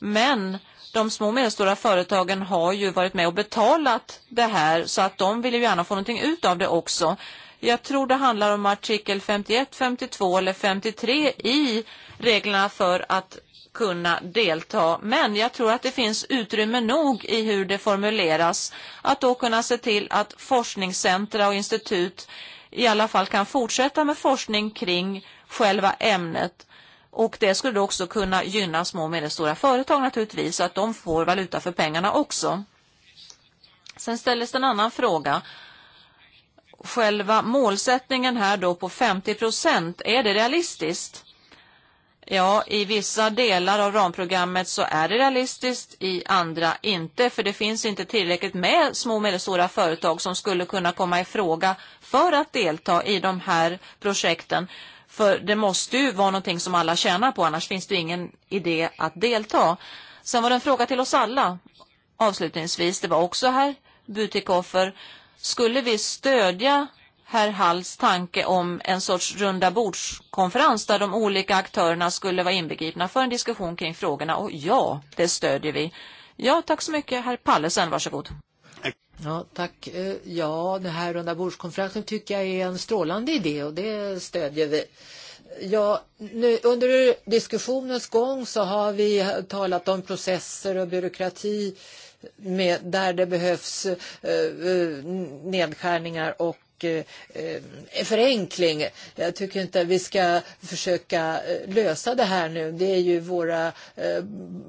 Men de små och medelstora företagen har ju varit med och betalat det här så att de vill ju gärna få någonting ut av det också. Jag tror det handlar om artikel 51, 52 eller 53 i reglerna för att kunna delta. Men jag tror att det finns utrymme nog i hur det formuleras att då kunna se till att forskningscentra och institut i alla fall kan fortsätta med forskning kring själva ämnet. Och det skulle också kunna gynna små och medelstora företag naturligtvis så att de får valuta för pengarna också. Sen ställdes det en annan fråga. Själva målsättningen här då på 50 procent, är det realistiskt? Ja, i vissa delar av ramprogrammet så är det realistiskt, i andra inte, för det finns inte tillräckligt med små och medelstora företag som skulle kunna komma i fråga för att delta i de här projekten. För det måste ju vara någonting som alla tjänar på, annars finns det ingen idé att delta. Sen var det en fråga till oss alla, avslutningsvis. Det var också här Butikoffer. Skulle vi stödja herr Halls tanke om en sorts runda bordskonferens där de olika aktörerna skulle vara inbegripna för en diskussion kring frågorna och ja, det stödjer vi. Ja, tack så mycket. Herr Pallesen, varsågod. Ja, tack. Eh, ja, den här runda bordskonferensen tycker jag är en strålande idé och det stödjer vi. Ja, nu, under diskussionens gång så har vi talat om processer och byråkrati med, där det behövs eh, eh nedskärningar och Eh, eh, förenkling. Jag tycker inte att vi ska försöka eh, lösa det här nu. Det är ju våra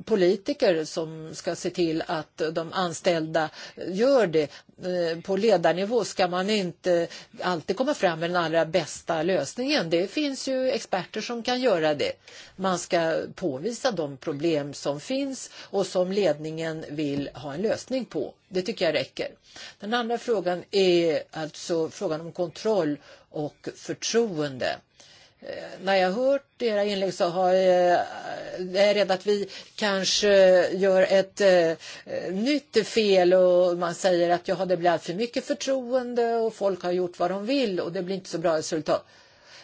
politiker som ska se till att de anställda gör det. Eh, på ledarnivå ska man inte alltid komma fram med den allra bästa lösningen. Det finns ju experter som kan göra det. Man ska påvisa de problem som finns och som ledningen vill ha en lösning på. Det tycker jag räcker. Den andra frågan är alltså frågan om kontroll och förtroende. Eh, Eh, när jag hört era inlägg så har jag, eh, jag är rädd att vi kanske gör ett eh, nytt fel och man säger att ja, det blir allt för mycket förtroende och folk har gjort vad de vill och det blir inte så bra resultat.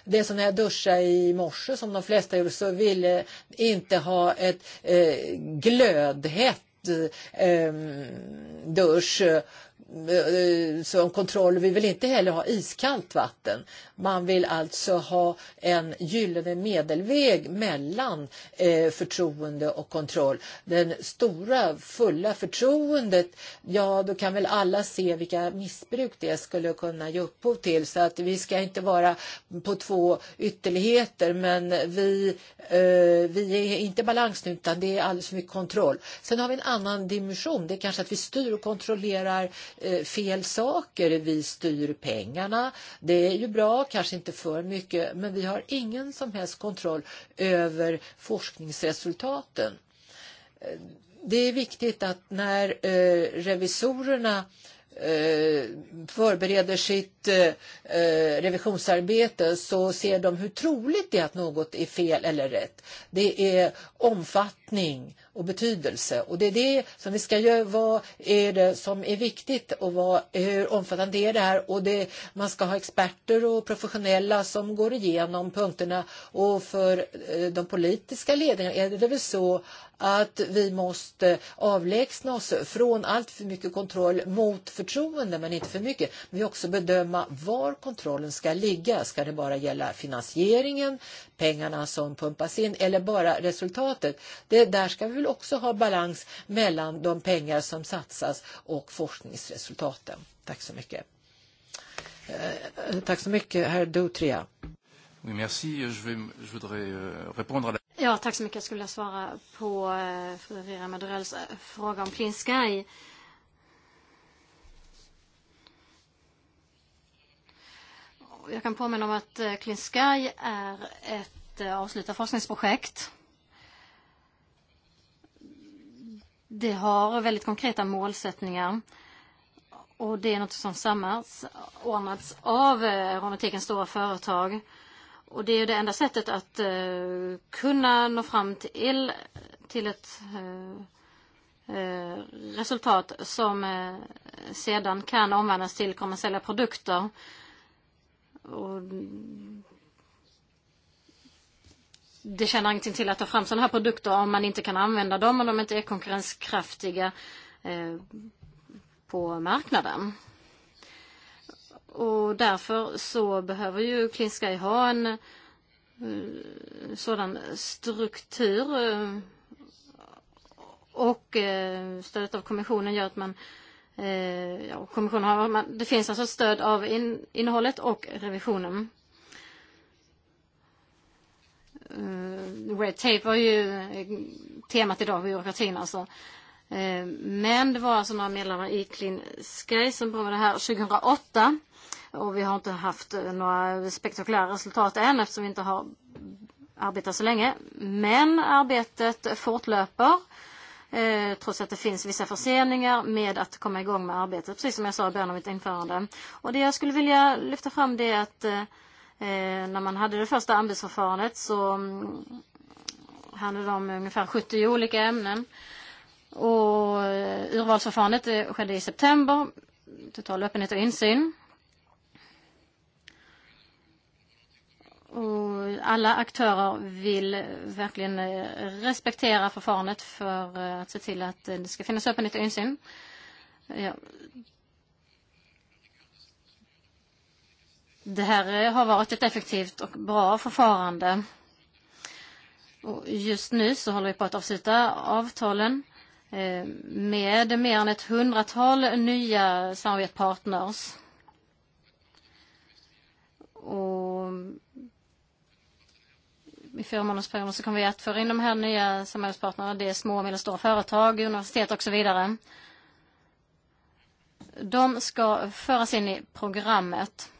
Det som när jag duschade i morse som de flesta gjorde så ville inte ha ett eh, glödhett eh, dusch Eh, eh, som kontroll. Vi vill inte heller ha iskallt vatten. Man vill alltså ha en gyllene medelväg mellan eh, förtroende och kontroll. Den stora fulla förtroendet, ja då kan väl alla se vilka missbruk det skulle kunna ge upphov till. Så att vi ska inte vara på två ytterligheter men vi, eh, vi är inte balans nu utan det är alldeles för mycket kontroll. Sen har vi en annan dimension. Det är kanske att vi styr och kontrollerar Eh, fel saker. Vi styr pengarna, det är ju bra, kanske inte för mycket, men vi har ingen som helst kontroll över forskningsresultaten. Eh, det är viktigt att när eh, revisorerna förbereder sitt eh, revisionsarbete så ser de hur troligt det är att något är fel eller rätt. Det är omfattning och betydelse. Och det är det som vi ska göra. Vad är det som är viktigt och vad, hur omfattande är det här? Och det, man ska ha experter och professionella som går igenom punkterna. Och för eh, de politiska ledningarna är det väl så att vi måste avlägsna oss från allt för mycket kontroll mot förtroende, men inte för mycket. Men vi också bedöma var kontrollen ska ligga. Ska det bara gälla finansieringen, pengarna som pumpas in eller bara resultatet? Det där ska vi vill också ha balans mellan de pengar som satsas och forskningsresultaten. Tack så mycket. Eh, eh, tack så mycket, herr Dutria. Oui, merci. Je, vais, je voudrais euh, répondre à la... Ja, tack så mycket. Jag skulle svara på eh, fru Vera Madurells fråga om Clean Sky. Jag kan påminna om att Clean Sky är ett avslutat forskningsprojekt Det har väldigt konkreta målsättningar. Och det är något som sammanlagt ordnats av eh, romantikens stora företag. Och det är det enda sättet att uh, kunna nå fram till, till ett uh, uh, resultat som uh, sedan kan omvandlas till kommersiella produkter. Och det tjänar ingenting till att ta fram sådana här produkter om man inte kan använda dem och de inte är konkurrenskraftiga eh, på marknaden. Och därför så behöver ju Clean Sky ha en eh, sådan struktur eh, och eh, stödet av kommissionen gör att man eh, ja, kommissionen har, man, det finns alltså stöd av in, innehållet och revisionen. Eh, Red Tape var ju eh, temat idag vid byråkratin alltså. Eh, men det var alltså några medlemmar i Clean Sky som provade det här 2008. Och vi har inte haft några spektakulära resultat än eftersom vi inte har arbetat så länge. Men arbetet fortlöper. Eh, trots att det finns vissa förseningar med att komma igång med arbetet, precis som jag sa i början av mitt införande. Och det jag skulle vilja lyfta fram det är att eh, Eh, när man hade det första anbudsförfarandet så mm, handlade det om ungefär 70 olika ämnen. Och eh, urvalsförfarandet skedde i september. Total öppenhet och insyn. Och alla aktörer vill verkligen eh, respektera förfarandet för att se till att det ska finnas öppenhet och insyn. Jag Det här eh, har varit ett effektivt och bra förfarande. Och just nu så håller vi på att avsluta avtalen eh, med mer än ett hundratal nya samarbetspartners. Och i förmånsperioden så kommer vi att föra in de här nya samarbetspartnerna. Det är små och medelstora företag, universitet och så vidare. De ska föras in i programmet.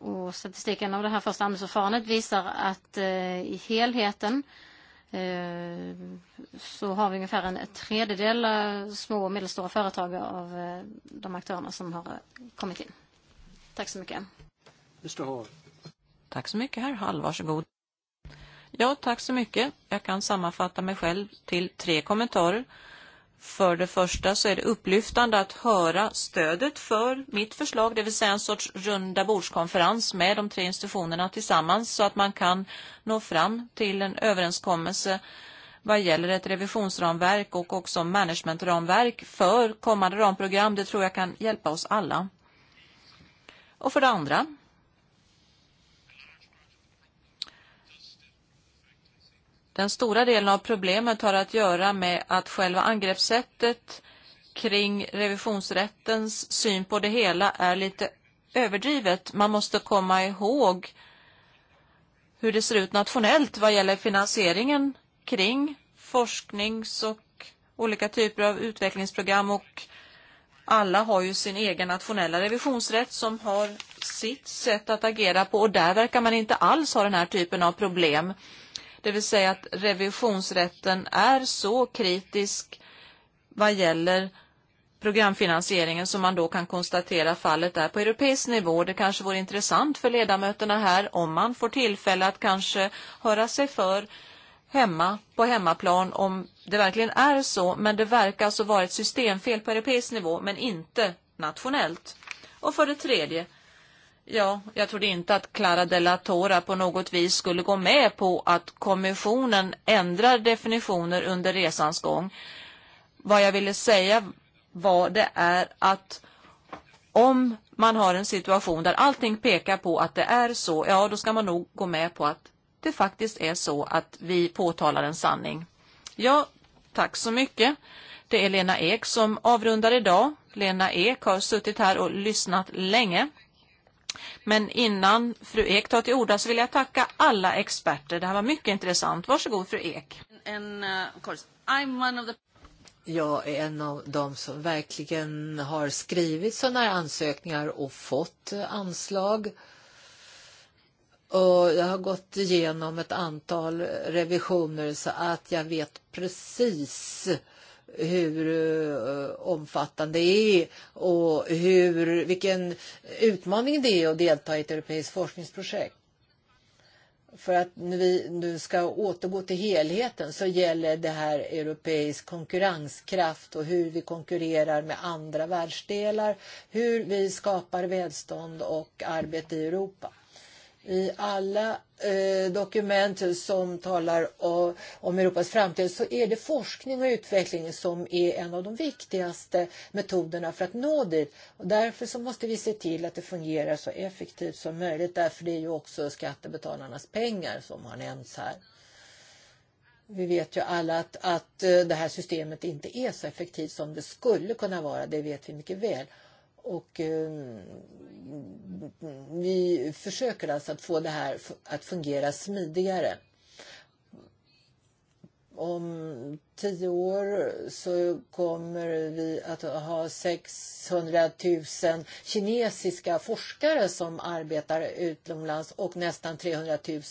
Och statistiken av det här första anbudsförfarandet visar att eh, i helheten eh, så har vi ungefär en tredjedel eh, små och medelstora företag av eh, de aktörerna som har eh, kommit in. Tack så mycket. Mr. Hall. Tack så mycket, herr Hall. Varsågod. Ja, tack så mycket. Jag kan sammanfatta mig själv till tre kommentarer. Eh, För det första så är det upplyftande att höra stödet för mitt förslag, det vill säga en sorts runda bordskonferens med de tre institutionerna tillsammans så att man kan nå fram till en överenskommelse vad gäller ett revisionsramverk och också managementramverk för kommande ramprogram. Det tror jag kan hjälpa oss alla. Och för det andra Den stora delen av problemet har att göra med att själva angreppssättet kring revisionsrättens syn på det hela är lite överdrivet. Man måste komma ihåg hur det ser ut nationellt vad gäller finansieringen kring forsknings och olika typer av utvecklingsprogram och alla har ju sin egen nationella revisionsrätt som har sitt sätt att agera på och där verkar man inte alls ha den här typen av problem. Det vill säga att revisionsrätten är så kritisk vad gäller programfinansieringen som man då kan konstatera fallet är på europeisk nivå. Det kanske vore intressant för ledamöterna här om man får tillfälle att kanske höra sig för hemma på hemmaplan om det verkligen är så. Men det verkar alltså vara ett systemfel på europeisk nivå men inte nationellt. Och för det tredje, Ja, jag trodde inte att Clara de la Tora på något vis skulle gå med på att kommissionen ändrar definitioner under resans gång. Vad jag ville säga var det är att om man har en situation där allting pekar på att det är så, ja då ska man nog gå med på att det faktiskt är så att vi påtalar en sanning. Ja, tack så mycket. Det är Lena Ek som avrundar idag. Lena Ek har suttit här och lyssnat länge. Men innan fru Ek tar till orda så vill jag tacka alla experter. Det här var mycket intressant. Varsågod fru Ek. And, uh, eh, course, I'm one of the... Jag är en av de som verkligen har skrivit sådana här ansökningar och fått eh, anslag. Och jag har gått igenom ett antal revisioner så att jag vet precis eh, hur eh, omfattande det är och hur, vilken utmaning det är att delta i ett europeiskt forskningsprojekt. För att när vi nu ska återgå till helheten så gäller det här europeisk konkurrenskraft och hur vi konkurrerar med andra världsdelar, hur vi skapar välstånd och arbete i Europa i alla eh, dokument som talar om, om Europas framtid så är det forskning och utveckling som är en av de viktigaste metoderna för att nå dit. Och därför så måste vi se till att det fungerar så effektivt som möjligt. Därför det är ju också skattebetalarnas pengar som har nämnts här. Vi vet ju alla att, att eh, det här systemet inte är så effektivt som det skulle kunna vara. Det vet vi mycket väl. Och eh, vi försöker alltså att få det här att fungera smidigare om tio år så kommer vi att ha 600 000 kinesiska forskare som arbetar utomlands och nästan 300 000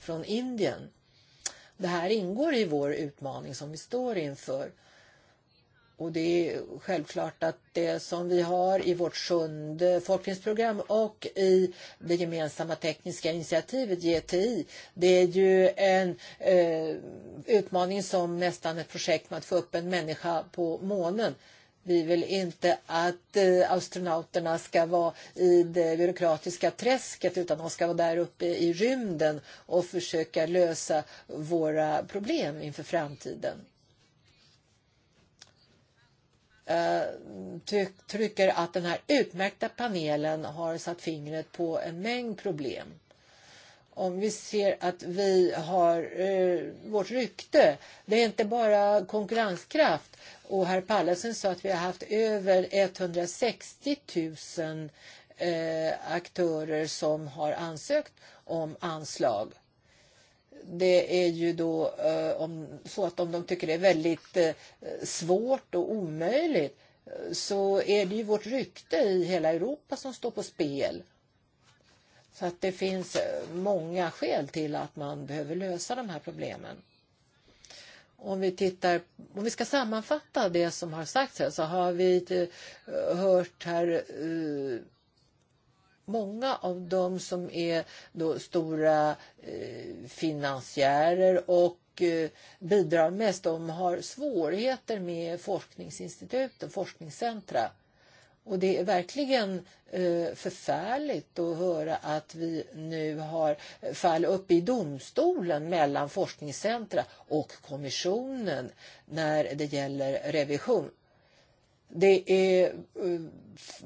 från Indien. Det här ingår i vår utmaning som vi står inför. Och det är självklart att det som vi har i vårt sjunde forskningsprogram och i det gemensamma tekniska initiativet GTI, det är ju en eh, utmaning som nästan ett projekt med att få upp en människa på månen. Vi vill inte att eh, astronauterna ska vara i det byråkratiska träsket utan de ska vara där uppe i rymden och försöka lösa våra problem inför framtiden. Eh, tycker att den här utmärkta panelen har satt fingret på en mängd problem. Om vi ser att vi har eh, vårt rykte, det är inte bara konkurrenskraft. Och herr Pallesen sa att vi har haft över 160 000 eh, aktörer som har ansökt om anslag. Eh, det är ju då eh, om, så att om de tycker det är väldigt eh, svårt och omöjligt eh, så är det ju vårt rykte i hela Europa som står på spel. Så att det finns många skäl till att man behöver lösa de här problemen. Om vi, tittar, om vi ska sammanfatta det som har sagts här så har vi hört här många av dem som är då stora eh, finansiärer och eh, bidrar mest, de har svårigheter med forskningsinstituten, forskningscentra. Och det är verkligen eh, förfärligt att höra att vi nu har fall upp i domstolen mellan forskningscentra och kommissionen när det gäller revision. Det är eh,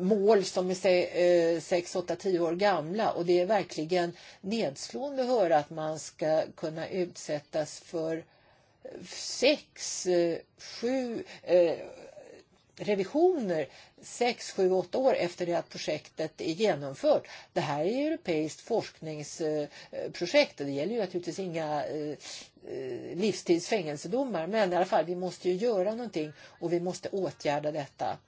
mål som är 6, 8, 10 år gamla och det är verkligen nedslående att höra att man ska kunna utsättas för eh, sex, eh, sju revisioner sex, sju, åtta år efter det att projektet är genomfört. Det här är europeiskt forskningsprojekt och det gäller ju naturligtvis inga eh, eh, livstidsfängelsedomar men i alla fall vi måste ju göra någonting och vi måste åtgärda detta.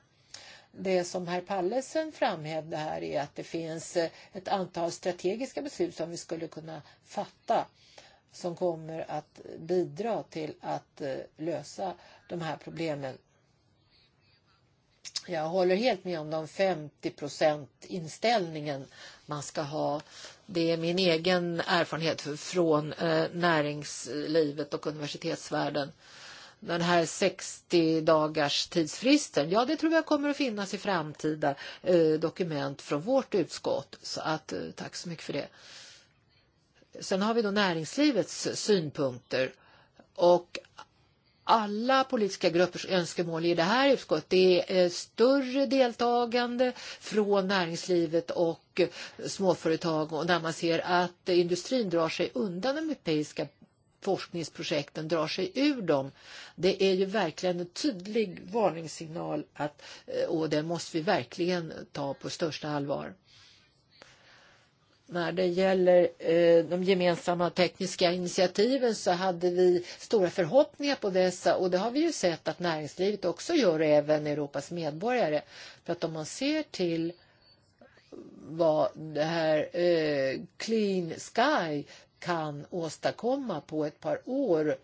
Det som herr Pallesen framhävde här är att det finns eh, ett antal strategiska beslut som vi skulle kunna fatta som kommer att bidra till att lösa de här problemen Jag håller helt med om de 50 procent inställningen man ska ha. Det är min egen erfarenhet från eh, näringslivet och universitetsvärlden. Den här 60 dagars tidsfristen, ja det tror jag kommer att finnas i framtida eh, dokument från vårt utskott. Så att, eh, tack så mycket för det. Sen har vi då näringslivets synpunkter och alla politiska gruppers önskemål i det här utskottet. Det är större deltagande från näringslivet och småföretag och där man ser att industrin drar sig undan de europeiska forskningsprojekten, drar sig ur dem. Det är ju verkligen en tydlig varningssignal att, eh, och den måste vi verkligen ta på största allvar. När det gäller eh, de gemensamma tekniska initiativen så hade vi stora förhoppningar på dessa och det har vi ju sett att näringslivet också gör, även Europas medborgare. För att om man ser till vad det här eh, Clean Sky kan åstadkomma på ett par år eh,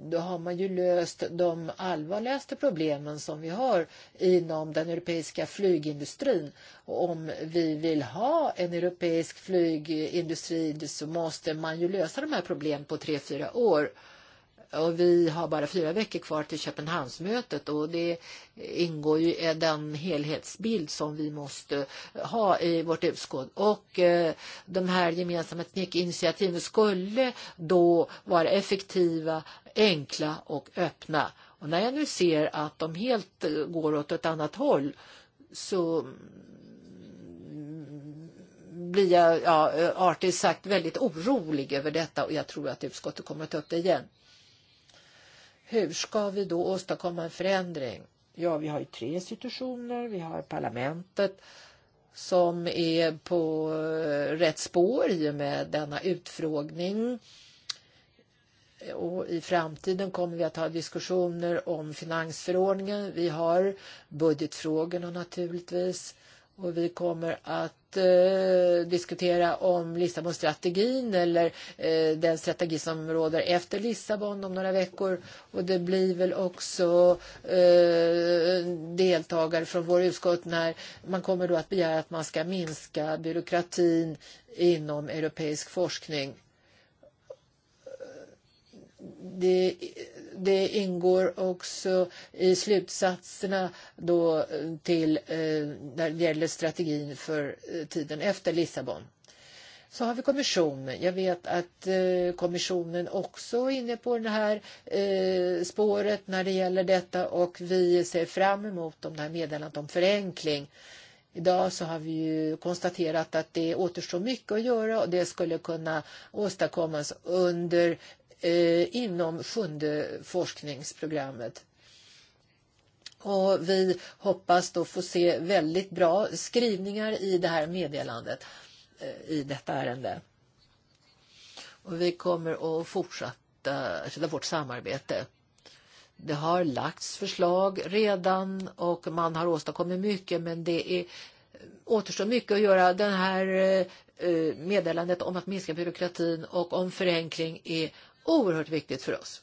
då har man ju löst de allvarligaste problemen som vi har inom den europeiska flygindustrin. Och om vi vill ha en europeisk flygindustri så måste man ju lösa de här problemen på tre, fyra år. Eh, Och vi har bara fyra veckor kvar till Köpenhamnsmötet och det ingår ju i den helhetsbild som vi måste ha i vårt utskott. Och eh, de här gemensamma teknikinitiativen skulle då vara effektiva, enkla och öppna. Och när jag nu ser att de helt eh, går åt ett annat håll så mm, blir jag, ja, eh, artigt sagt, väldigt orolig över detta och jag tror att utskottet kommer att ta upp det igen. Hur ska vi då åstadkomma en förändring? Ja, vi har ju tre institutioner. Vi har parlamentet som är på eh, rätt spår i och med denna utfrågning. Och I framtiden kommer vi att ha diskussioner om finansförordningen. Vi har budgetfrågorna naturligtvis. Och vi kommer att eh, diskutera om Lissabonstrategin eller eh, den strategi som råder efter Lissabon om några veckor. Och det blir väl också eh, deltagare från vår utskott när man kommer då att begära att man ska minska byråkratin inom europeisk forskning. Det det ingår också i slutsatserna då eh, till, eh, när det gäller strategin för eh, tiden efter Lissabon. Så har vi kommissionen. Jag vet att eh, kommissionen också är inne på det här eh, spåret när det gäller detta och vi ser fram emot de här meddelandet om förenkling. Idag så har vi ju konstaterat att det återstår mycket att göra och det skulle kunna åstadkommas under Eh, inom sjunde forskningsprogrammet. Och vi hoppas då få se väldigt bra skrivningar i det här meddelandet eh, i detta ärende. Och vi kommer att fortsätta, fortsätta vårt samarbete. Det har lagts förslag redan och man har åstadkommit mycket men det är, återstår mycket att göra. Den här eh, meddelandet om att minska byråkratin och om förenkling är oerhört viktigt för oss.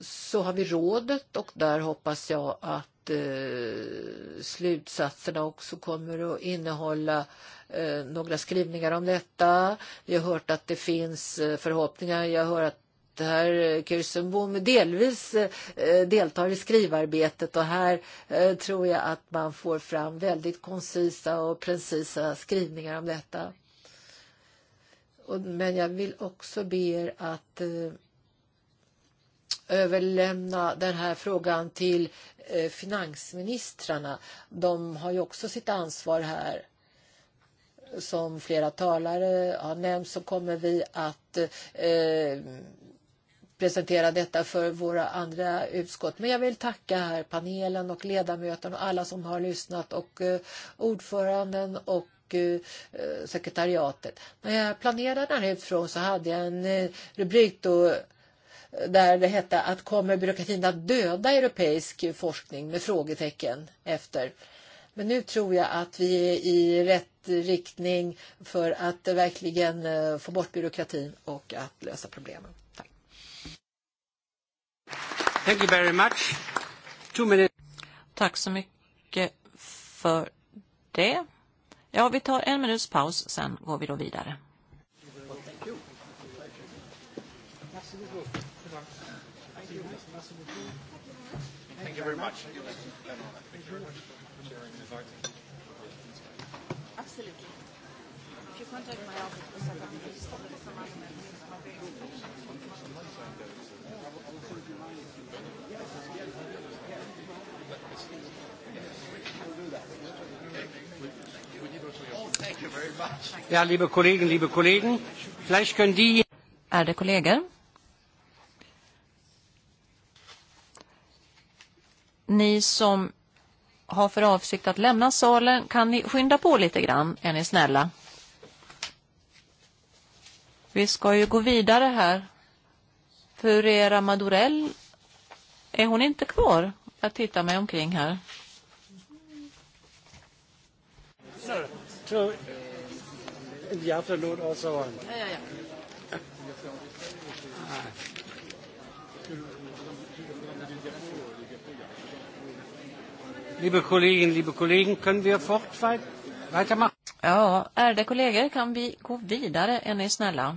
Så har vi rådet och där hoppas jag att eh, slutsatserna också kommer att innehålla eh, några skrivningar om detta. Vi har hört att det finns eh, förhoppningar. Jag hör att herr Kirsenbom delvis eh, deltar i skrivarbetet och här eh, tror jag att man får fram väldigt koncisa och precisa skrivningar om detta. Och, men jag vill också be er att eh, överlämna den här frågan till eh, finansministrarna. De har ju också sitt ansvar här. Som flera talare har nämnt så kommer vi att eh, presentera detta för våra andra utskott. Men jag vill tacka här panelen och ledamöterna och alla som har lyssnat och eh, ordföranden och Eh, sekretariatet. När jag planerade den här utfrågningen så hade jag en eh, rubrik då eh, där det hette att kommer byråkratin att döda europeisk forskning med frågetecken efter. Men nu tror jag att vi är i rätt riktning för att verkligen få bort byråkratin och att lösa problemen. Tack. Thank you very much. Two minutes. Tack så mycket för det. Ja, vi tar en minuts paus, sen går vi då vidare. Thank you very much. Thank you very much for sharing and inviting. Absolutely. If you contact my office, because I got the list of the commandments. Ja, liebe Kollegen, liebe Kollegen, vielleicht können die... Ärade kollegor. Ni som har för avsikt att lämna salen, kan ni skynda på lite grann? Är ni snälla? Vi ska ju gå vidare här. Furera Madurell, är hon inte kvar? Jag tittar mig omkring här. No, no, in the afternoon or so on. Yeah, yeah, yeah. Ah. Liebe Kolleginnen, liebe Kollegen, können wir fortfahren? Weitermachen? Ja, ärade kollegor, kan vi gå vidare? Är ni snälla?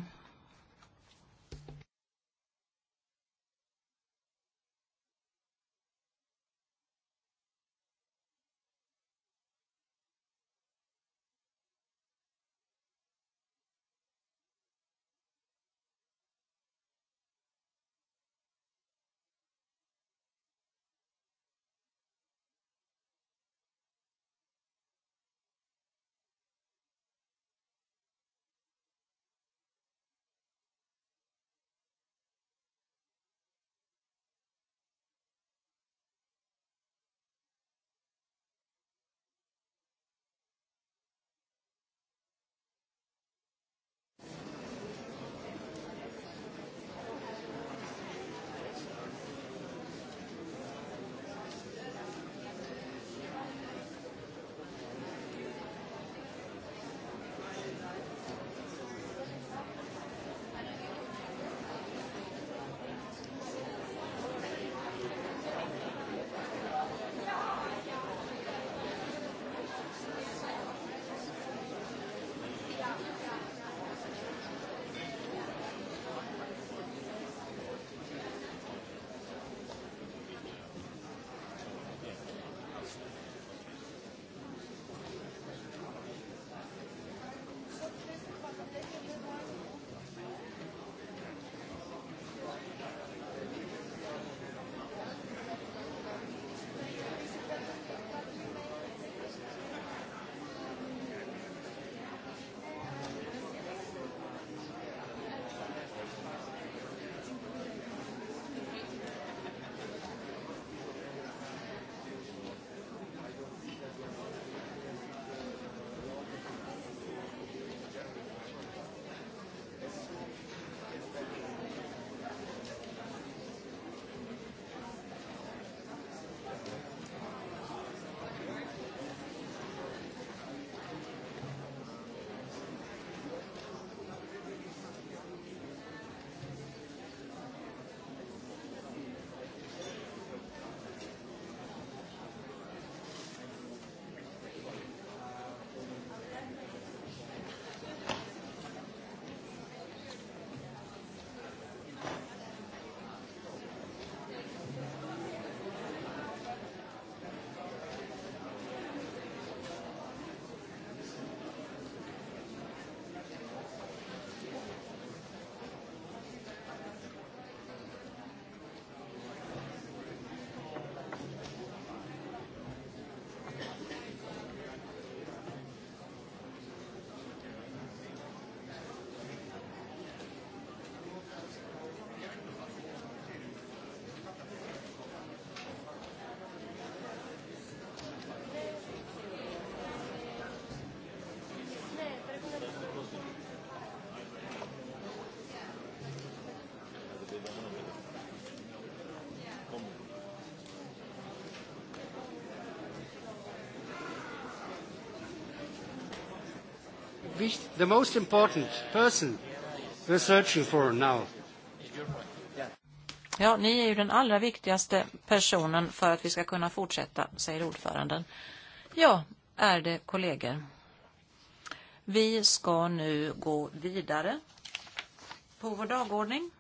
the most important person we're searching for now. Ja, ni är ju den allra viktigaste personen för att vi ska kunna fortsätta, säger ordföranden. Ja, ärade kollegor. Vi ska nu gå vidare på vår dagordning.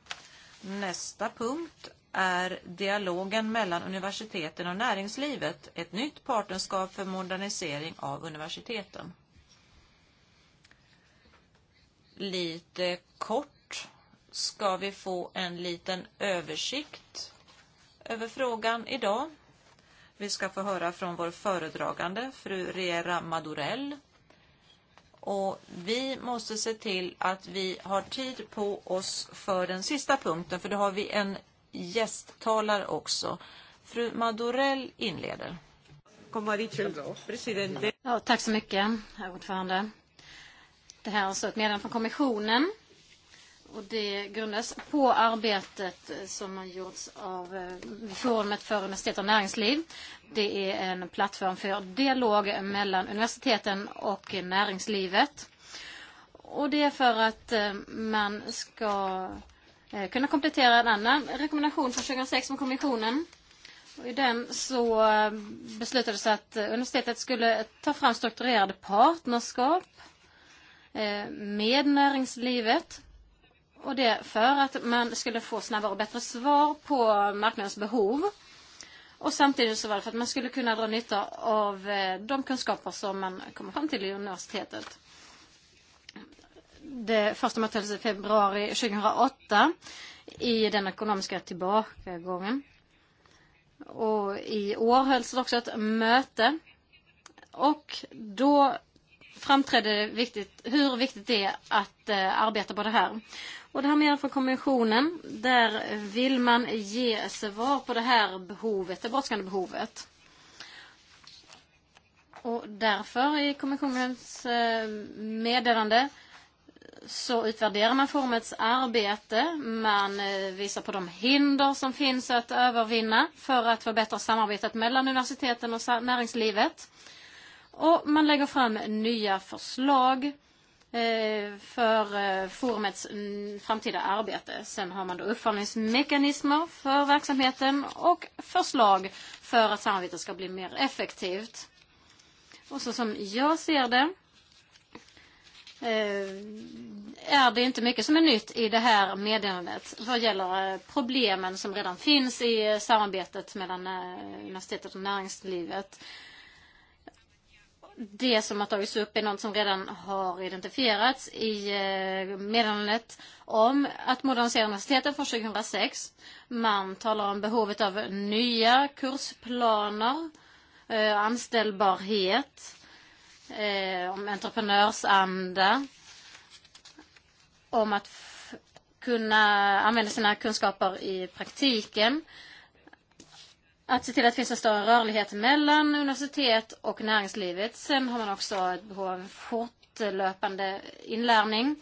Nästa punkt är dialogen mellan universiteten och näringslivet, ett nytt partnerskap för modernisering av universiteten lite kort ska vi få en liten översikt över frågan idag. Vi ska få höra från vår föredragande, fru Riera Madurell. Och vi måste se till att vi har tid på oss för den sista punkten, för då har vi en gästtalare också. Fru Madurell inleder. Ja, tack så mycket, herr ordförande. Det här är alltså ett meddelande från kommissionen. Och det grundas på arbetet eh, som har gjorts av eh, Forumet för universitet och näringsliv. Det är en plattform för dialog mellan universiteten och näringslivet. Och det är för att eh, man ska kunna komplettera en annan rekommendation från 2006 från kommissionen. Och I den så beslutades att universitetet skulle ta fram strukturerade partnerskap Eh, med näringslivet. Och det för att man skulle få snabbare och bättre svar på marknadens behov. Och samtidigt så var det för att man skulle kunna dra nytta av eh, de kunskaper som man kommer fram till i universitetet. Det första mötet i februari 2008 i den ekonomiska tillbakagången. Och i år hölls det också ett möte. Och då framträdde viktigt, hur viktigt det är att eh, arbeta på det här. Och det här med från kommissionen, där vill man ge svar på det här behovet, det brådskande behovet. Och därför i kommissionens eh, meddelande så utvärderar man formets arbete. Man eh, visar på de hinder som finns att övervinna för att förbättra samarbetet mellan universiteten och näringslivet. Eh, Och man lägger fram nya förslag eh, för eh, forumets mm, framtida arbete. Sen har man då uppföljningsmekanismer för verksamheten och förslag för att samarbetet ska bli mer effektivt. Och så som jag ser det eh, är det inte mycket som är nytt i det här meddelandet vad gäller problemen som redan finns i samarbetet mellan universitetet och näringslivet det som har tagits upp är något som redan har identifierats i eh, meddelandet om att modernisera universiteten från 2006. Man talar om behovet av nya kursplaner, eh, anställbarhet, eh, om entreprenörsanda, om att kunna använda sina kunskaper i praktiken att se till att det finns en större rörlighet mellan universitet och näringslivet. Sen har man också ett behov av fortlöpande inlärning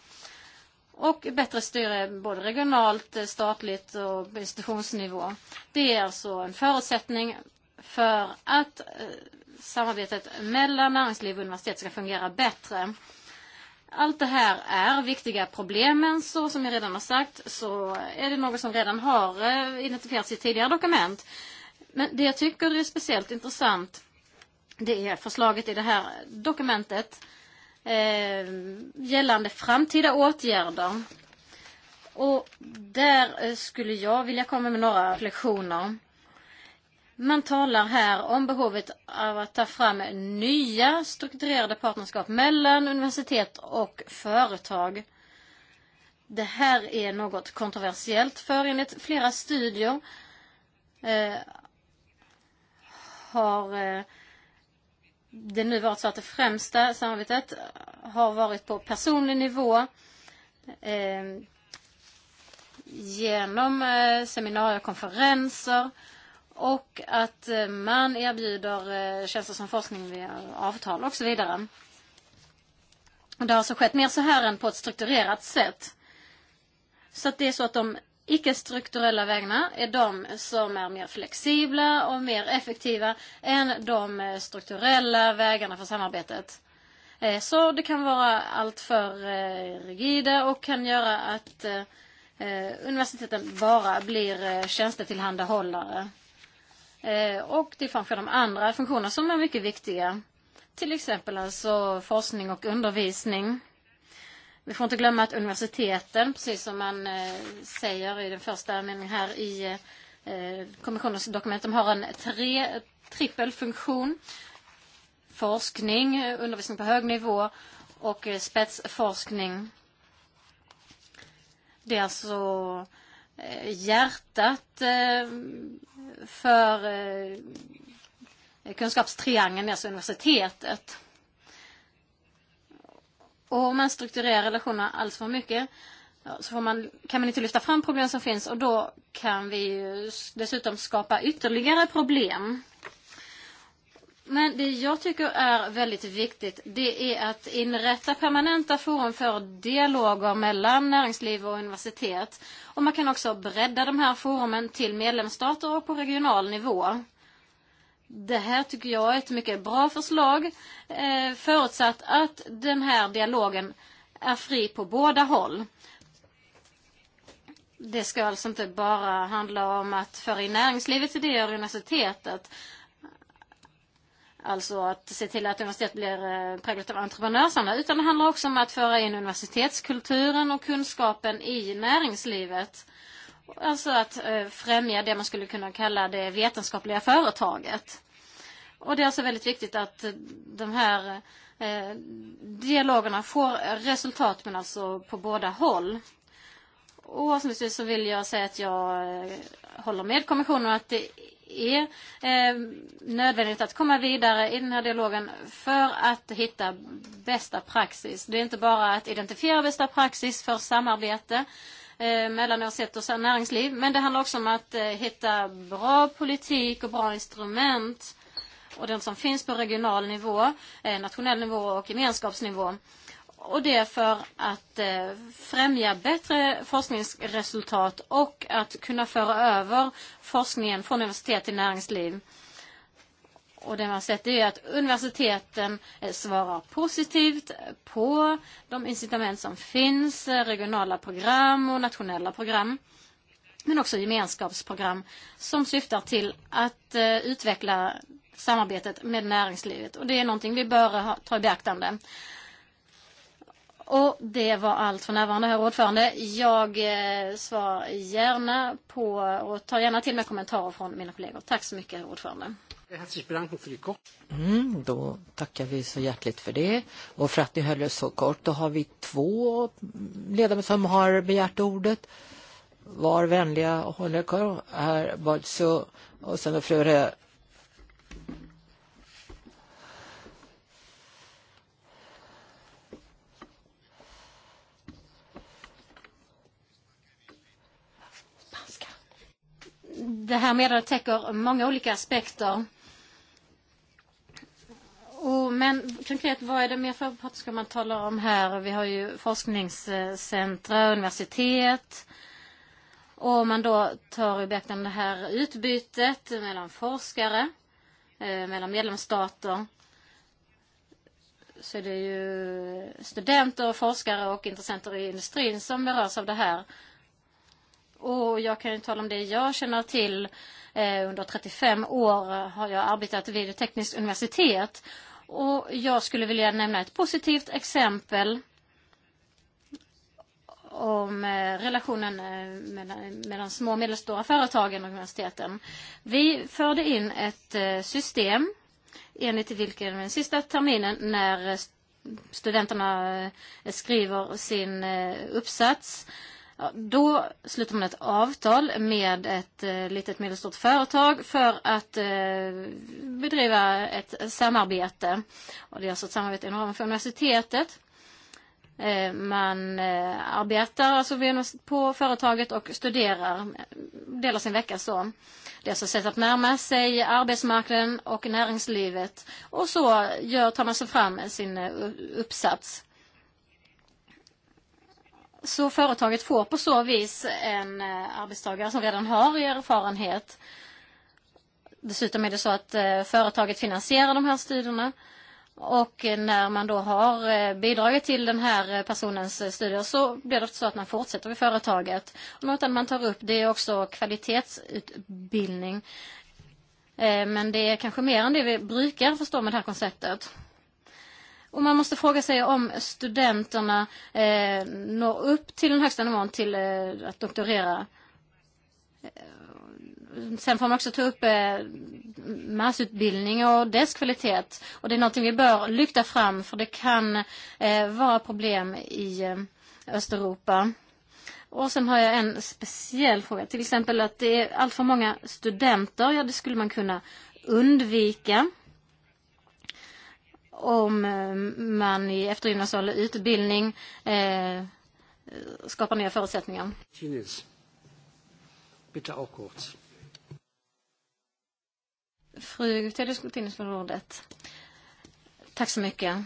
och bättre styre både regionalt, statligt och på institutionsnivå. Det är alltså en förutsättning för att eh, samarbetet mellan näringsliv och universitet ska fungera bättre. Allt det här är viktiga problemen, så som jag redan har sagt så är det något som redan har eh, identifierats i tidigare dokument. Men det jag tycker är speciellt intressant det är förslaget i det här dokumentet eh, gällande framtida åtgärder. Och där eh, skulle jag vilja komma med några reflektioner. Man talar här om behovet av att ta fram nya strukturerade partnerskap mellan universitet och företag. Det här är något kontroversiellt för enligt flera studier eh, har eh, det nu varit så att det främsta samarbetet har varit på personlig nivå eh, genom eh, seminarier och konferenser och att eh, man erbjuder eh, tjänster som forskning via avtal och så vidare. Det har alltså skett mer så här än på ett strukturerat sätt. Så att det är så att de icke-strukturella vägarna är de som är mer flexibla och mer effektiva än de eh, strukturella vägarna för samarbetet. Eh, så det kan vara alltför eh, rigida och kan göra att universiteten bara blir tjänstetillhandahållare. Och det är kanske de andra funktionerna som är mycket viktiga. Till exempel alltså forskning och undervisning. Vi får inte glömma att universiteten, precis som man eh, säger i den första meningen här i eh, kommissionens dokument, de har en tre, trippel funktion. Forskning, undervisning på hög nivå och eh, spetsforskning. Det är alltså hjärtat för kunskapstriangeln, alltså universitetet. Och om man strukturerar relationerna alls för mycket så får man, kan man inte lyfta fram problem som finns och då kan vi ju dessutom skapa ytterligare problem. Men det jag tycker är väldigt viktigt det är att inrätta permanenta forum för dialoger mellan näringsliv och universitet. Och man kan också bredda de här forumen till medlemsstater och på regional nivå. Det här tycker jag är ett mycket bra förslag eh, förutsatt att den här dialogen är fri på båda håll. Det ska alltså inte bara handla om att föra in näringslivets idéer i universitetet. Alltså att se till att universitet blir eh, präglat av entreprenörsanda. Utan det handlar också om att föra in universitetskulturen och kunskapen i näringslivet. Alltså att eh, främja det man skulle kunna kalla det vetenskapliga företaget. Och det är alltså väldigt viktigt att eh, de här eh, dialogerna får resultat men alltså på båda håll. Och avslutningsvis så vill jag säga att jag eh, håller med kommissionen att det är eh, nödvändigt att komma vidare i den här dialogen för att hitta bästa praxis. Det är inte bara att identifiera bästa praxis för samarbete Eh, mellan årsrätt och näringsliv. Men det handlar också om att eh, hitta bra politik och bra instrument och den som finns på regional nivå, eh, nationell nivå och gemenskapsnivå. Och det är för att främja bättre forskningsresultat och att kunna föra över forskningen från universitet till näringsliv. Och det man sett är att universiteten eh, svarar positivt på de incitament som finns, eh, regionala program och nationella program. Men också gemenskapsprogram som syftar till att eh, utveckla samarbetet med näringslivet. Och det är någonting vi bör ta i beaktande. Och det var allt för närvarande, herr ordförande. Jag svarar gärna på och tar gärna till mig kommentarer från mina kollegor. Tack så mycket, herr ordförande. Mm, då tackar vi så hjärtligt för det. Och för att ni höll er så kort, då har vi två ledamöter som har begärt ordet. Var vänliga och håll er kvar. Herr Balzo och sen fru det här meddelandet täcker många olika aspekter. Oh, men konkret, vad är det mer för vad ska man tala om här? Vi har ju forskningscentra, universitet. Och om man då tar i beaktande det här utbytet mellan forskare, eh, mellan medlemsstater, så är det ju studenter, forskare och intressenter i industrin som berörs av det här. Och jag kan ju tala om det jag känner till. Eh, under 35 år har jag arbetat vid ett tekniskt universitet Och jag skulle vilja nämna ett positivt exempel om eh, relationen eh, mellan, mellan små och medelstora företagen och universiteten. Vi förde in ett eh, system enligt vilken den sista terminen när studenterna skriver sin uppsats Ja, då sluter man ett avtal med ett eh, litet medelstort företag för att eh, bedriva ett samarbete. Och det är alltså ett samarbete inom ramen för universitetet. Eh, man arbetar alltså på företaget och studerar, delar sin vecka så. Det är alltså ett sätt att närma sig arbetsmarknaden och näringslivet. Och så gör, tar man sig fram sin uppsats. Så företaget får på så vis en eh, arbetstagare som redan har erfarenhet. Dessutom är det så att eh, företaget finansierar de här studierna. Och när man då har eh, bidragit till den här personens studier så blir det så att man fortsätter vid företaget. Och något annat man tar upp det är också kvalitetsutbildning. Men det är kanske mer än det vi brukar förstå med det här konceptet. Och man måste fråga sig om studenterna eh, når upp till den högsta nivån till eh, att doktorera. Eh, sen får man också ta upp eh, massutbildning och dess kvalitet. Och det är någonting vi bör lyfta fram för det kan eh, vara problem i eh, Östeuropa. Och sen har jag en speciell fråga. Till exempel att det är allt för många studenter. Ja, det skulle man kunna undvika om eh, man i eftergymnasial utbildning eh, skapar nya förutsättningar. Kines. Bitte auch kurz. Fru Gutelius Gutelius för ordet. Tack så mycket.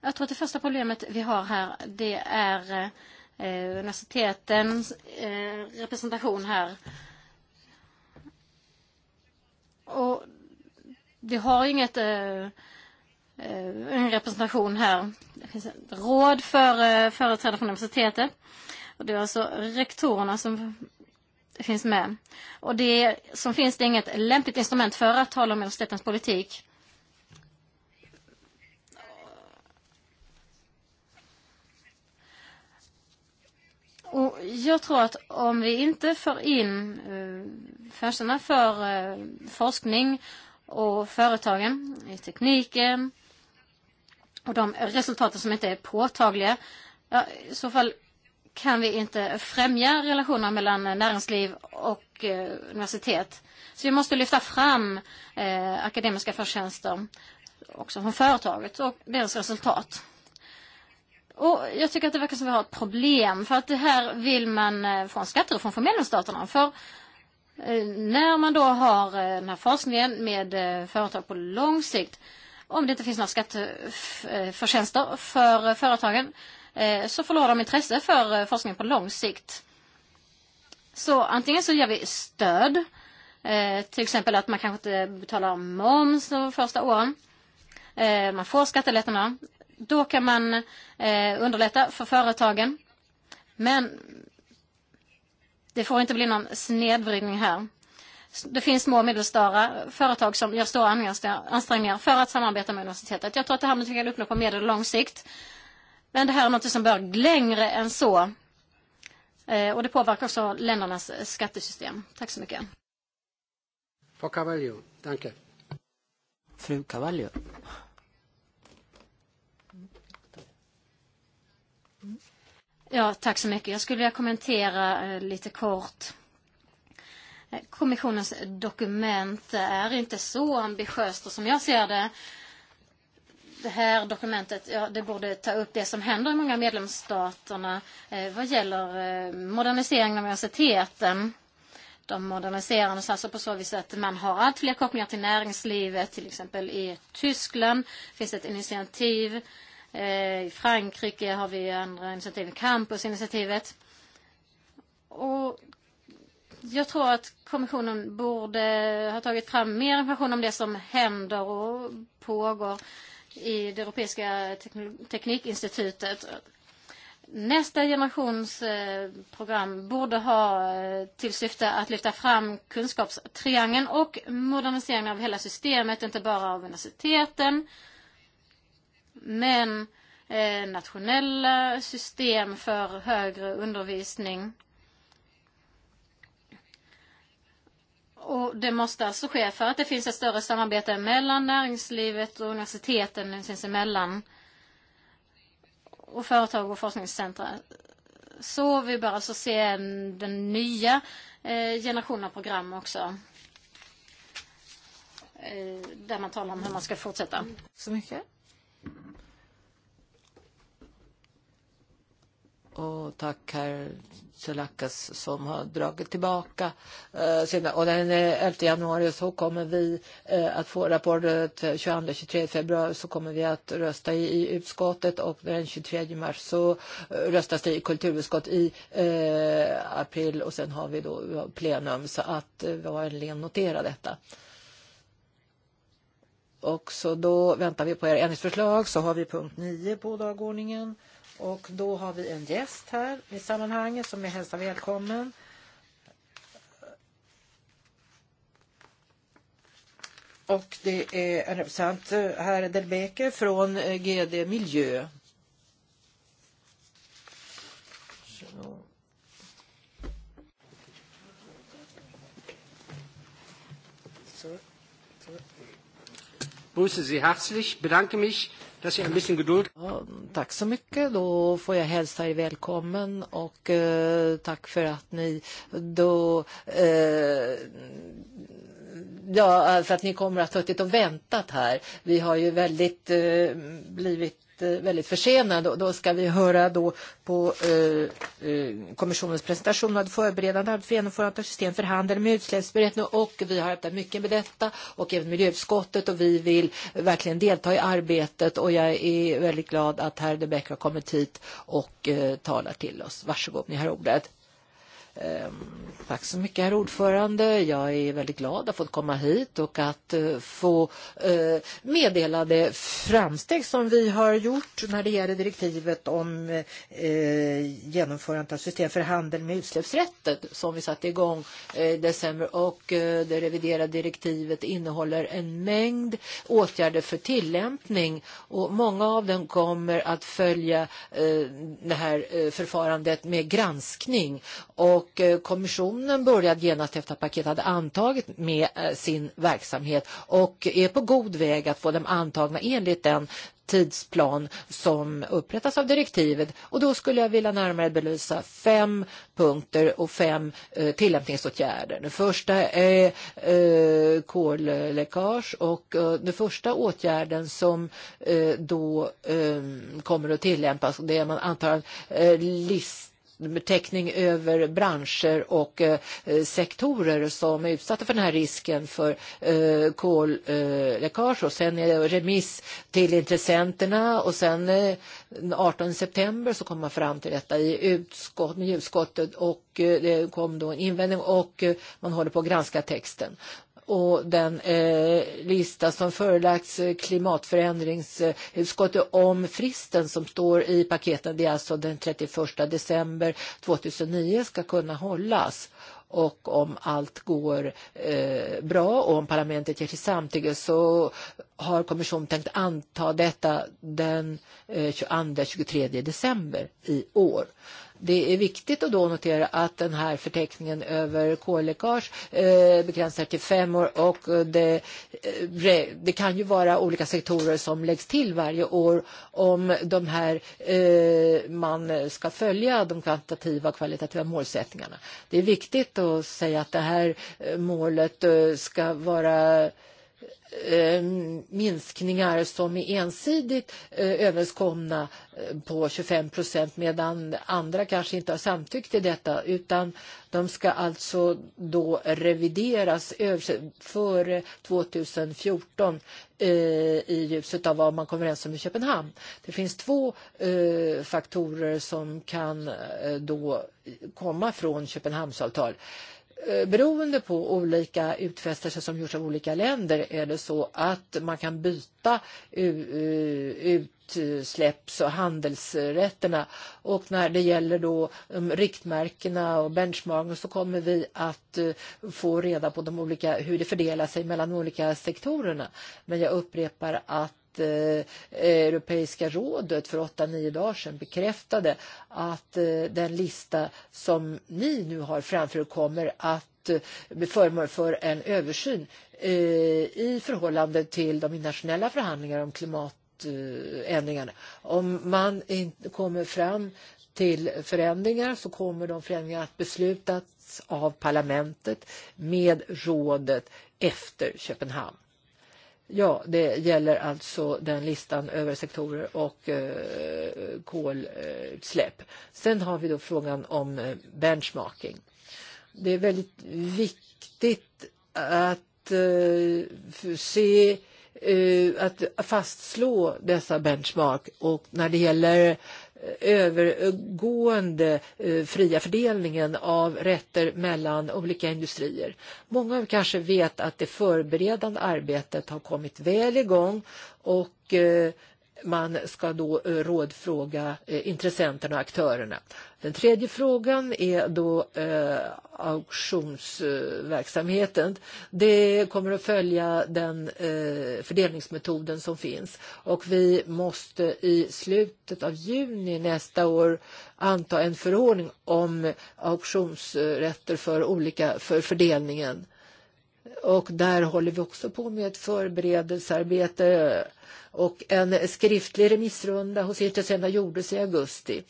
Jag tror att det första problemet vi har här det är eh, universitetens eh, representation här. Och vi har inget eh, Eh, en representation här. Det finns ett råd för eh, företrädare från universitetet. Och det är alltså rektorerna som finns med. Och det som finns det är inget lämpligt instrument för att tala om universitetens politik. Och jag tror att om vi inte för in eh, fönsterna för eh, forskning och företagen i tekniken och de resultaten som inte är påtagliga, ja, i så fall kan vi inte främja relationerna mellan eh, näringsliv och eh, universitet. Så vi måste lyfta fram eh, akademiska förtjänster också från företaget och deras resultat. Och jag tycker att det verkar som att vi har ett problem för att det här vill man eh, få en skattereform från medlemsstaterna. För eh, när man då har eh, den här forskningen med eh, företag på lång sikt eh, om det inte finns några skatteförtjänster eh, för företagen eh, så förlorar de intresse för eh, forskning på lång sikt. Så antingen så ger vi stöd, till exempel att man kanske inte betalar moms de första åren. Man får skattelättnader. Då kan man underlätta för företagen. Men det får inte bli någon snedvridning här det finns små och medelstora företag som gör stora ansträngningar för att samarbeta med universitetet. Jag tror att det här man kan uppnå på medel och lång sikt. Men det här är något som bör längre än så. Eh, och det påverkar också ländernas skattesystem. Tack så mycket. Frau Cavallio, danke. Fru Cavallio. Ja, tack så mycket. Jag skulle vilja kommentera eh, lite kort Kommissionens dokument är inte så ambitiöst och som jag ser det det här dokumentet ja, det borde ta upp det som händer i många medlemsstaterna eh, vad gäller eh, moderniseringen av universiteten. De moderniserades alltså på så vis att man har allt fler kopplingar till näringslivet. Till exempel i Tyskland finns ett initiativ. Eh, I Frankrike har vi andra initiativ, campusinitiativet. Och jag tror att kommissionen borde ha tagit fram mer information om det som händer och pågår i det europeiska teknikinstitutet. Nästa generations eh, program borde ha eh, till syfte att lyfta fram kunskapstriangeln och moderniseringen av hela systemet, inte bara av universiteten, men eh, nationella system för högre undervisning Och det måste alltså ske för att det finns ett större samarbete mellan näringslivet och universiteten sinsemellan och företag och forskningscentra. Så vi bör alltså se den nya eh, generationen av program också. Eh, där man talar om hur man ska fortsätta. Så mycket. Och tack herr Selakas som har dragit tillbaka eh, sina. Och den 11 januari så kommer vi eh, att få rapportet 22-23 eh, februari så kommer vi att rösta i, i utskottet och den 23 mars så eh, röstas det i kulturutskott i eh, april och sen har vi då plenum så att eh, var notera detta. Och så då väntar vi på er ändringsförslag så har vi punkt 9 på dagordningen. Eh, Och då har vi en gäst här i sammanhanget som jag hälsar välkommen. Och det är en representant här, eh, Delbeke, från eh, GD Miljö. Grüße Sie herzlich, bedanke mich Dass Sie ein bisschen Geduld. Ja, tack så mycket. Då får jag hälsa er välkommen och eh, tack för att ni då eh, Ja, för att ni kommer att ha suttit och väntat här. Vi har ju väldigt eh, blivit väldigt försenad och då ska vi höra då på eh, eh, kommissionens presentation av det förberedande arbetet för genomförandet av system för handel med utsläppsrätter och vi har arbetat mycket med detta och även miljöutskottet och vi vill verkligen delta i arbetet och jag är väldigt glad att herr De Beck har kommit hit och eh, talar till oss. Varsågod, ni har ordet. Ehm, tack så mycket, herr ordförande. Jag är väldigt glad att få komma hit och att eh, få eh, meddela det framsteg som vi har gjort när det gäller direktivet om eh, genomförandet av system för handel med utsläppsrätter som vi satte igång i december. Och det reviderade direktivet innehåller en mängd åtgärder för tillämpning och många av dem kommer att följa det här förfarandet med granskning. Och och eh, kommissionen började genast efter att paketet hade antagit med eh, sin verksamhet och är på god väg att få dem antagna enligt den tidsplan som upprättas av direktivet och då skulle jag vilja närmare belysa fem punkter och fem eh, tillämpningsåtgärder. Den första är eh, kolläckage och eh, den första åtgärden som eh, då eh, kommer att tillämpas det är man antar eh, list täckning över branscher och eh, sektorer som är utsatta för den här risken för eh, kolläckage. Och sen är det remiss till intressenterna och sen 18 eh, september så kom man fram till detta i utskott, med utskottet och det kom då en invändning och man håller på att granska texten och den eh, lista som förelagts eh, klimatförändringsutskottet om fristen som står i paketen. Det är alltså den 31 december 2009 ska kunna hållas och om allt går eh, bra och om parlamentet ger sitt samtycke så har kommissionen tänkt anta detta den eh, 22-23 december i år. Det är viktigt att då notera att den här förteckningen över kolläckage eh, begränsar till fem år och det, eh, det kan ju vara olika sektorer som läggs till varje år om de här, eh, man ska följa de kvantitativa och kvalitativa målsättningarna. Det är viktigt att säga att det här målet ska vara Ehm, minskningar som är ensidigt eh, överenskomna eh, på 25 procent medan andra kanske inte har samtyckt till detta utan de ska alltså då revideras före 2014 eh, i ljuset av vad man kommer överens om i Köpenhamn. Det finns två faktorer som kan då komma från Köpenhamnsavtal. Eh, beroende på olika utfästelser som gjorts av olika länder är det så att man kan byta utsläpps och handelsrätterna. Och när det gäller då um, riktmärkena och benchmarken så kommer vi att eh, få reda på de olika, hur det fördelar sig mellan de olika sektorerna. Men jag upprepar att Eh, Europeiska rådet för 8-9 dagar sedan bekräftade att eh, den lista som ni nu har framför er kommer att eh, bli föremål för en översyn i förhållande till de internationella förhandlingarna om klimatändringarna. Om man inte kommer fram till förändringar så kommer de förändringarna att beslutas av parlamentet med rådet efter Köpenhamn. Ja, det gäller alltså den listan över sektorer och eh, kolutsläpp. Sen har vi då frågan om eh, benchmarking. Det är väldigt viktigt att eh, se eh, att fastslå dessa benchmark och när det gäller eh, övergående eh, fria fördelningen av rätter mellan olika industrier. Många kanske vet att det förberedande arbetet har kommit väl igång och eh, man ska då eh, rådfråga eh, intressenterna och aktörerna. Den tredje frågan är då eh, auktionsverksamheten. Det kommer att följa den eh, fördelningsmetoden som finns och vi måste i slutet av juni nästa år anta en förordning om auktionsrätter för olika för fördelningen och där håller vi också på med ett förberedelsearbete och en skriftlig remissrunda hos Intressenterna gjordes i augusti.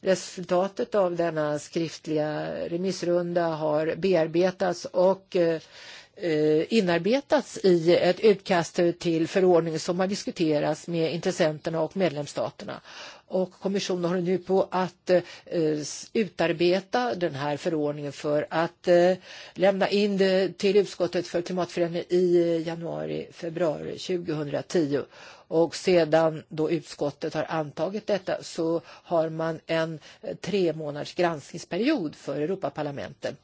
Resultatet av denna skriftliga remissrunda har bearbetats och eh, inarbetats i ett utkast till förordning som har diskuterats med intressenterna och medlemsstaterna och kommissionen håller nu på att eh, utarbeta den här förordningen för att eh, lämna in det till utskottet för klimatförändring i eh, januari, februari 2010. Och sedan då utskottet har antagit detta så har man en eh, tre månaders granskningsperiod för Europaparlamentet.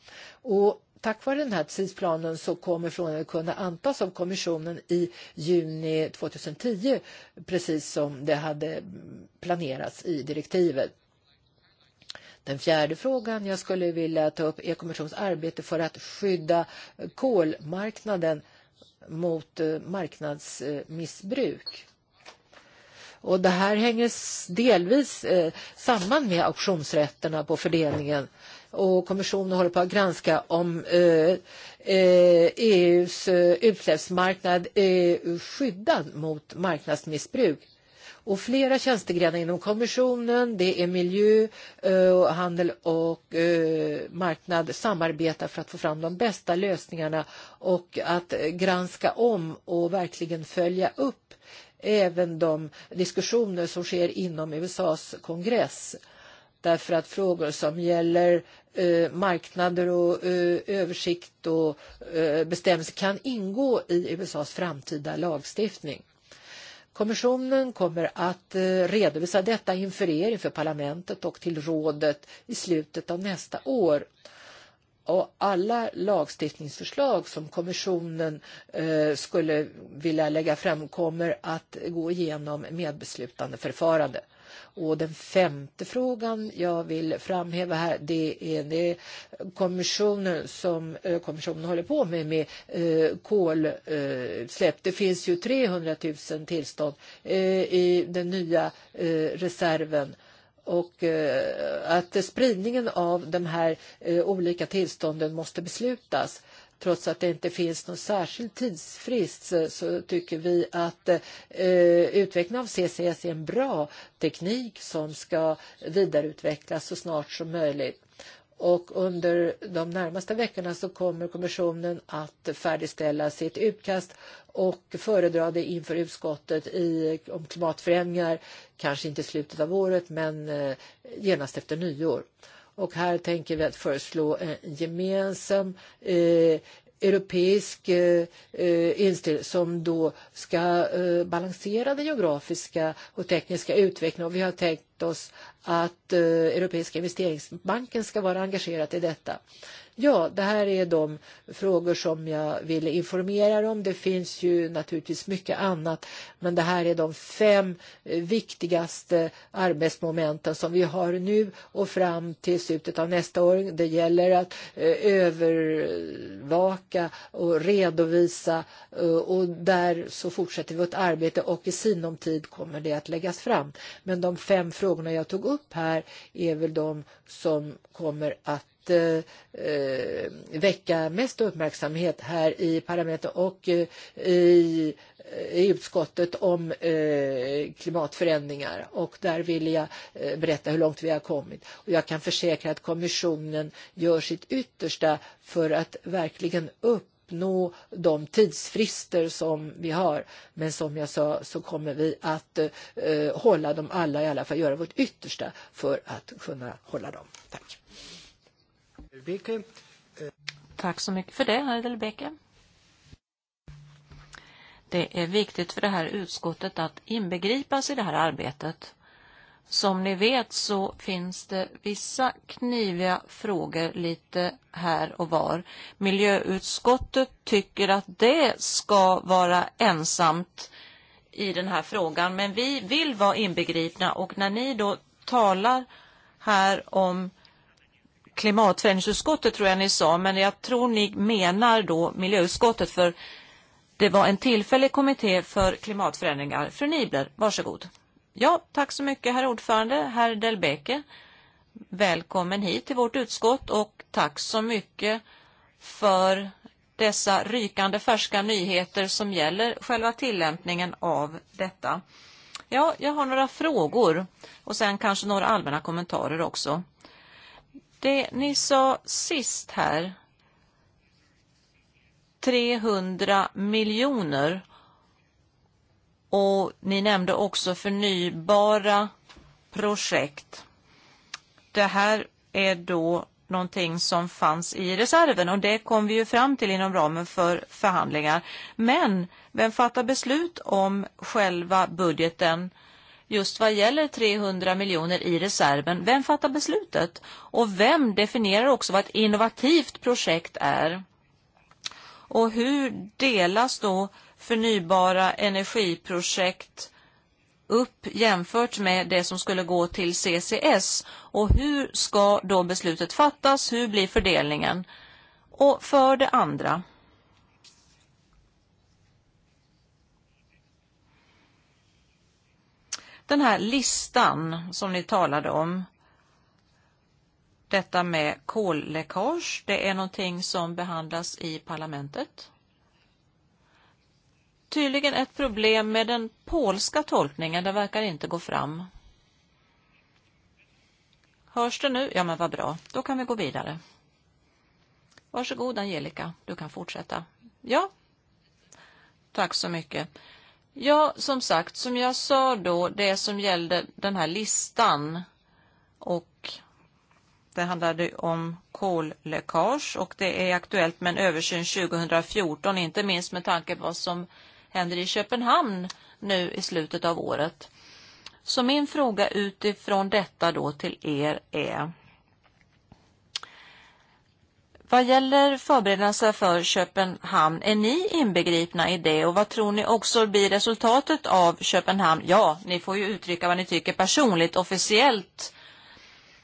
Och tack vare den här tidsplanen så kommer frågan att kunna antas av kommissionen i juni 2010, precis som det hade planerats i direktivet. Den fjärde frågan jag skulle vilja ta upp är kommissionens arbete för att skydda kolmarknaden mot eh, marknadsmissbruk. Och det här hänger delvis eh, samman med auktionsrätterna på fördelningen och kommissionen håller på att granska om eh, eh EUs eh, utsläppsmarknad är skyddad mot marknadsmissbruk. Och flera tjänstegrenar inom kommissionen, det är miljö, eh, handel och eh, marknad samarbetar för att få fram de bästa lösningarna och att granska om och verkligen följa upp även de diskussioner som sker inom USAs kongress. Eh, därför att frågor som gäller eh, marknader och eh, översikt och eh, bestämmelser kan ingå i USAs framtida lagstiftning. Kommissionen kommer att eh, redovisa detta inför er, inför parlamentet och till rådet i slutet av nästa år. Och alla lagstiftningsförslag som kommissionen eh, skulle vilja lägga fram kommer att gå igenom medbeslutande förfarande. Eh, Och den femte frågan jag vill framhäva här det är det kommissionen som eh, kommissionen håller på med med eh, kolutsläpp. Det finns ju 300 000 tillstånd eh, i den nya reserven och eh, att spridningen av de här eh, olika tillstånden måste beslutas trots att det inte finns någon särskild tidsfrist så tycker vi att eh, utvecklingen av CCS är en bra teknik som ska vidareutvecklas så snart som möjligt. Och under de närmaste veckorna så kommer kommissionen att färdigställa sitt utkast och föredra det inför utskottet i, om klimatförändringar, kanske inte i slutet av året men eh, genast efter nyår. Eh, Och här tänker vi att föreslå en gemensam eh, europeisk eh, instil som då ska eh, balansera den geografiska och tekniska utvecklingen. Och vi har tänkt oss att eh, Europeiska investeringsbanken ska vara engagerad i detta. Eh, Ja, det här är de frågor som jag ville informera om. Det finns ju naturligtvis mycket annat, men det här är de fem eh, viktigaste arbetsmomenten som vi har nu och fram till slutet av nästa år. Det gäller att eh, övervaka och redovisa eh, och där så fortsätter vårt arbete och i sinom tid kommer det att läggas fram. Men de fem frågorna jag tog upp här är väl de som kommer att Eh, eh, väcka mest uppmärksamhet här i parlamentet och eh, i, i utskottet om klimatförändringar. Och där vill jag berätta hur långt vi har kommit. Och jag kan försäkra att kommissionen gör sitt yttersta för att verkligen upp uppnå de tidsfrister som vi har. Men som jag sa så kommer vi att eh, hålla dem alla, i alla fall göra vårt yttersta för att kunna hålla dem. Tack. Tack så mycket för det, herr Delbeke. Det är viktigt för det här utskottet att inbegripas i det här arbetet. Som ni vet så finns det vissa kniviga frågor lite här och var. Miljöutskottet tycker att det ska vara ensamt i den här frågan, men vi vill vara inbegripna och när ni då talar här om klimatförändringsutskottet tror jag ni sa, men jag tror ni menar då miljöutskottet för det var en tillfällig kommitté för klimatförändringar. Fru Nibler, varsågod. Ja, tack så mycket herr ordförande, herr Delbeke. Välkommen hit till vårt utskott och tack så mycket för dessa rykande färska nyheter som gäller själva tillämpningen av detta. Ja, jag har några frågor och sen kanske några allmänna kommentarer också. Det ni sa sist här, 300 miljoner. Och ni nämnde också förnybara projekt. Det här är då någonting som fanns i reserven och det kom vi ju fram till inom ramen för förhandlingar. Men vem fattar beslut om själva budgeten? Eh, just vad gäller 300 miljoner i reserven. Vem fattar beslutet? Och vem definierar också vad ett innovativt projekt är? Och hur delas då förnybara energiprojekt upp jämfört med det som skulle gå till CCS? Och hur ska då beslutet fattas? Hur blir fördelningen? Och för det andra, Den här listan som ni talade om, detta med kolläckage, det är någonting som behandlas i parlamentet. Tydligen ett problem med den polska tolkningen, det verkar inte gå fram. Hörs det nu? Ja, men vad bra. Då kan vi gå vidare. Varsågod Angelica, du kan fortsätta. Ja, tack så mycket. Ja, som sagt, som jag sa då, det som gällde den här listan och det handlade om kolläckage och det är aktuellt med en översyn 2014, inte minst med tanke på vad som händer i Köpenhamn nu i slutet av året. Så min fråga utifrån detta då till er är Vad gäller förberedelser för Köpenhamn, är ni inbegripna i det och vad tror ni också blir resultatet av Köpenhamn? Ja, ni får ju uttrycka vad ni tycker personligt. Officiellt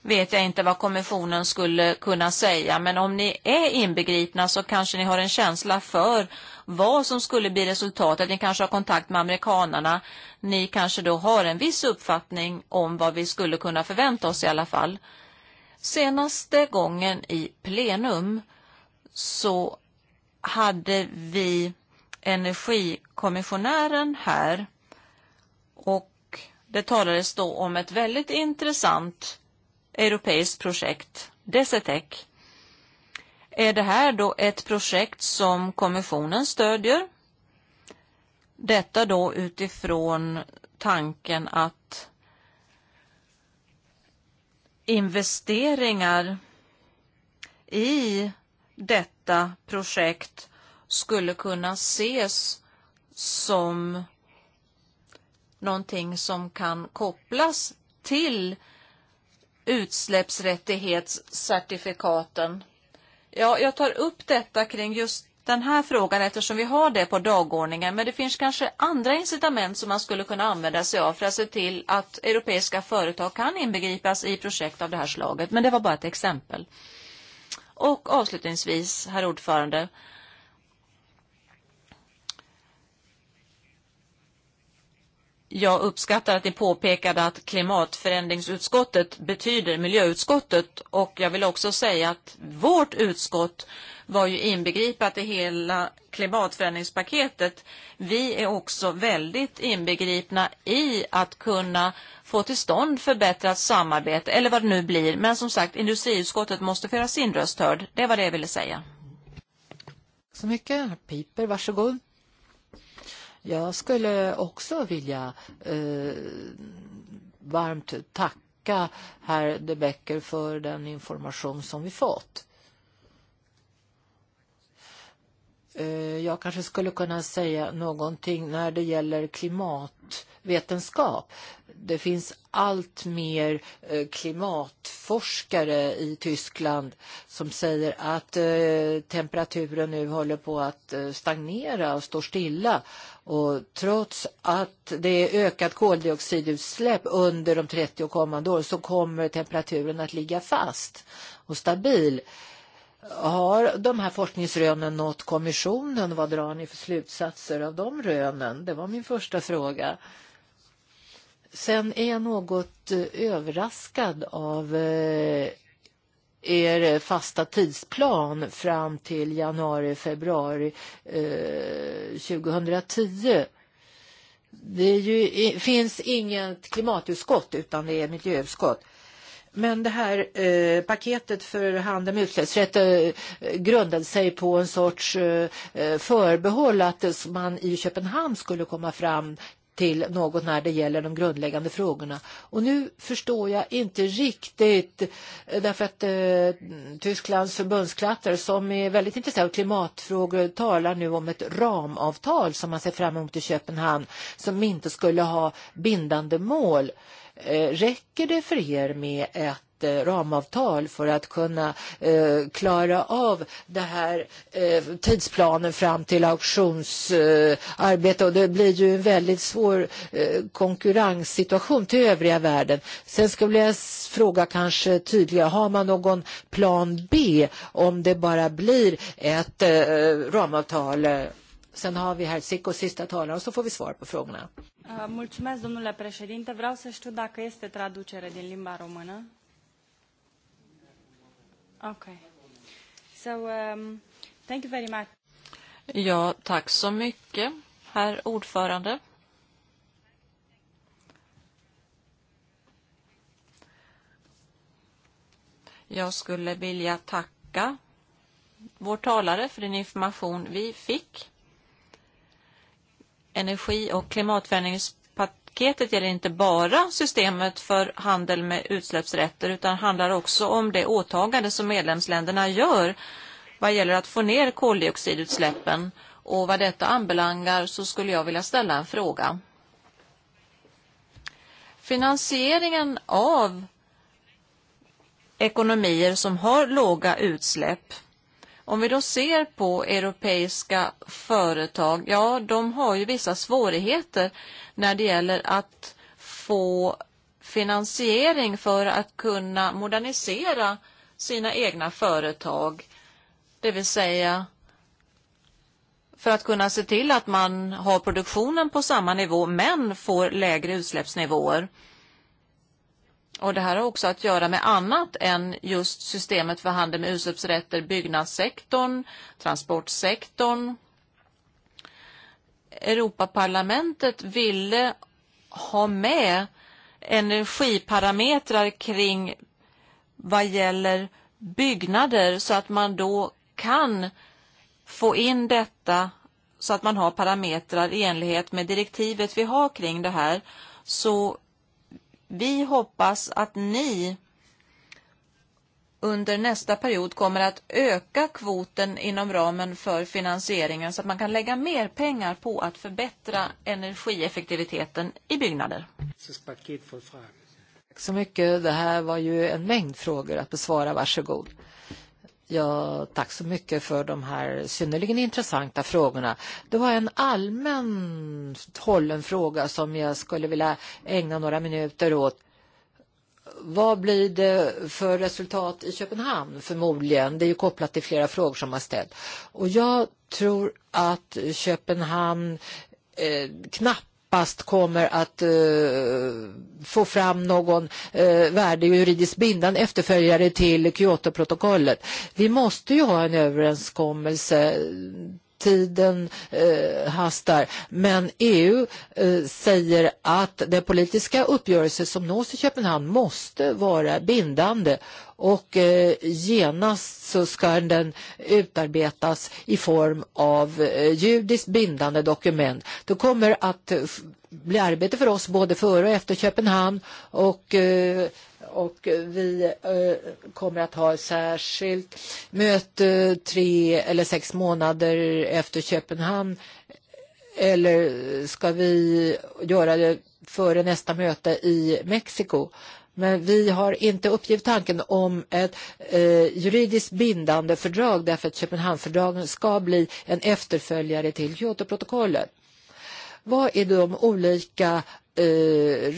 vet jag inte vad kommissionen skulle kunna säga, men om ni är inbegripna så kanske ni har en känsla för vad som skulle bli resultatet. Ni kanske har kontakt med amerikanarna. Ni kanske då har en viss uppfattning om vad vi skulle kunna förvänta oss i alla fall. Senaste gången i plenum så hade vi energikommissionären här och det talades då om ett väldigt intressant europeiskt projekt, Desetec. Är det här då ett projekt som kommissionen stödjer? Detta då utifrån tanken att investeringar i detta projekt skulle kunna ses som någonting som kan kopplas till utsläppsrättighetscertifikaten. Ja, jag tar upp detta kring just den här frågan eftersom vi har det på dagordningen. Men det finns kanske andra incitament som man skulle kunna använda sig av för att se till att europeiska företag kan inbegripas i projekt av det här slaget. Men det var bara ett exempel. Och avslutningsvis, herr ordförande, jag uppskattar att ni påpekade att klimatförändringsutskottet betyder miljöutskottet och jag vill också säga att vårt utskott var ju inbegripet i hela klimatförändringspaketet. Vi är också väldigt inbegripna i att kunna få till stånd förbättrat samarbete eller vad det nu blir. Men som sagt, industriutskottet måste föra sin röst hörd. Det var det jag ville säga. Så mycket. Piper, varsågod. Jag skulle också vilja eh, varmt tacka herr De Becker för den information som vi fått. Eh, jag kanske skulle kunna säga någonting när det gäller klimatvetenskap. Det finns allt mer eh, klimatforskare i Tyskland som säger att eh, temperaturen nu håller på att stagnera och står stilla. Och trots att det är ökat koldioxidutsläpp under de 30 kommande åren så kommer temperaturen att ligga fast och stabil. Eh, Har de här forskningsrönen nått kommissionen? Vad drar ni för slutsatser av de rönen? Det var min första fråga. Sen är jag något eh, överraskad av eh, er fasta tidsplan fram till januari, februari eh, 2010. Det är ju, finns inget klimatutskott utan det är miljöutskott. Eh, Men det här eh, paketet för handel med utsläppsrätter eh, grundade sig på en sorts eh, eh förbehåll att man i Köpenhamn skulle komma fram till något när det gäller de grundläggande frågorna. Och nu förstår jag inte riktigt, eh, därför att eh, Tysklands förbundsklattar som är väldigt intresserade av klimatfrågor talar nu om ett ramavtal som man ser fram emot i Köpenhamn som inte skulle ha bindande mål. Eh, Eh, räcker det för er med ett ett eh, ramavtal för att kunna eh, klara av det här eh, tidsplanen fram till auktionsarbete eh, och det blir ju en väldigt svår eh, konkurrenssituation till övriga världen. Sen skulle jag fråga kanske tydligare, har man någon plan B om det bara blir ett eh, ramavtal? Eh, sen har vi här Sicko sista talaren och så får vi svar på frågorna. Uh, mulțumesc, domnule președinte. Vreau să știu dacă este traducere din limba română. Okay. So, um, thank you very much. Ja, tack så mycket, herr ordförande. Jag skulle vilja tacka vår talare för den information vi fick energi och klimatförändringspaketet gäller inte bara systemet för handel med utsläppsrätter utan handlar också om det åtagande som medlemsländerna gör vad gäller att få ner koldioxidutsläppen. Och vad detta anbelangar så skulle jag vilja ställa en fråga. Finansieringen av ekonomier som har låga utsläpp Om vi då ser på europeiska företag, ja de har ju vissa svårigheter när det gäller att få finansiering för att kunna modernisera sina egna företag. Det vill säga för att kunna se till att man har produktionen på samma nivå men får lägre utsläppsnivåer. Och det här har också att göra med annat än just systemet för handel med utsläppsrätter, byggnadssektorn, transportsektorn. Europaparlamentet ville ha med energiparametrar kring vad gäller byggnader så att man då kan få in detta så att man har parametrar i enlighet med direktivet vi har kring det här. Så vi hoppas att ni under nästa period kommer att öka kvoten inom ramen för finansieringen så att man kan lägga mer pengar på att förbättra energieffektiviteten i byggnader. Tack så mycket. Det här var ju en mängd frågor att besvara. Varsågod. Ja, tack så mycket för de här synnerligen intressanta frågorna. Det var en allmän hållen fråga som jag skulle vilja ägna några minuter åt. Vad blir det för resultat i Köpenhamn förmodligen? Det är ju kopplat till flera frågor som har ställts. Och jag tror att Köpenhamn eh, knappt knappast kommer att eh, få fram någon eh, värdig juridiskt bindande efterföljare till Kyotoprotokollet. Vi måste ju ha en överenskommelse tiden eh, hastar. Men EU eh, säger att den politiska uppgörelse som nås i Köpenhamn måste vara bindande och eh, genast så ska den utarbetas i form av eh, judiskt bindande dokument. Det kommer att eh, bli arbete för oss både före och efter Köpenhamn och eh, och vi eh, kommer att ha ett särskilt möte tre eller sex månader efter Köpenhamn. Eller ska vi göra det före nästa möte i Mexiko? Eh, Men vi har inte uppgivit tanken om ett eh, juridiskt bindande fördrag därför att Köpenhamnfördragen ska bli en efterföljare till Kyotoprotokollet. Vad är de olika eh,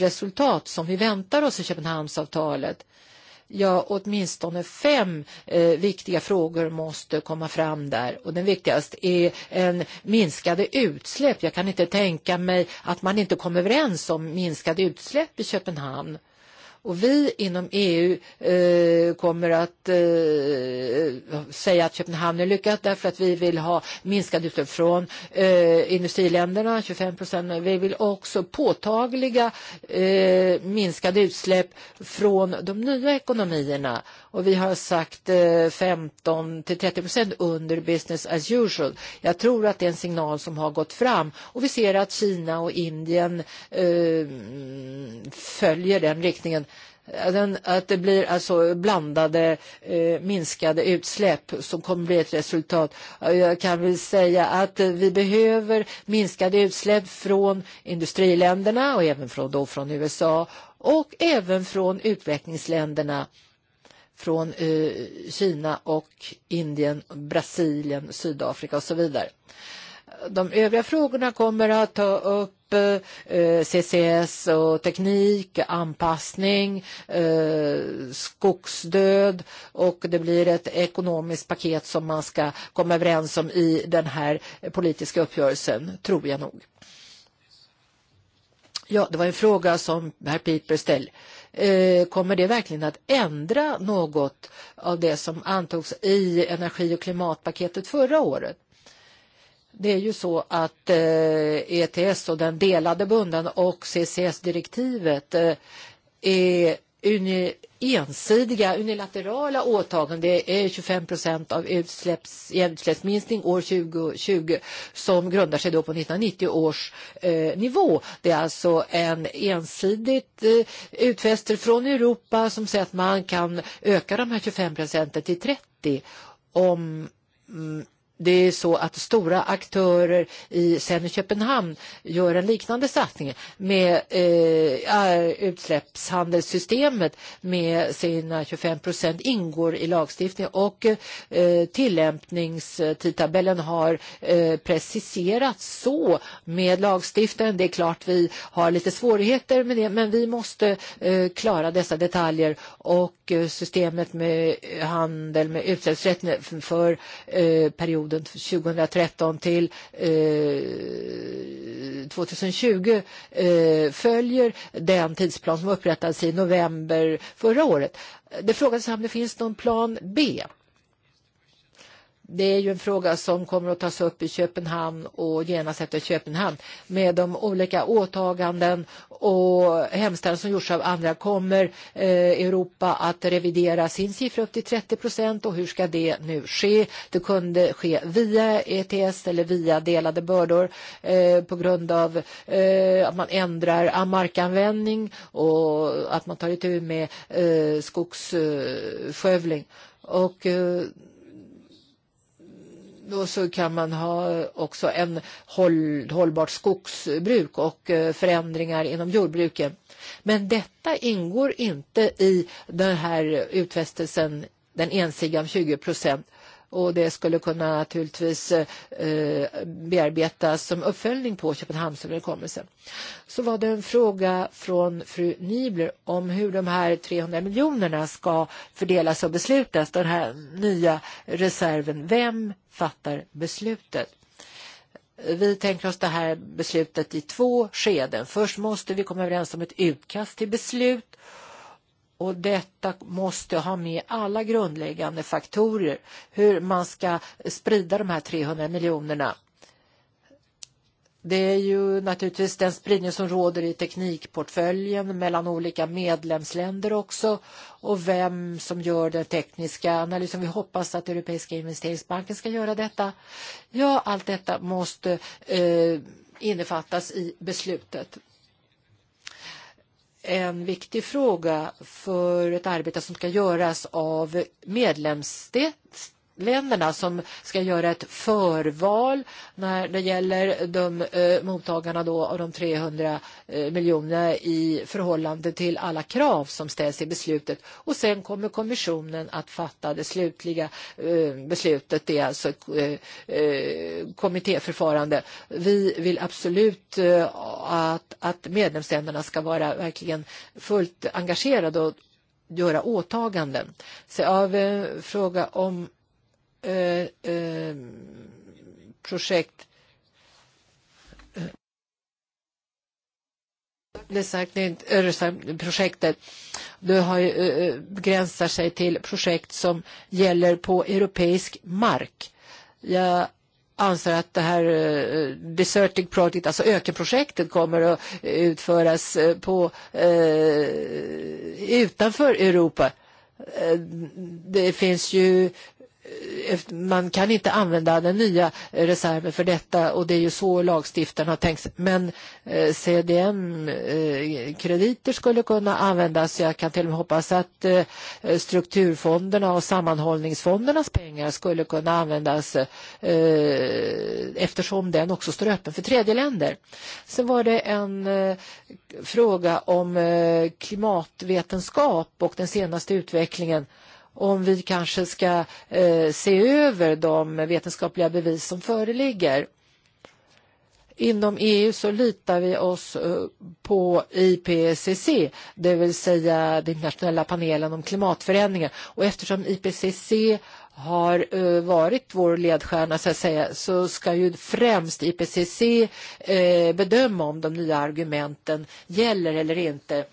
resultat som vi väntar oss i Köpenhamnsavtalet? ja, åtminstone fem eh, viktiga frågor måste komma fram där. Och den viktigaste är en minskade utsläpp. Jag kan inte tänka mig att man inte kom överens om minskade utsläpp i Köpenhamn. Och vi inom EU eh, kommer att eh, säga att Köpenhamn är lyckat därför att vi vill ha minskade utsläpp från eh, industriländerna, 25 procent. Vi vill också påtagliga eh, minskade utsläpp från de nya ekonomierna. Och vi har sagt eh, 15 till 30 procent under business as usual. Jag tror att det är en signal som har gått fram. Och vi ser att Kina och Indien eh, följer den riktningen den, att det blir alltså blandade eh, minskade utsläpp som kommer bli ett resultat. Jag kan väl säga att vi behöver minskade utsläpp från industriländerna och även från, då från USA och även från utvecklingsländerna från eh, Kina och Indien, Brasilien, Sydafrika och så vidare. De övriga frågorna kommer att ta upp Eh, CCS och teknik, anpassning, eh, skogsdöd och det blir ett ekonomiskt paket som man ska komma överens om i den här politiska uppgörelsen, tror jag nog. Ja, det var en fråga som herr Piper ställde eh, kommer det verkligen att ändra något av det som antogs i energi och klimatpaketet förra året? Det är ju så att ETS eh, e och den delade bundan och CCS-direktivet eh, är uni, ensidiga unilaterala åtaganden. Det är 25 procent av utsläpps, utsläppsminskning år 2020 som grundar sig då på 1990 års eh, nivå. Det är alltså en ensidigt eh, utfäster från Europa som säger att man kan öka de här 25 procenten till 30 om mm, Det är så att stora aktörer i sen i Köpenhamn gör en liknande satsning med eh, utsläppshandelssystemet med sina 25 procent ingår i lagstiftningen och eh, tillämpningstidtabellen har eh, preciserats så med lagstiftaren. Det är klart vi har lite svårigheter med det men vi måste eh, klara dessa detaljer och eh, systemet med handel med utsläppsrätter för eh, perioden perioden 2013 till eh, 2020 eh, följer den tidsplan som upprättades i november förra året. Det frågas om det finns någon plan B. Eh, det är ju en fråga som kommer att tas upp i Köpenhamn och genast efter Köpenhamn med de olika åtaganden och hemställan som gjorts av andra kommer eh, Europa att revidera sin siffra upp till 30 procent och hur ska det nu ske? Det kunde ske via ETS eller via delade bördor eh, på grund av eh, att man ändrar markanvändning och att man tar itu med eh, skogsskövling. Eh, och eh, och så kan man ha också en håll, hållbart skogsbruk och eh, förändringar inom jordbruket. Men detta ingår inte i den här utfästelsen, den ensidiga om 20 procent och det skulle kunna naturligtvis eh, bearbetas som uppföljning på Köpenhamnsöverenskommelsen. Så var det en fråga från fru Nibler om hur de här 300 miljonerna ska fördelas och beslutas, den här nya reserven. Vem fattar beslutet? Vi tänker oss det här beslutet i två skeden. Först måste vi komma överens om ett utkast till beslut Och detta måste ha med alla grundläggande faktorer, hur man ska sprida de här 300 miljonerna. Det är ju naturligtvis den spridning som råder i teknikportföljen mellan olika medlemsländer också och vem som gör den tekniska analysen. Vi hoppas att Europeiska investeringsbanken ska göra detta. Ja, allt detta måste eh, innefattas i beslutet en viktig fråga för ett arbete som ska göras av medlemsstaterna länderna som ska göra ett förval när det gäller de eh, mottagarna då av de 300 eh, miljonerna i förhållande till alla krav som ställs i beslutet. Och sen kommer kommissionen att fatta det slutliga eh, beslutet. Det är alltså ett eh, eh, kommittéförfarande. Vi vill absolut eh, att, att medlemsländerna ska vara verkligen fullt engagerade och göra åtaganden. Så av eh, fråga om E, e, e, projekt det sagt, projektet det har, begränsar sig till projekt som gäller på europeisk mark. Jag anser att det här Deserting Project, alltså ökenprojektet, kommer att utföras på, utanför Europa. Det finns ju man kan inte använda den nya reserven för detta och det är ju så lagstiftaren har tänkt. Men eh, CDM-krediter eh, skulle kunna användas. Jag kan till och med hoppas att eh, strukturfonderna och sammanhållningsfondernas pengar skulle kunna användas eh, eftersom den också står öppen för tredje länder. Sen var det en eh, fråga om eh, klimatvetenskap och den senaste utvecklingen. Eh, om vi kanske ska eh, se över de vetenskapliga bevis som föreligger. Inom EU så litar vi oss eh, på IPCC, det vill säga den internationella panelen om klimatförändringar. Och eftersom IPCC har eh, varit vår ledstjärna så att säga, så ska ju främst IPCC eh, bedöma om de nya argumenten gäller eller inte. Eh,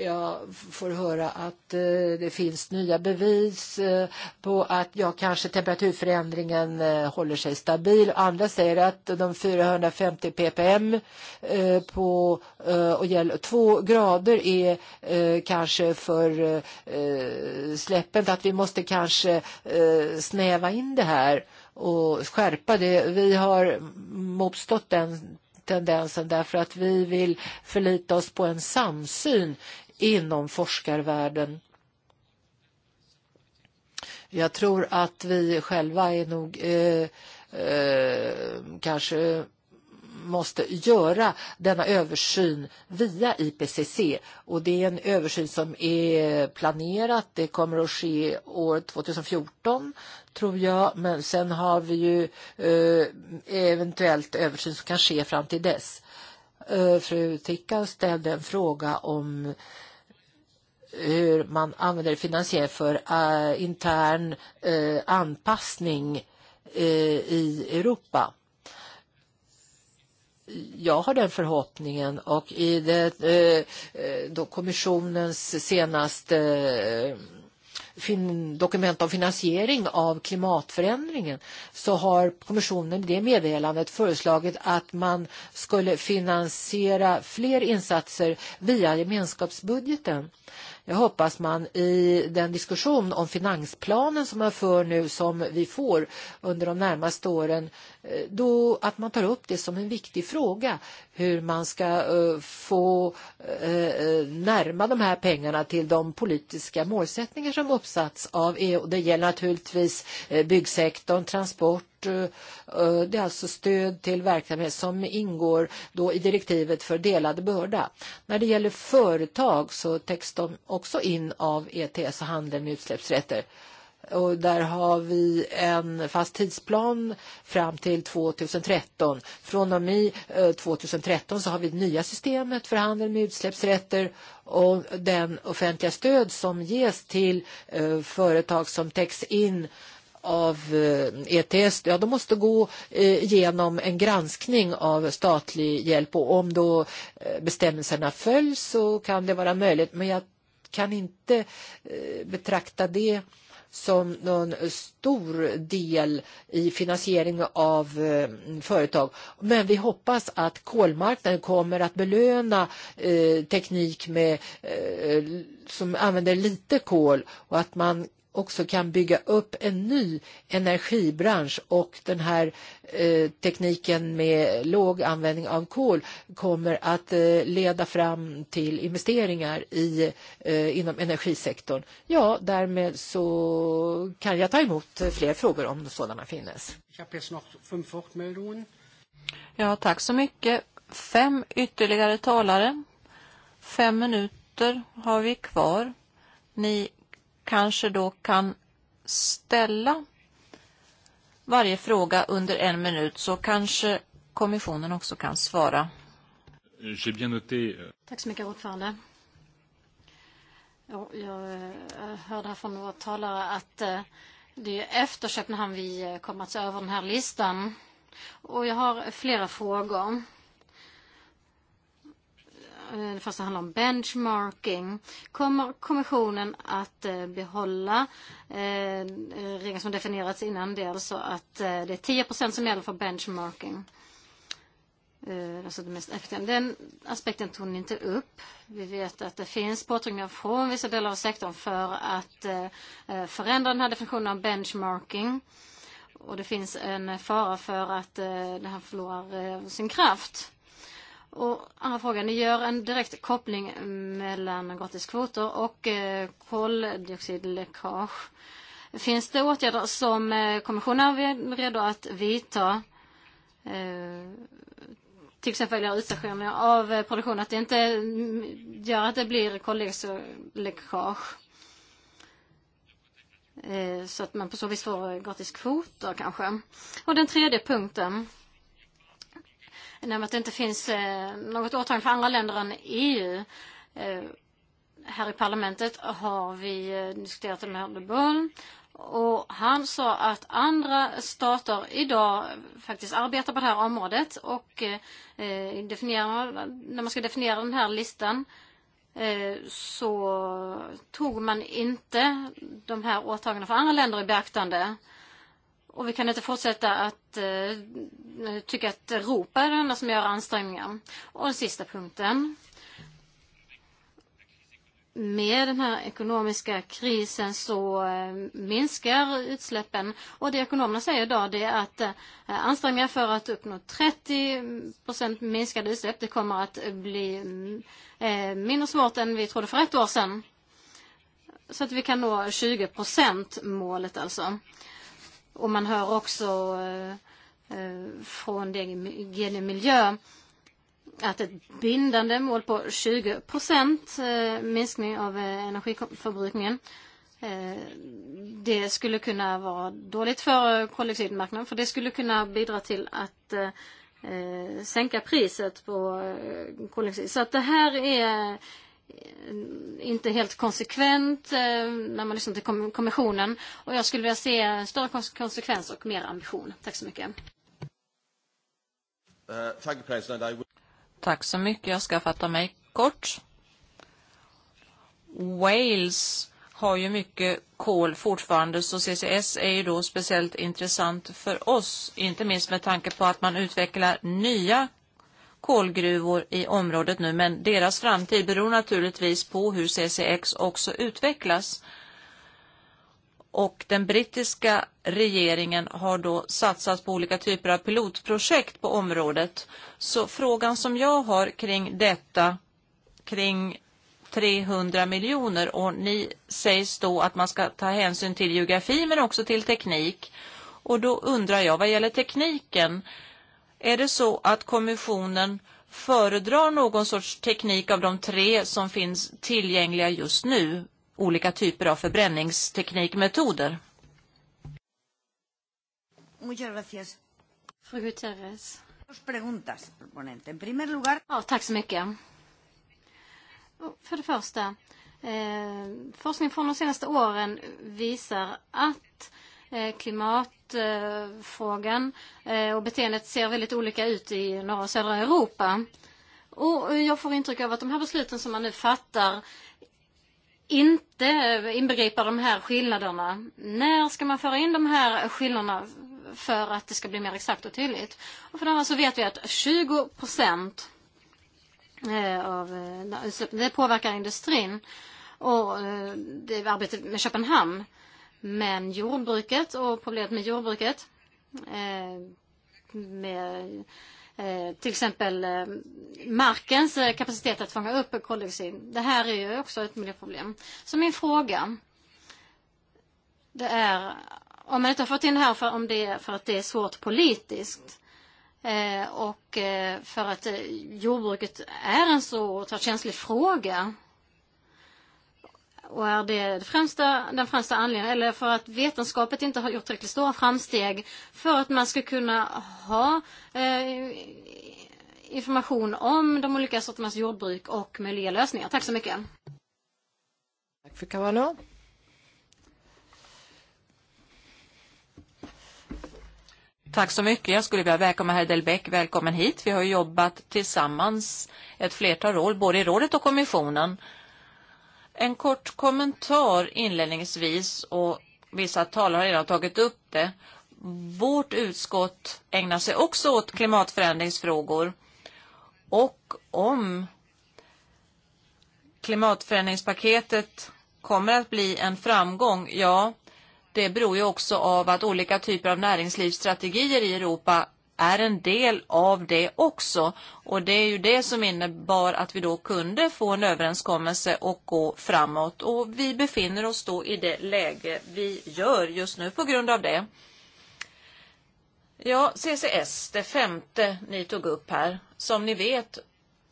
jag får höra att eh, det finns nya bevis eh, på att ja, kanske temperaturförändringen eh, håller sig stabil. Andra säger att de 450 ppm eh, på, eh, och gäller, två grader är eh, kanske för eh, släppet. Att vi måste kanske eh, snäva in det här och skärpa det. Vi har motstått den tendensen därför att vi vill förlita oss på en samsyn inom forskarvärlden. Jag tror att vi själva är nog eh, eh, kanske måste göra denna översyn via IPCC och det är en översyn som är planerat. Det kommer att ske år 2014 tror jag, men sen har vi ju eh, eventuellt översyn som kan ske fram till dess. Eh, fru Ticka ställde en fråga om hur man använder finansiär för uh, intern uh, anpassning uh, i Europa. Jag har den förhoppningen och i det, uh, då kommissionens senaste uh, fin dokument om finansiering av klimatförändringen så har kommissionen i det meddelandet föreslagit att man skulle finansiera fler insatser via gemenskapsbudgeten. Uh, Jag hoppas man i den diskussion om finansplanen som man för nu, som vi får under de närmaste åren, eh, då att man tar upp det som en viktig fråga hur man ska eh, få eh, närma de här pengarna till de politiska målsättningar som uppsatts av EU. Det gäller naturligtvis byggsektorn, transport, Eh, alltså stöd till verksamhet som ingår då i direktivet för delad börda. När det gäller företag så täcks de också in av ETS och handeln med utsläppsrätter. Och där har vi en fast tidsplan fram till 2013. Från och med 2013 eh, så har vi det nya systemet för handel med utsläppsrätter och den offentliga stöd som ges till eh, företag som täcks in av ETS-stöd. Eh, e de måste gå eh, igenom en granskning av statlig hjälp och om då eh, bestämmelserna följs så kan det vara möjligt. Men jag kan inte betrakta det som någon stor del i finansiering av företag. Men vi hoppas att kolmarknaden kommer att belöna eh, teknik med, eh, som använder lite kol och att man också kan bygga upp en ny energibransch och den här eh, tekniken med låg användning av kol kommer att eh, leda fram till investeringar i, eh, inom energisektorn. Ja, därmed så kan jag ta emot fler frågor om sådana finnes. Ja, tack så mycket. Fem ytterligare talare. Fem minuter har vi kvar. Ni kanske då kan ställa varje fråga under en minut så kanske kommissionen också kan svara. Euh, Tack så mycket ordförande. Jag eh, hörde här från vår talare att eh, det är efter Köpenhamn vi eh, kommer att se över den här listan. Och jag har flera frågor. Eh, det första handlar om benchmarking. Kommer kommissionen att eh, behålla eh, regeln som definierats innan det, alltså att det är 10 som gäller för benchmarking? Alltså det mest effektiva. Den aspekten tog ni inte upp. Vi vet att det finns påtryckningar från vissa delar av sektorn för att förändra den här definitionen av benchmarking. Och det finns en fara för att det här förlorar sin kraft. Och andra frågan, ni gör en direkt koppling mellan gratiskvoter och eh, koldioxidläckage. Finns det åtgärder som eh, kommissionen är redo att vidta? Eh, till exempel utstationeringar av produktion, att det inte mm, gör att det blir koldioxidläckage. Så att man på så vis får gratiskvoter kanske. Och den tredje punkten om att det inte finns eh, något åtagande för andra länder än EU. Eh, här i parlamentet har vi eh, diskuterat det med Bull och han sa att andra stater idag faktiskt arbetar på det här området och eh, definierar, när man ska definiera den här listan eh, så tog man inte de här åtagandena för andra länder i beaktande. Eh, Och vi kan inte fortsätta att eh, tycka att Europa är det enda som gör ansträngningar. Och den sista punkten. Med den här ekonomiska krisen så eh, minskar utsläppen. Och det ekonomerna säger idag det är att eh, ansträngningar för att uppnå 30 procent minskade utsläpp det kommer att bli mm, eh, mindre svårt än vi trodde för ett år sedan. Så att vi kan nå 20 procent målet alltså. Eh, Och man hör också eh, eh, från DG Miljö att ett bindande mål på 20 procent eh, minskning av energiförbrukningen det skulle kunna vara dåligt för koldioxidmarknaden för det skulle kunna bidra till att sänka priset på koldioxid. Så att det här är Eh, inte helt konsekvent eh, när man lyssnar till kommissionen. Och jag skulle vilja se större konsekvens och mer ambition. Tack så mycket. Eh, Tack så mycket. Jag ska fatta mig kort. Wales har ju mycket kol fortfarande så CCS är ju då speciellt intressant för oss. Inte minst med tanke på att man utvecklar nya kolgruvor i området nu, men deras framtid beror naturligtvis på hur CCX också utvecklas. Och den brittiska regeringen har då satsat på olika typer av pilotprojekt på området. Så frågan som jag har kring detta, kring 300 miljoner och ni sägs då att man ska ta hänsyn till geografi men också till teknik. Och då undrar jag vad gäller tekniken, eh, Är det så att kommissionen föredrar någon sorts teknik av de tre som finns tillgängliga just nu? Olika typer av förbränningsteknikmetoder? Muchas gracias. Fru Gutierrez. Dos preguntas, proponente. En primer lugar... Ja, tack så mycket. För det första, eh, forskning från de senaste åren visar att eh, klimat klimatfrågan eh, eh, och beteendet ser väldigt olika ut i norra och södra Europa. Och eh, jag får intryck av att de här besluten som man nu fattar inte inbegriper de här skillnaderna. När ska man föra in de här skillnaderna för att det ska bli mer exakt och tydligt? Och för det andra så vet vi att 20 procent av utsläppen, det påverkar industrin. Och det är arbetet med Köpenhamn Men jordbruket och problemet med jordbruket eh, med eh, till exempel eh, markens kapacitet att fånga upp koldioxid. Det här är er ju också ett miljöproblem. Så min fråga det är er, om man inte har fått in det här för, om det är er för att det är svårt politiskt eh, och eh, för att eh, jordbruket är en så oerhört känslig fråga Och är det, det främsta, den främsta anledningen, eller för att vetenskapet inte har gjort tillräckligt stora framsteg för att man ska kunna ha eh, information om de olika sorternas jordbruk och miljölösningar. Tack så mycket. Tack för Kavano. Tack så mycket. Jag skulle vilja välkomna herr Delbäck. Välkommen hit. Vi har jobbat tillsammans ett flertal år, både i rådet och kommissionen En kort kommentar inledningsvis och vissa talare har redan tagit upp det. Vårt utskott ägnar sig också åt klimatförändringsfrågor och om klimatförändringspaketet kommer att bli en framgång, ja, det beror ju också av att olika typer av näringslivsstrategier i Europa är en del av det också. Och det är ju det som innebar att vi då kunde få en överenskommelse och gå framåt. Och vi befinner oss då i det läge vi gör just nu på grund av det. Ja, CCS, det femte ni tog upp här. Som ni vet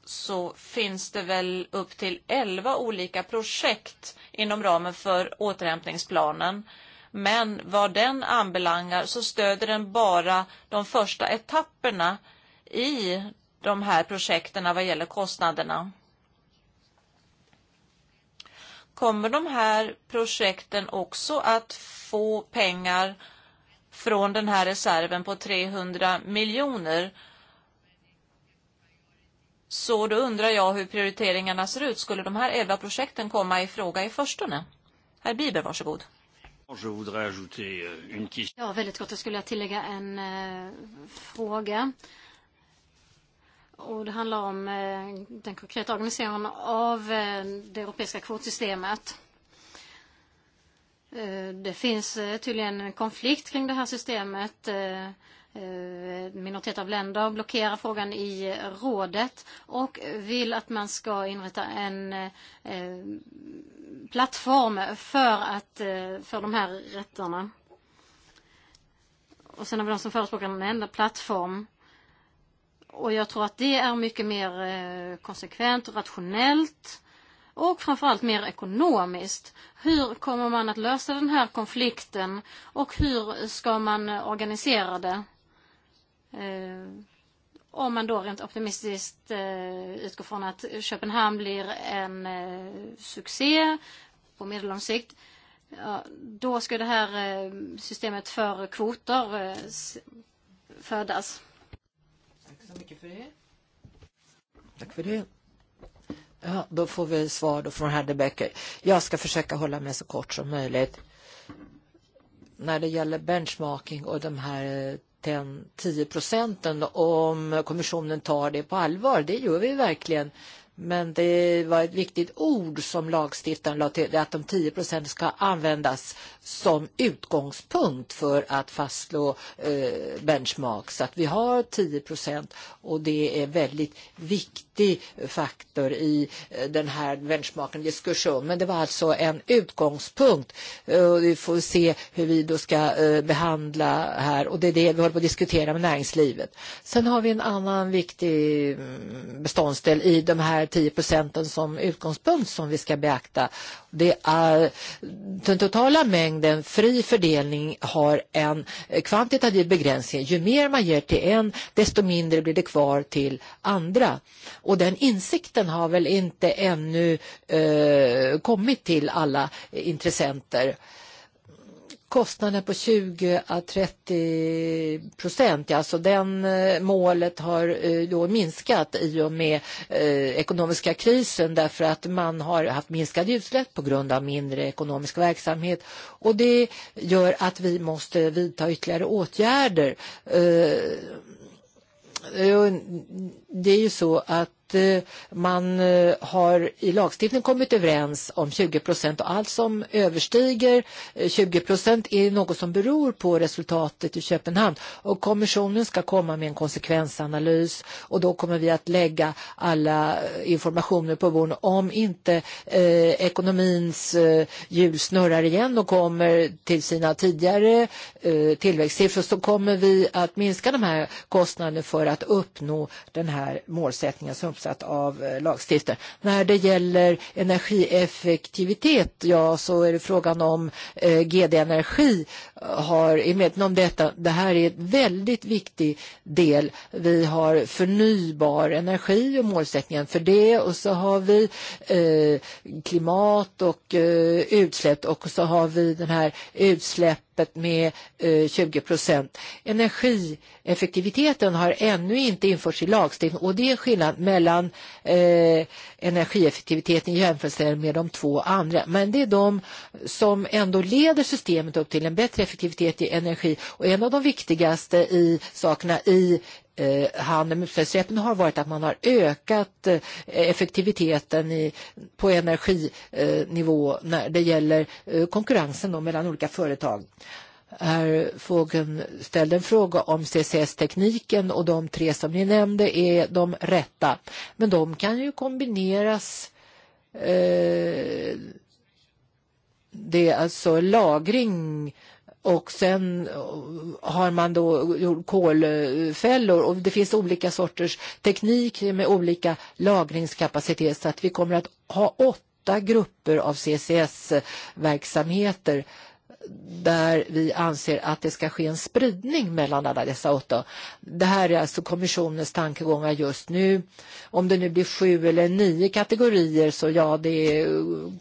så finns det väl upp till 11 olika projekt inom ramen för återhämtningsplanen. Eh, Men vad den anbelangar så stöder den bara de första etapperna i de här projekten vad gäller kostnaderna. Kommer de här projekten också att få pengar från den här reserven på 300 miljoner? Så då undrar jag hur prioriteringarna ser ut. Skulle de här elva projekten komma i fråga i förstone? Herr Biber, varsågod. Euh, ja, väldigt kort. Jag skulle tillägga en eh, fråga. Och det handlar om eh, den konkreta organiseringen av eh, det europeiska kvotsystemet. Det finns tydligen en konflikt kring det här systemet. Eh, minoritet av länder blockerar frågan i rådet och vill att man ska inrätta en eh, plattform för, att, eh, för de här rätterna. Och sen har vi de som förespråkar en enda plattform. Och jag tror att det är mycket mer konsekvent och rationellt och framförallt mer ekonomiskt. Hur kommer man att lösa den här konflikten och hur ska man organisera det? Eh, om man då rent optimistiskt eh, utgår från att Köpenhamn blir en eh, succé på medellång sikt, ja, då ska det här eh, systemet för kvoter eh, födas. Tack så mycket för det. Tack för det. Ja, då får vi svar då från herr De Becker. Jag ska försöka hålla mig så kort som möjligt. När det gäller benchmarking och de här eh, 10 procenten om kommissionen tar det på allvar. Det gör vi verkligen Men det var ett viktigt ord som lagstiftaren la till, att de 10 procent ska användas som utgångspunkt för att fastslå eh, benchmark. Så att vi har 10 procent och det är väldigt viktig faktor i eh, den här benchmarken diskussion. Men det var alltså en utgångspunkt. Eh, vi får se hur vi då ska eh, behandla här och det är det vi håller på att diskutera med näringslivet. Sen har vi en annan viktig mm, beståndsdel i de här 10 procenten som utgångspunkt som vi ska beakta. Det är, den totala mängden fri fördelning har en kvantitativ begränsning. Ju mer man ger till en, desto mindre blir det kvar till andra. Och den insikten har väl inte ännu eh, kommit till alla intressenter. Eh, kostnaden på 20 à 30 procent, alltså den eh, målet har eh, då minskat i och med eh, ekonomiska krisen därför att man har haft minskade utsläpp på grund av mindre ekonomisk verksamhet och det gör att vi måste vidta ytterligare åtgärder. Eh, eh det är ju så att Eh, man eh, har i lagstiftningen kommit överens om 20 procent och allt som överstiger 20 eh, procent är något som beror på resultatet i Köpenhamn och kommissionen ska komma med en konsekvensanalys och då kommer vi att lägga alla informationer på bordet om inte eh, ekonomins eh, hjul snurrar igen och kommer till sina tidigare eh, tillväxtsiffror så kommer vi att minska de här kostnaderna för att uppnå den här målsättningen som uppsatt av eh, lagstiftaren. När det gäller energieffektivitet, ja, så är det frågan om eh, GD Energi eh, har, är medveten om detta. Det här är en väldigt viktig del. Vi har förnybar energi och målsättningen för det och så har vi eh, klimat och eh, utsläpp och så har vi den här utsläpp öppet med 20 eh, procent. Energieffektiviteten har ännu inte införts i lagstiftning och det är skillnad mellan eh, energieffektiviteten jämfört med de två andra. Men det är de som ändå leder systemet upp till en bättre effektivitet i energi och en av de viktigaste i sakerna i Eh, handeln med utsläppsrätten har varit att man har ökat eh, effektiviteten i, på energinivå när det gäller eh, konkurrensen då mellan olika företag. Herr Fågen ställde en fråga om CCS-tekniken och de tre som ni nämnde är de rätta. Men de kan ju kombineras eh, det är alltså lagring och sen eh, har man då kolfällor och det finns olika sorters teknik med olika lagringskapacitet så att vi kommer att ha åtta grupper av CCS-verksamheter där vi anser att det ska ske en spridning mellan alla dessa åtta. Det här är alltså kommissionens tankegångar just nu. Om det nu blir sju eller nio kategorier så ja, det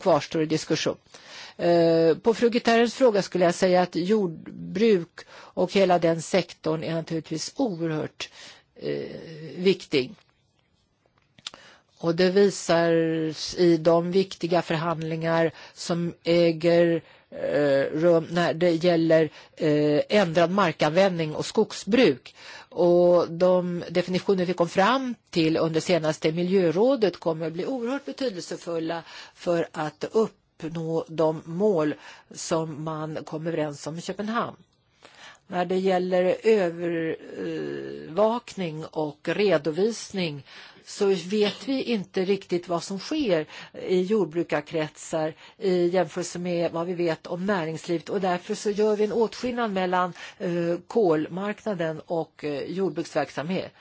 kvarstår i diskussion. Eh, Eh, på Fröken Terrens fråga skulle jag säga att jordbruk och hela den sektorn är naturligtvis oerhört eh, viktig. Och det visar i de viktiga förhandlingar som äger eh, rum när det gäller ändrad markanvändning och skogsbruk. Och de definitioner vi kom fram till under senaste miljörådet kommer att bli oerhört betydelsefulla för att upp uppnå de mål som man kom överens om i Köpenhamn. När det gäller övervakning och redovisning så vet vi inte riktigt vad som sker i jordbrukarkretsar i jämförelse med vad vi vet om näringslivet och därför så gör vi en åtskillnad mellan eh, kolmarknaden och eh, jordbruksverksamhet.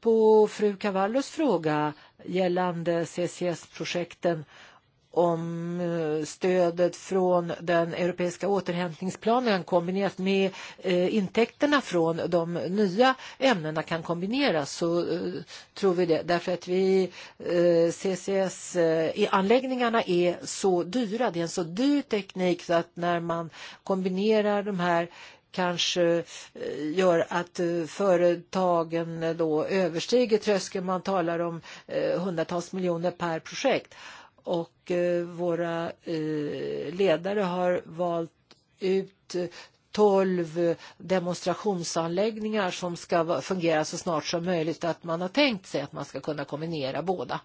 På fru Cavallos fråga gällande CCS-projekten om eh, stödet från den europeiska återhämtningsplanen kombinerat med eh, intäkterna från de nya ämnena kan kombineras så eh, tror vi det. Därför att vi CCS-anläggningarna är så dyra. Det är en så dyr teknik så att när man kombinerar de här kanske gör att företagen då överstiger tröskeln. Man talar om hundratals miljoner per projekt och eh, våra eh, ledare har valt ut tolv demonstrationsanläggningar som ska fungera så snart som möjligt. Att man har tänkt sig att man ska kunna kombinera båda.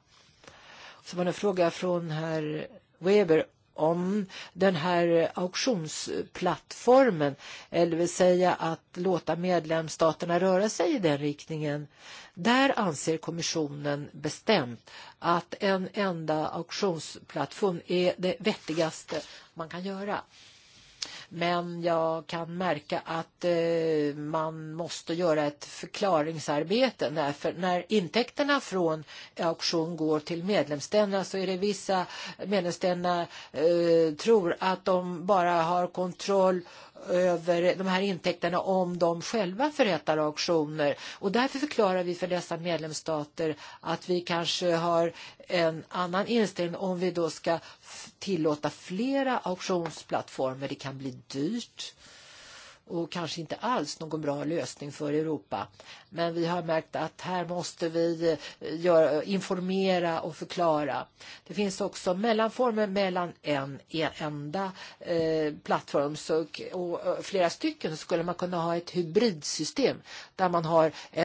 Så var det en fråga från herr Weber om den här auktionsplattformen, eller vill säga att låta medlemsstaterna röra sig i den riktningen. Där anser kommissionen bestämt att en enda auktionsplattform är det vettigaste man kan göra. Men jag kan märka att eh, man måste göra ett förklaringsarbete. Därför när intäkterna från auktion går till medlemsländerna så är det vissa medlemsländerna eh, tror att de bara har kontroll över de här intäkterna om de själva förrättar auktioner. Och därför förklarar vi för dessa medlemsstater att vi kanske har en annan inställning om vi då ska tillåta flera auktionsplattformar. Det kan bli dyrt. Eh, och kanske inte alls någon bra lösning för Europa. Men vi har märkt att här måste vi eh, göra, informera och förklara. Det finns också mellanformer mellan en, en enda eh, plattform så, och, och eh, flera stycken skulle man kunna ha ett hybridsystem där man har